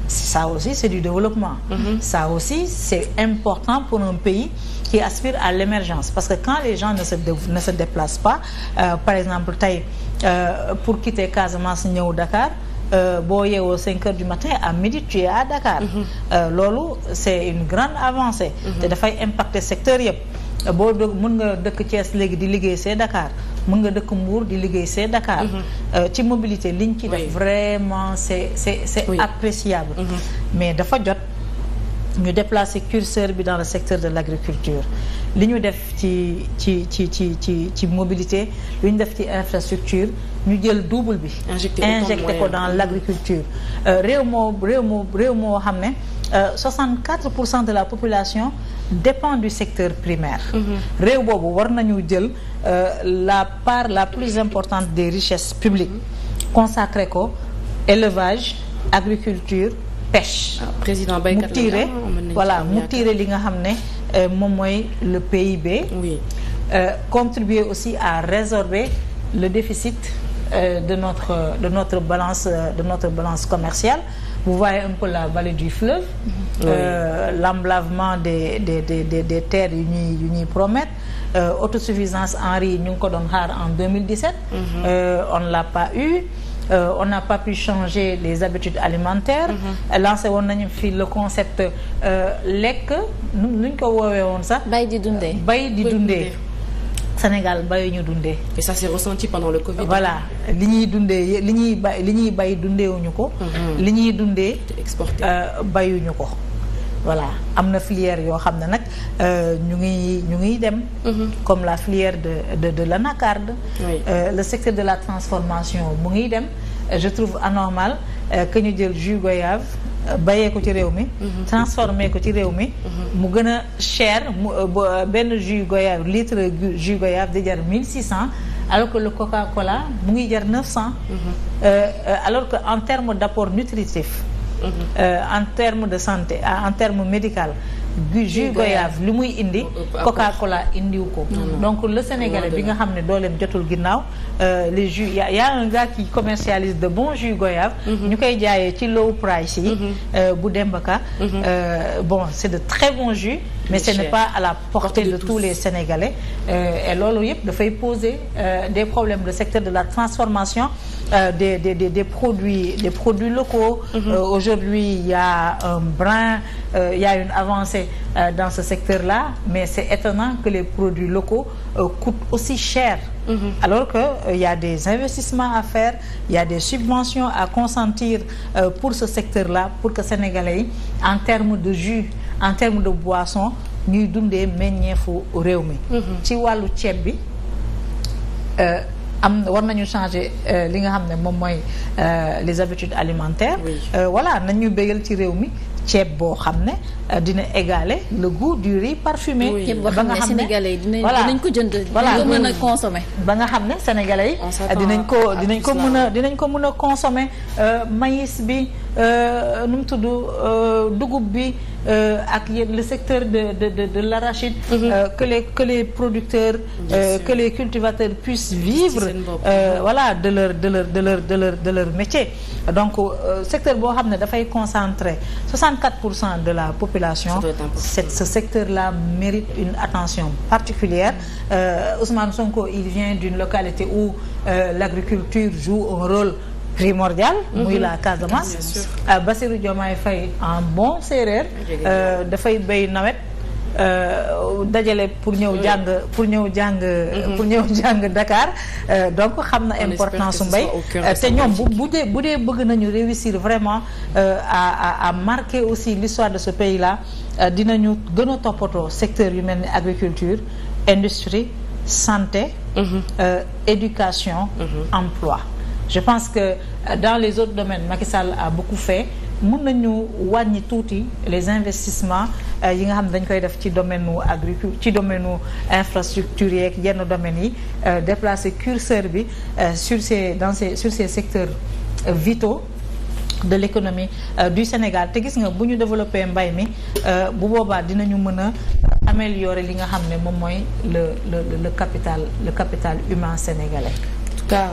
ça aussi c' est du développement mm-hmm. ça aussi c' est important pour un pays qui aspirent à l'émergence parce que quand les gens ne se ne se déplacent pas euh, par exemple tey euh, pour quitter Casamance ñëw Dakar euh, boo yeewoo cinq heures du matin à midi tu es à Dakar. Mm-hmm. Euh, loolu c'est une grande avancée. Mm-hmm. te dafay impacter secteur yëpp. boo dëgg mun nga dëkk Thiès léegi di liggéey see Dakar mun nga dëkk Mbour di liggéey see Dakar. Mm-hmm. ci mobilité liñ ci def. vraiment c'est c'est c'est appréciable. mais dafa jot. ñu déplacer curseur bi dans le secteur de l'agriculture li ñu def ci ci ci ci ci ci mobilité li ñu def ci infrastructure ñu jël double bi injecté ko dans l'agriculture euh, réew moo réew moo réew moo xam ne 64 euh, pour cent de la population dépend du secteur primaire mm-hmm. réew boobu war nañu jël euh, la part la plus importante des richesses publiques mm-hmm. consacré ko élevage agriculture pêche. Ah, président baykat mu tiire voilà mu tiire li nga xam ne euh, moom mooy le PIB. oui euh, contribuer aussi à résorber le déficit euh, de notre de notre balance de notre balance commerciale. Vous voyez un peu la vallée du fleuve. l'emblavement des des des des, des terres yu ñuy yu ñuy promettre euh, autosuffisance en riz ñu ngi ko doon xaar en 2017. Mm -hmm. on l'a pas eu. euh, on n'a pas pu changer les habitudes alimentaires. Mm-hmm. lancé woon nañu fii le concept euh, lekk nu ñu ko woowee woon sax. bay di dundee euh, bay di dundee. Sénégal bayu ñu dundee. et ça s'est voilà li ñuy dundee li ñuy bay li ñuy bay dundeewuñu ko. Mm-hmm. li ñuy dundee. exporté euh, bayuñu ko. voilà am na filière yoo xam ne nag euh, ñu ngi ñu ngi dem. Mhm. comme la filière de de de l'anacarde. Oui. Euh, le secteur de la transformation mu ngi dem je trouve anormal euh, que ñu jël jus goyave euh, bayee ko ci réew mi. Mhm. transformé ko ci réew mi. Mhm. mu gën a cher mu euh, benn jus goyave litre jus goyave di jar cent alors que le Coca-Cola mu ngi jar neuf cent. alors que en termes d'apport nutritif. euh, en terme de santé euh, en terme médical jus goyave li muy indi coca cola indiw ko donc le sénégalais bi nga xam ne dooleem jotul ginnaaw euh, les jus ya a un gars qui commercialise de bons jus goyave mhm. ñu koy jaayee ci low price yi mhm. euh, bu Dembaka mhm. bon c'est de très bons jus mais ce n'est pas à la portée de tous les sénégalais et loolu yëpp dafay poser des problèmes de secteur de la transformation Euh, des, des, des, des, produits, des produits locaux. Mm -hmm. euh, Aujourd'hui, il euh, a une avancée euh, dans ce secteur-là, mais c'est étonnant que les produits locaux coûtent aussi cher. Mm Alors que il y a des investissements à faire, il y a des subventions à consentir pour ce secteur-là, pour que Sénégalais, en termes de jus, en termes de boissons, ñuy dundee meññeefu réew mi. Mhm. ci wàllu ceeb bi. am war nañu changer euh, li nga xam ne moom mooy euh, les habitudes alimentaires euh, voilà nañu bégal ci réew mi ceeb boo xam ne dina égaler le goût du riz parfumé. ba nga xam ne sénégalais yi dinañ ko jënd. voilà a consommer. ba nga xam ne sénégalais yi. dinañ ko dinañ ko mën a dinañ ko mën a consommer mais bi. Euh, nu mu tudd euh, dugub bi euh, ak yéen le secteur de de de de l'arachide mhm. que les que les producteurs que les cultivateurs puissent vivre de leur de leur de leur de leur de métier donc secteur boo xam ne dafay concentrer 64 pour cent de la population ce secteur là mérite une attention particulière Ousmane Sonko il vient d'une localité où l'agriculture joue un rôle primordial mhm. muy la Casamance euh, Bassirou Diomaye fay en bon séeréer euh, dafay bay nawet euh, dajale pour ñëw jàng pour ñëw jàng mhm. pour ñëw donc xam na importance su mbay te ñoom bu dee bëgg nañu réussir vraiment à à marquer aussi l'histoire de ce pays là dinañu gën a toppatoo secteur yu mel ni agriculture industrie santé mhm. éducation emploi je pense que euh, dans les autres domaines Macky Sall a beaucoup fait mën nañu wàññi tuuti les investissements euh, yi nga xam ne dañ koy def ci domaine mu agriculture ci domaine mu infrastructure yeeg yenn domaines yi euh, déplacer curseur bi sur ces dans ces sur ces secteurs vitaux de l'économie du Sénégal te gis nga bu ñu développé mbay mi bu boobaa dinañu mën a améliorer li nga xam ne moom mooy le le le capital le capital humain sénégalais. cas,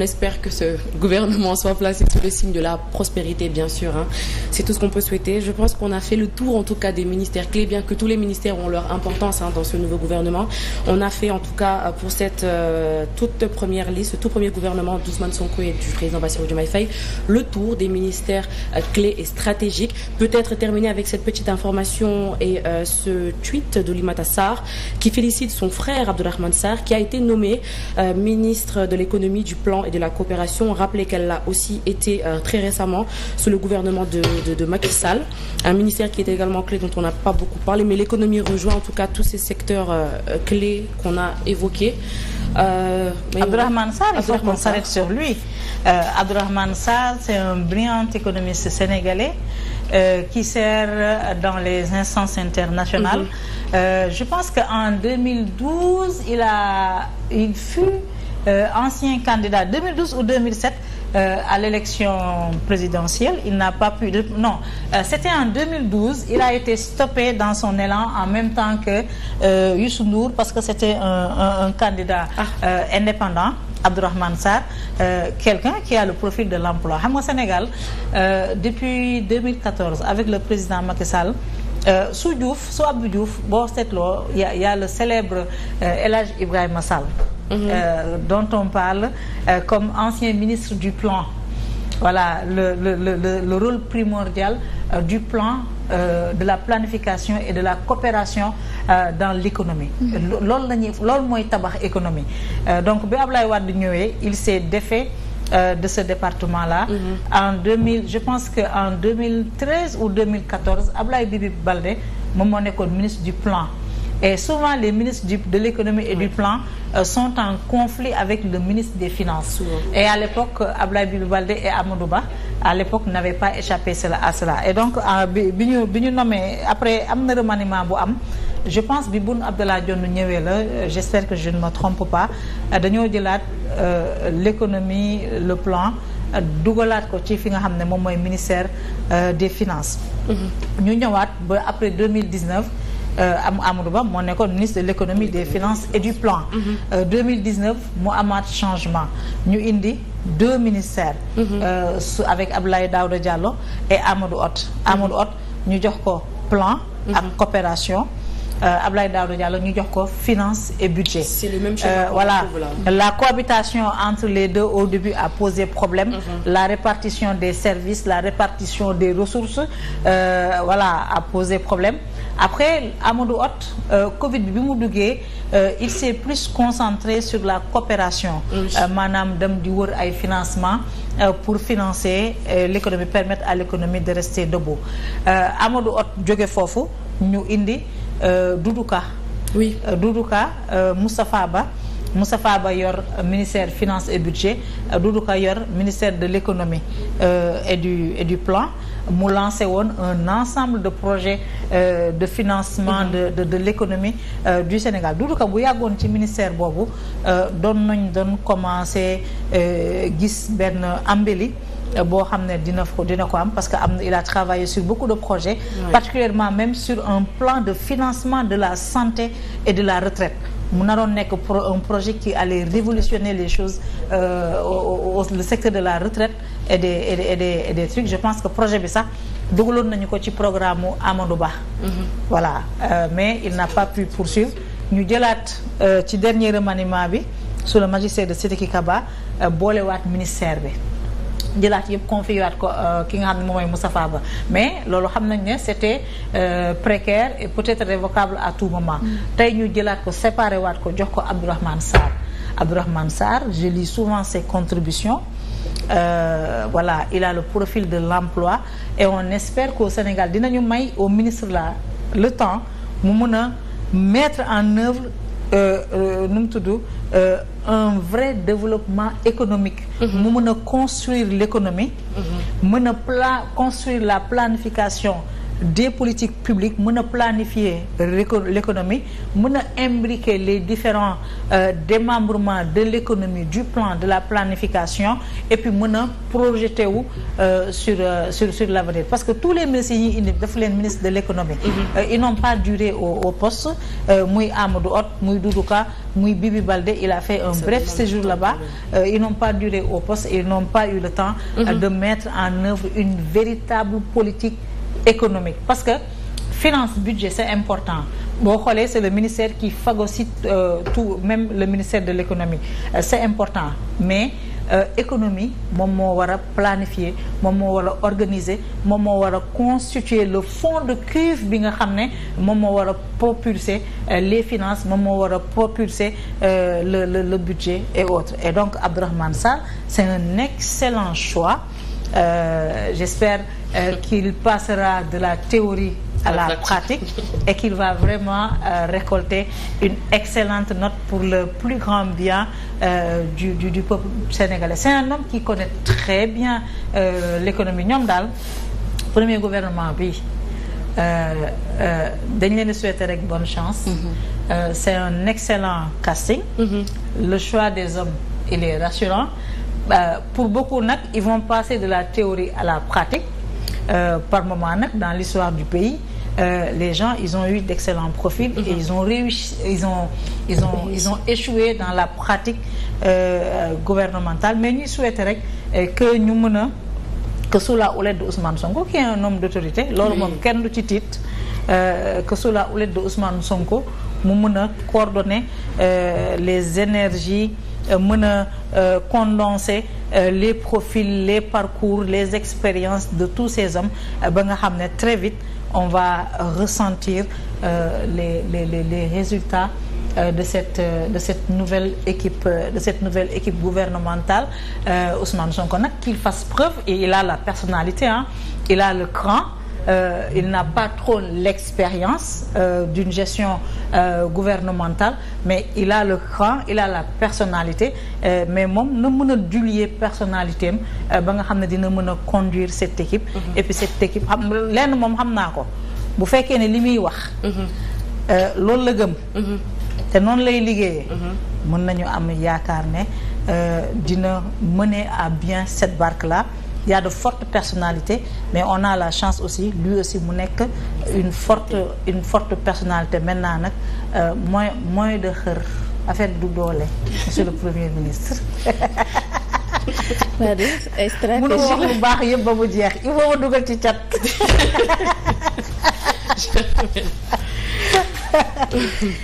espère que ce gouvernement soit placé sous le signe de la prospérité, bien sûr. C'est tout ce qu'on peut souhaiter. Je pense qu'on a fait le tour, en tout cas, des ministères clés, bien que tous les ministères ont leur importance dans ce nouveau gouvernement. On a fait, en tout cas, euh, pour cette euh, première liste, ce tout premier gouvernement d'Ousmane Sonko et du président Bassirou Diomaye Faye, le tour des ministères euh, clés et stratégiques. Peut-être terminer a ministre de l'économie, du plan et de la coopération rappelait qu'elle l'a aussi été euh, très récemment sous le gouvernement de, de, de Macky Sall, un ministère qui est également clé dont on n'a pas beaucoup parlé, mais l'économie rejoint en tout cas tous ces secteurs euh, euh clés qu'on a évoqués. Euh, Abdourahmane Sarr, il faut qu'on s'arrête sur lui. Euh, Abdourahmane Sarr, c'est un brillant économiste sénégalais euh, qui sert dans les instances internationales. Mm -hmm. je pense qu'en 2012, il, a, il fut euh, ancien candidat 2012 ou 2007 euh, à l'élection présidentielle il n'a pas pu de, non euh, c'était en 2012 il a été stoppé dans son élan en même temps que euh, Youssou Ndour parce que c'était un, un, un candidat ah. euh, indépendant Abdourahmane Sarr euh, quelqu'un qui a le profil de l'emploi xam nga Sénégal depuis 2014 avec le président Macky Sall Euh, su Diouf su Abdou Diouf boo seetloo y a y le célèbre euh, El Hadj Ibrahima Sall. Mm dont on parle euh, comme ancien ministre du plan. Voilà le le le le rôle primordial euh, du plan de la planification et de la coopération dans l'économie. Mhm. lool mooy tabax économie donc bi Ablaye Wade ñëwee il s'est défait euh, de ce département-là. Mm -hmm. En je pense que en 2013 ou 2014 Ablaye Bibi Baldé moom moo nekkoon ministre du plan. Et souvent, les ministres du, de l'économie et oui. du plan euh, sont en conflit avec le ministre des Finances. Oui. Et à l'époque, euh, Ablaye Bilbalde et Amadouba, à l'époque, n'avaient pas échappé cela, à cela. Et donc, euh, après, amna remaniement bu am, je pense bi que Biboun Abdallah ñëwee la, euh, j'espère que je ne me trompe pas, dañoo jëlaat l'économie, le plan, dugalaat ko ci fi nga xam ne moom mooy ministère des finances. Mm-hmm. ñu ñëwaat ba après 2019 Euh, am Amadou Ba moo nekkoon ministre de l'économie des finances et du plan. 2019 mm-hmm. euh, mu amaat changement ñu indi deux ministères. Mm-hmm. Euh, su avec Abdoulaye Daouda Diallo et Amadou Hott. Amadou mm-hmm. Hott ñu jox ko plan. ak coopération. Abdoulaye Daouda Diallo ñu jox ko finance et budget. c'est la cohabitation entre les deux au début a posé problème. la répartition des services la répartition des ressources euh, voilà a posé problème. après Amadou Hott euh, Covid bi bi mu duggee euh, il s'est plus concentré sur la coopération euh, maanaam dem di wër ay financement pour financer l'économie permettre à l'économie de rester debout Amadou ot jóge foofu ñu indi Doudou Ka oui Doudou Ka Moustapha Ba Moustapha Ba yor ministère finance et budget Doudou yor ministère de l'économie et du et du plan mu lancé woon un ensemble de projets euh, de financement de de de l'économie euh, du Sénégal Doudou Ka bu yàggoon ci ministère boobu euh, doon nañ doon commencé euh, gis benn ambili euh, boo xam ne dina ko dina ko am parce que am na il a travaillé sur beaucoup de projets particulièrement même sur un plan de financement de la santé et de la retraite mu naroon nekk pour un projet qui allait révolutionner les choses euh, au, au, au, le secteur de la retraite et des et des et des, et des trucs je pense que projet bi sax dugaloon nañu ko ci programme mu Amadou Ba. Mhm. voilà euh, mais il n'a pas pu poursuivre ñu jëlaat euh, ci dernier remaniement bi sous le magistère de Sidiki Kaba euh, boolewaat ministère bi. jëlaat yëpp confié waat ko euh, ki nga xam ne moom mooy Moustapha Ba mais loolu xam nañ ne c'était euh, précaire et peut-être révocable à tout moment. Mm. tey ñu jëlaat ko séparé waat ko jox ko Abdourahmane Sarr Abdourahmane Sarr je lis souvent ses contributions. euh, voilà il a le profil de l'emploi et on espère qu'au Sénégal dinañu may au ministre la le temps mu mën a mettre en œuvre euh, euh, nu mu tudd euh, un vrai développement économique mhm. mu mën a construire l'économie mhm. mën a pla construire la planification des politiques publiques mën a planifier l'économie mën na imbriquer les différents euh, démembrements de l'économie du plan de la planification et puis mën a projeté wu euh, sur euh, sur sur l'avenir parce que tous les ministres yi indi dafa leen ministre de l'économie mm -hmm. euh, ils n'ont pas duré au, au poste euh, muy Amadou Hott muy Doudou muy Bibi Baldé il a fait un bref séjour là-bas euh, ils n'ont pas duré au poste ils n'ont pas eu le temps mm de mettre en œuvre une véritable politique économique parce que finance budget c'est important boo xoolee c'est le ministère qui phagocyte euh, tout même le ministère de l'économie euh, c'est important mais euh, économie moom moo war a planifier moom mo wara organiser moom mo war a constituer le fond de cuve bi nga xam ne moom moo war a propulser euh, les finances moom moo war a propulser euh, le, le le budget et autres et donc Abdourahmane Sarr c'est un excellent choix euh, j'espère euh, qu'il passera de la théorie à la pratique et qu'il va vraiment euh, récolter une excellente note pour le plus grand bien euh, du, du, du peuple sénégalais. C'est un homme qui connaît très bien euh, l'économie ñoom daal premier gouvernement bi euh, dañ leen di rek bonne chance. Mm -hmm. C'est un excellent casting. Mm-hmm. Le choix des hommes il est rassurant. Bah, euh, pour beaucoup nag ils vont passer de la théorie à la pratique euh, par moment nag dans l'histoire du pays euh, les gens ils ont eu d'excellents profils et mhm. ils ont réussi ils ont dans la pratique euh, euh gouvernementale mais ñuy souhaiter rek euh, que ñu mën a que sous la houlette de Ousmane Sonko qui est un homme d'autorité loolu moom kenn du ci tiit que sous la houlette de Ousmane Sonko mu mën a coordonner les énergies Euh, mën a euh, condenser euh, les profils les parcours les expériences de tous ces hommes ba nga xam ne très vite on va ressentir les les les les résultats de cette de cette nouvelle équipe de cette nouvelle équipe gouvernementale Ousmane Sonko nag qu'il fasse preuve il a la personnalité hein il a le cran euh, il n'a pas trop l'expérience euh, d'une gestion euh, gouvernementale mais il a le cran il a la personnalité euh, mais moom na mun a dulier personalité am euh, ba nga xam ne dina mën a conduire cette équipe mm et cette équipe lenn moom xam naa ko bu fekkee ne li muy wax mhm. euh, loolu la gëm mhm. te noonu lay liggéeyee mhm. mën nañu am yaakaar ne dina mener à bien cette barque la il y a de mais on a la chance aussi lui aussi mu nekk une fort une forte personnalité maintenant nag euh, moins moins de xër affaire du doole monsieur le premier ministre ay stratégie mënu lu baax yëpp ba mu jeex il faut ma dugal ci cat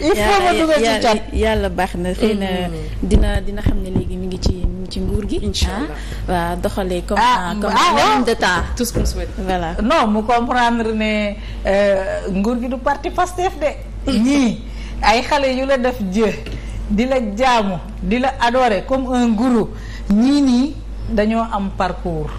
il faut ma dugal ci cat yàlla baax na xëy na mm-hmm. dina dina xam ne léegi mi ngi ci ci nguur gi. incha ah, allah waaw doxalee. comme ah, ah, comme un homme d'État. tout ce qu'on non mu comprendre ne euh, nguur gi du parti Pastef de. ñii ay xale yu la def jë di la jaamu di la adorer comme un gourou ñii nii dañoo am parcours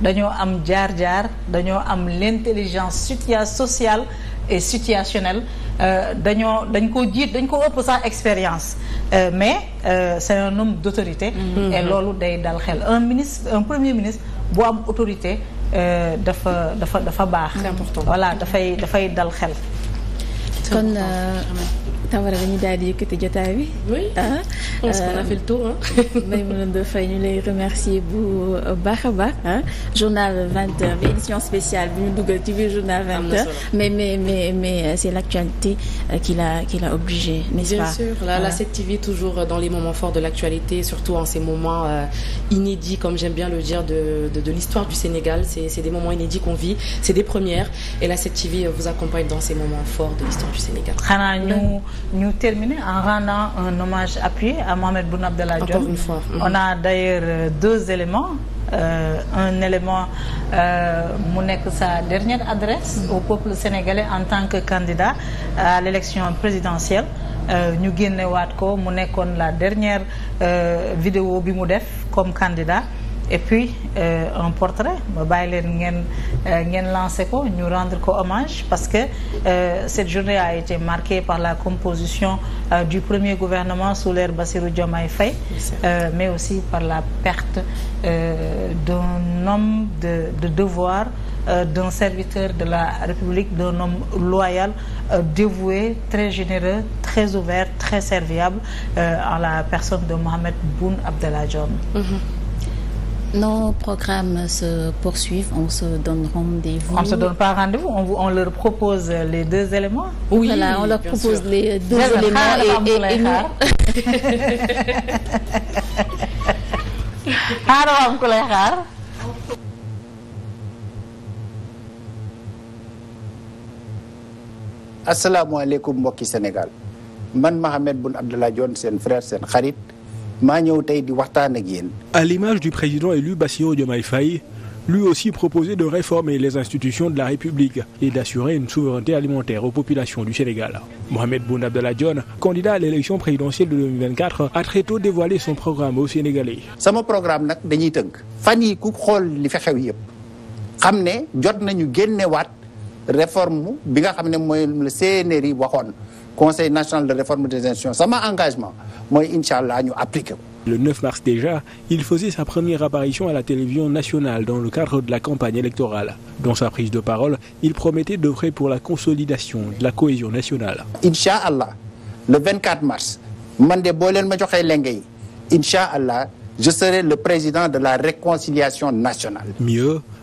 dañoo am jaar-jaar dañoo am l'intelligence sociale et situationnelle. Euh, dañoo dañ ko jiit dañ ko ëpp sax expérience euh, mais euh, c'est un homme d'autorité mm-hmm. et loolu day dal xel un ministre un premier ministre bu am autorité dafa dafa dafa baax voilà dafay dafay dal xel kon Tawara dañuy daal di yëkkati jotaay bi. oui ah. on le tour ah. Maïmouna Ndoye Faye ñu a baax ah. bi édition spéciale ci biir journal 20h. mais mais mais mais euh, c' est l' actualité euh, qui l'a qui l'a obligé n' est la la toujours euh, dans les moments forts de l' actualité surtout en ces moments inédits comme j'aime bien le dire de de de l'histoire du Sénégal c'est c' est des la 7TV vous accompagne dans ces ñu terminer en rendant un hommage appuyé à Mohamed Boun Abdallah Dionne. Encore une fois. Mm-hmm. On a d'ailleurs euh, deux éléments. Euh, un élément euh, mu nekk sa dernière adresse au peuple sénégalais en tant que candidat à l'élection présidentielle euh, ñu génnewaat ko mu nekkoon la dernière euh, vidéo bi mu def comme candidat et puis euh, un portrait ma bàyyi leen ngeen euh, ngeen lancé ko ñu rendre ko hommage parce que euh, cette journée a été marquée par la composition euh, du premier gouvernement sous l'ère Bassirou Diomaye Faye euh, mais aussi par la perte euh, d'un homme de, de devoir d'un serviteur de la République d'un homme loyal dévoué très généreux très ouvert très serviable en la personne de Mohamed Boun Abdallah Dionne mm -hmm. Nos programmes se poursuivent, on se donne rendez-vous. On ne se donne pas rendez-vous, on, vous, on leur propose les deux éléments. Oui, voilà, on leur propose sûr. les deux Je éléments et, et, et nous... xaaral am ku lay xaar. asalaamualeykum mbokki Sénégal man Mohamed Boun Abdallah Dionne seen frère seen xarit. maa ñëw tey di waxtaan ak yéen. à l'image du président élu Bassirou Diomaye Faye lui aussi proposait de réformer les institutions de la République et d'assurer une souveraineté alimentaire aux populations du Sénégal. Mohamed Boun Abdallah Dionne, candidat à l'élection présidentielle de a très tôt dévoilé son programme aux Sénégalais. sama programme nag dañuy tënk fan yi ku xool li fi xew yëpp xam ne jot nañu génnewaat réforme bi nga xam ne mooy le CNRI waxoon. conseil national de réforme des sama engagement mooy incha allah ñu appliqué ko. Le 9 mars déjà, il faisait sa première apparition à la télévision nationale dans le cadre de la campagne électorale. Dans sa man de boo leen ma joxee lenge incha allah le président de la réconciliation nationale. Mieux.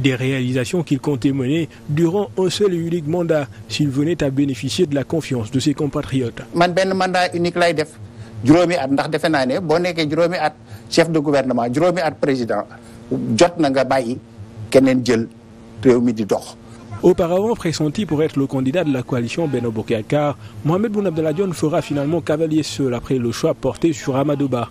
des réalisations qu'il comptait mener durant un seul et unique mandat s'il venait à bénéficier de la confiance de ses compatriotes. man benn mandat unique lay def juróomi at ndax defe naa ne boo nekkee juróomi at chef de gouvernement juróomi at président jot na nga bàyyi keneen jël réew mi di dox. Auparavant pressenti pour être le candidat de la coalition Benno Bokk Yakaar, Mohamed Boun Abdallah Dionne fera finalement cavalier seul après le choix porté sur Amadou Ba.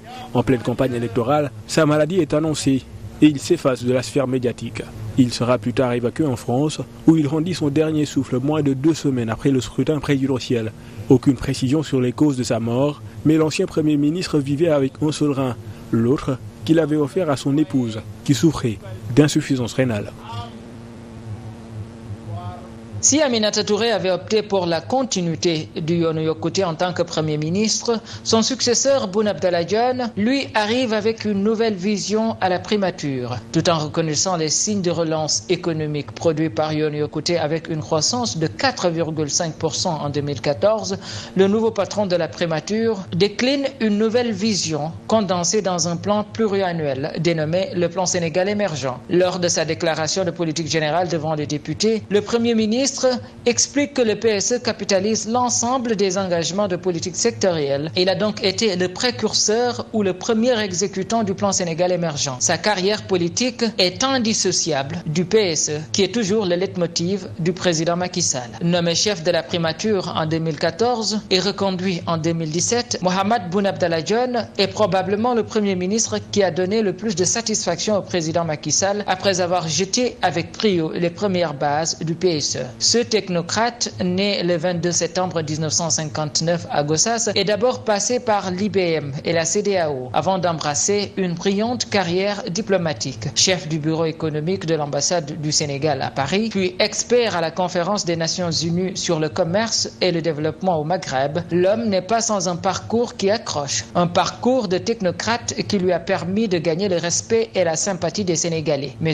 et il s'efface de la sphère médiatique. Il sera plus tard évacué en France, où il rendit son dernier souffle moins de deux semaines après le scrutin présidentiel. Aucune précision sur les causes de sa mort, mais l'ancien Premier ministre vivait avec un seul rein, l'autre qu'il avait offert à son épouse, qui souffrait d'insuffisance rénale. Si Aminata Touré avait opté pour la continuité du Yoonu Yokkute en tant que Premier ministre, son successeur Boun Abdallah Dionne, lui, arrive avec une nouvelle vision à la primature, tout en reconnaissant les signes de relance économique produits par Yoonu Yokkute avec une croissance de 4,5% en 2014. Le nouveau patron de la primature décline une nouvelle vision condensée dans un plan pluriannuel dénommé le plan Sénégal émergent. Lors de sa déclaration de politique générale ministre explique que le PSE capitalise l'ensemble des engagements de politique sectorielle. donc le précurseur ou le premier Sénégal émergent. Sa carrière politique est indissociable du PSE, qui est toujours le leitmotiv président Macky Sall. Nommé chef de la primature en 2014 et reconduit en 2017, Mohamed Boun Abdallah Dionne est probablement le premier ministre qui le plus de satisfaction au président Macky Sall après avoir jeté avec brio les premières bases du Ce technocrate, né le 22 septembre 1959 à Gossas, est d'abord passé par l'IBM et la CDAO avant d'embrasser une brillante carrière diplomatique. Chef du à Paris, puis expert à la conférence des Nations le commerce et le développement au Maghreb, l'homme n'est pas sans un parcours qui accroche. Un de technocrate qui lui a permis de gagner le respect et mais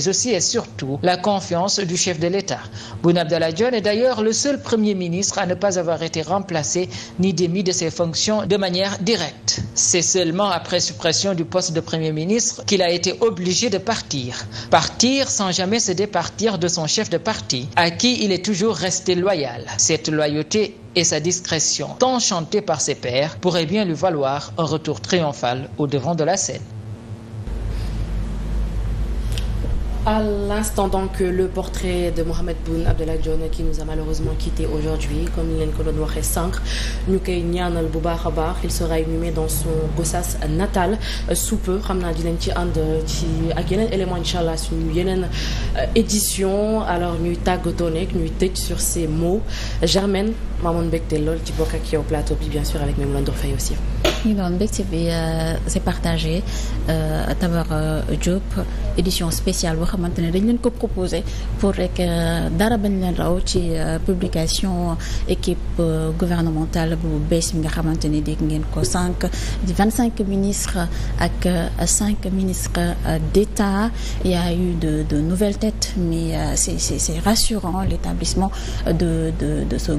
John est d'ailleurs le seul Premier ministre à ne pas avoir été remplacé ni démis de ses fonctions de manière directe. C'est seulement après suppression du poste de Premier ministre qu'il a été obligé de partir. Partir sans jamais se départir de son chef de parti, à qui il est toujours resté loyal. Cette loyauté et sa discrétion, tant chantée par ses pairs, pourrait bien lui valoir un retour triomphal au devant de la scène. À l'instant donc le portrait de Mohamed Boun Abdallah Dionne qui nous a malheureusement quitté aujourd'hui comme ni leen ko doon waxee sànq ñu koy ñaanal bu baax a baax il sera inhumé dans son Gossas natal euh, sous peu xam naa dinañ ci ànd euh, ci ak yeneen élément incha allah suñu yeneen euh, édition alors ñuy tàggatoo nekk ñuy tëj sur ces mots Germaine maamoon mbégte lool ci bokk ak yow plateau bi bien sûr avec Maimouna Ndour aussi ñu ngi doon mbégte bi c'est euh, euh, spéciale boo xamante ne dañ leen ko proposé pour rek euh, dara bañ leen ci publication équipe gouvernementale bu bees bi nga xamante ne dégg ngeen ko cinq vingt cinq ministres ak cinq ministres d'État il de de nouvelles têtes mais c'est c'est c'est de de de ce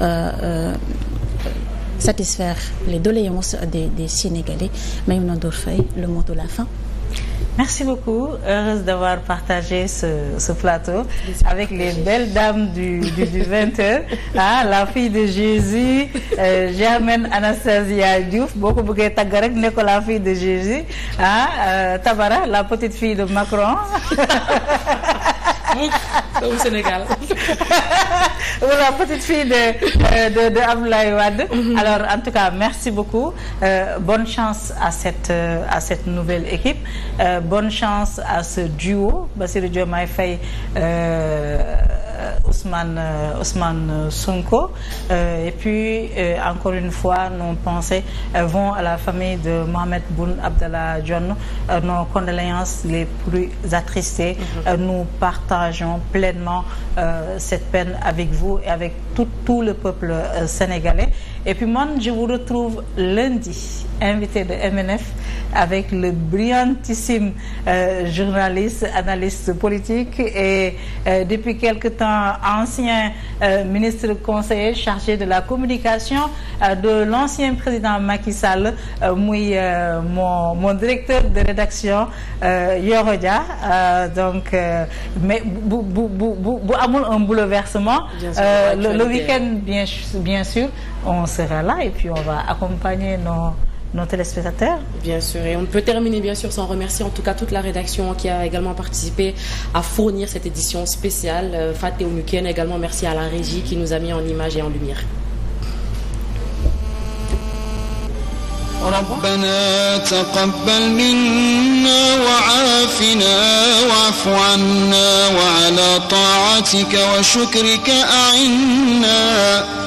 Euh, euh, satisfaire les doléances des des Sénégalais Maïmouna Ndour Faye le mot de la fin. Merci avec les belles ah, la fille de Jésus, euh, Germaine Anastasia Diouf, beaucoup bëggee tagg rek ne la fille de Jésus. Ah, euh, Tabara, la petite fille de Macron. doomu Sénégal. voilà petite fille de euh, de de mhm. alors en tout cas merci beaucoup euh, bonne chance euh, à cette nouvelle équipe euh, bonne chance à ce duo Bassirou Diomaye Faye. Euh, Euh, Ousmane euh, Ousmane euh, Sonko et puis encore une fois nos pensées vont à la famille de Mohamed Boun Abdallah Dionne nos condoléances les plus attristées mhm. nous partageons pleinement cette peine avec vous et avec tout tout le peuple sénégalais et puis moi je vous retrouve lundi invité de MNF avec le brillantissime euh, journaliste, analyste politique et euh, depuis quelque temps ancien euh, ministre conseiller chargé de la communication euh, de l'ancien président Macky Sall, euh, muy euh, mon, mon directeur de rédaction Yoro Dia donc mais bu amul un bouleversement le, le week bien bien sûr on sera là et on va accompagner nos nos téléspectateurs. Bien sûr, et on peut terminer bien sûr sans remercier en tout cas toute la rédaction qui a également participé à fournir cette édition spéciale. Euh, Faté Oumukien, également merci à la régie qui nous a mis en image et en lumière. ربنا تقبل منا وعافنا واعف عنا وعلى طاعتك وشكرك أعنا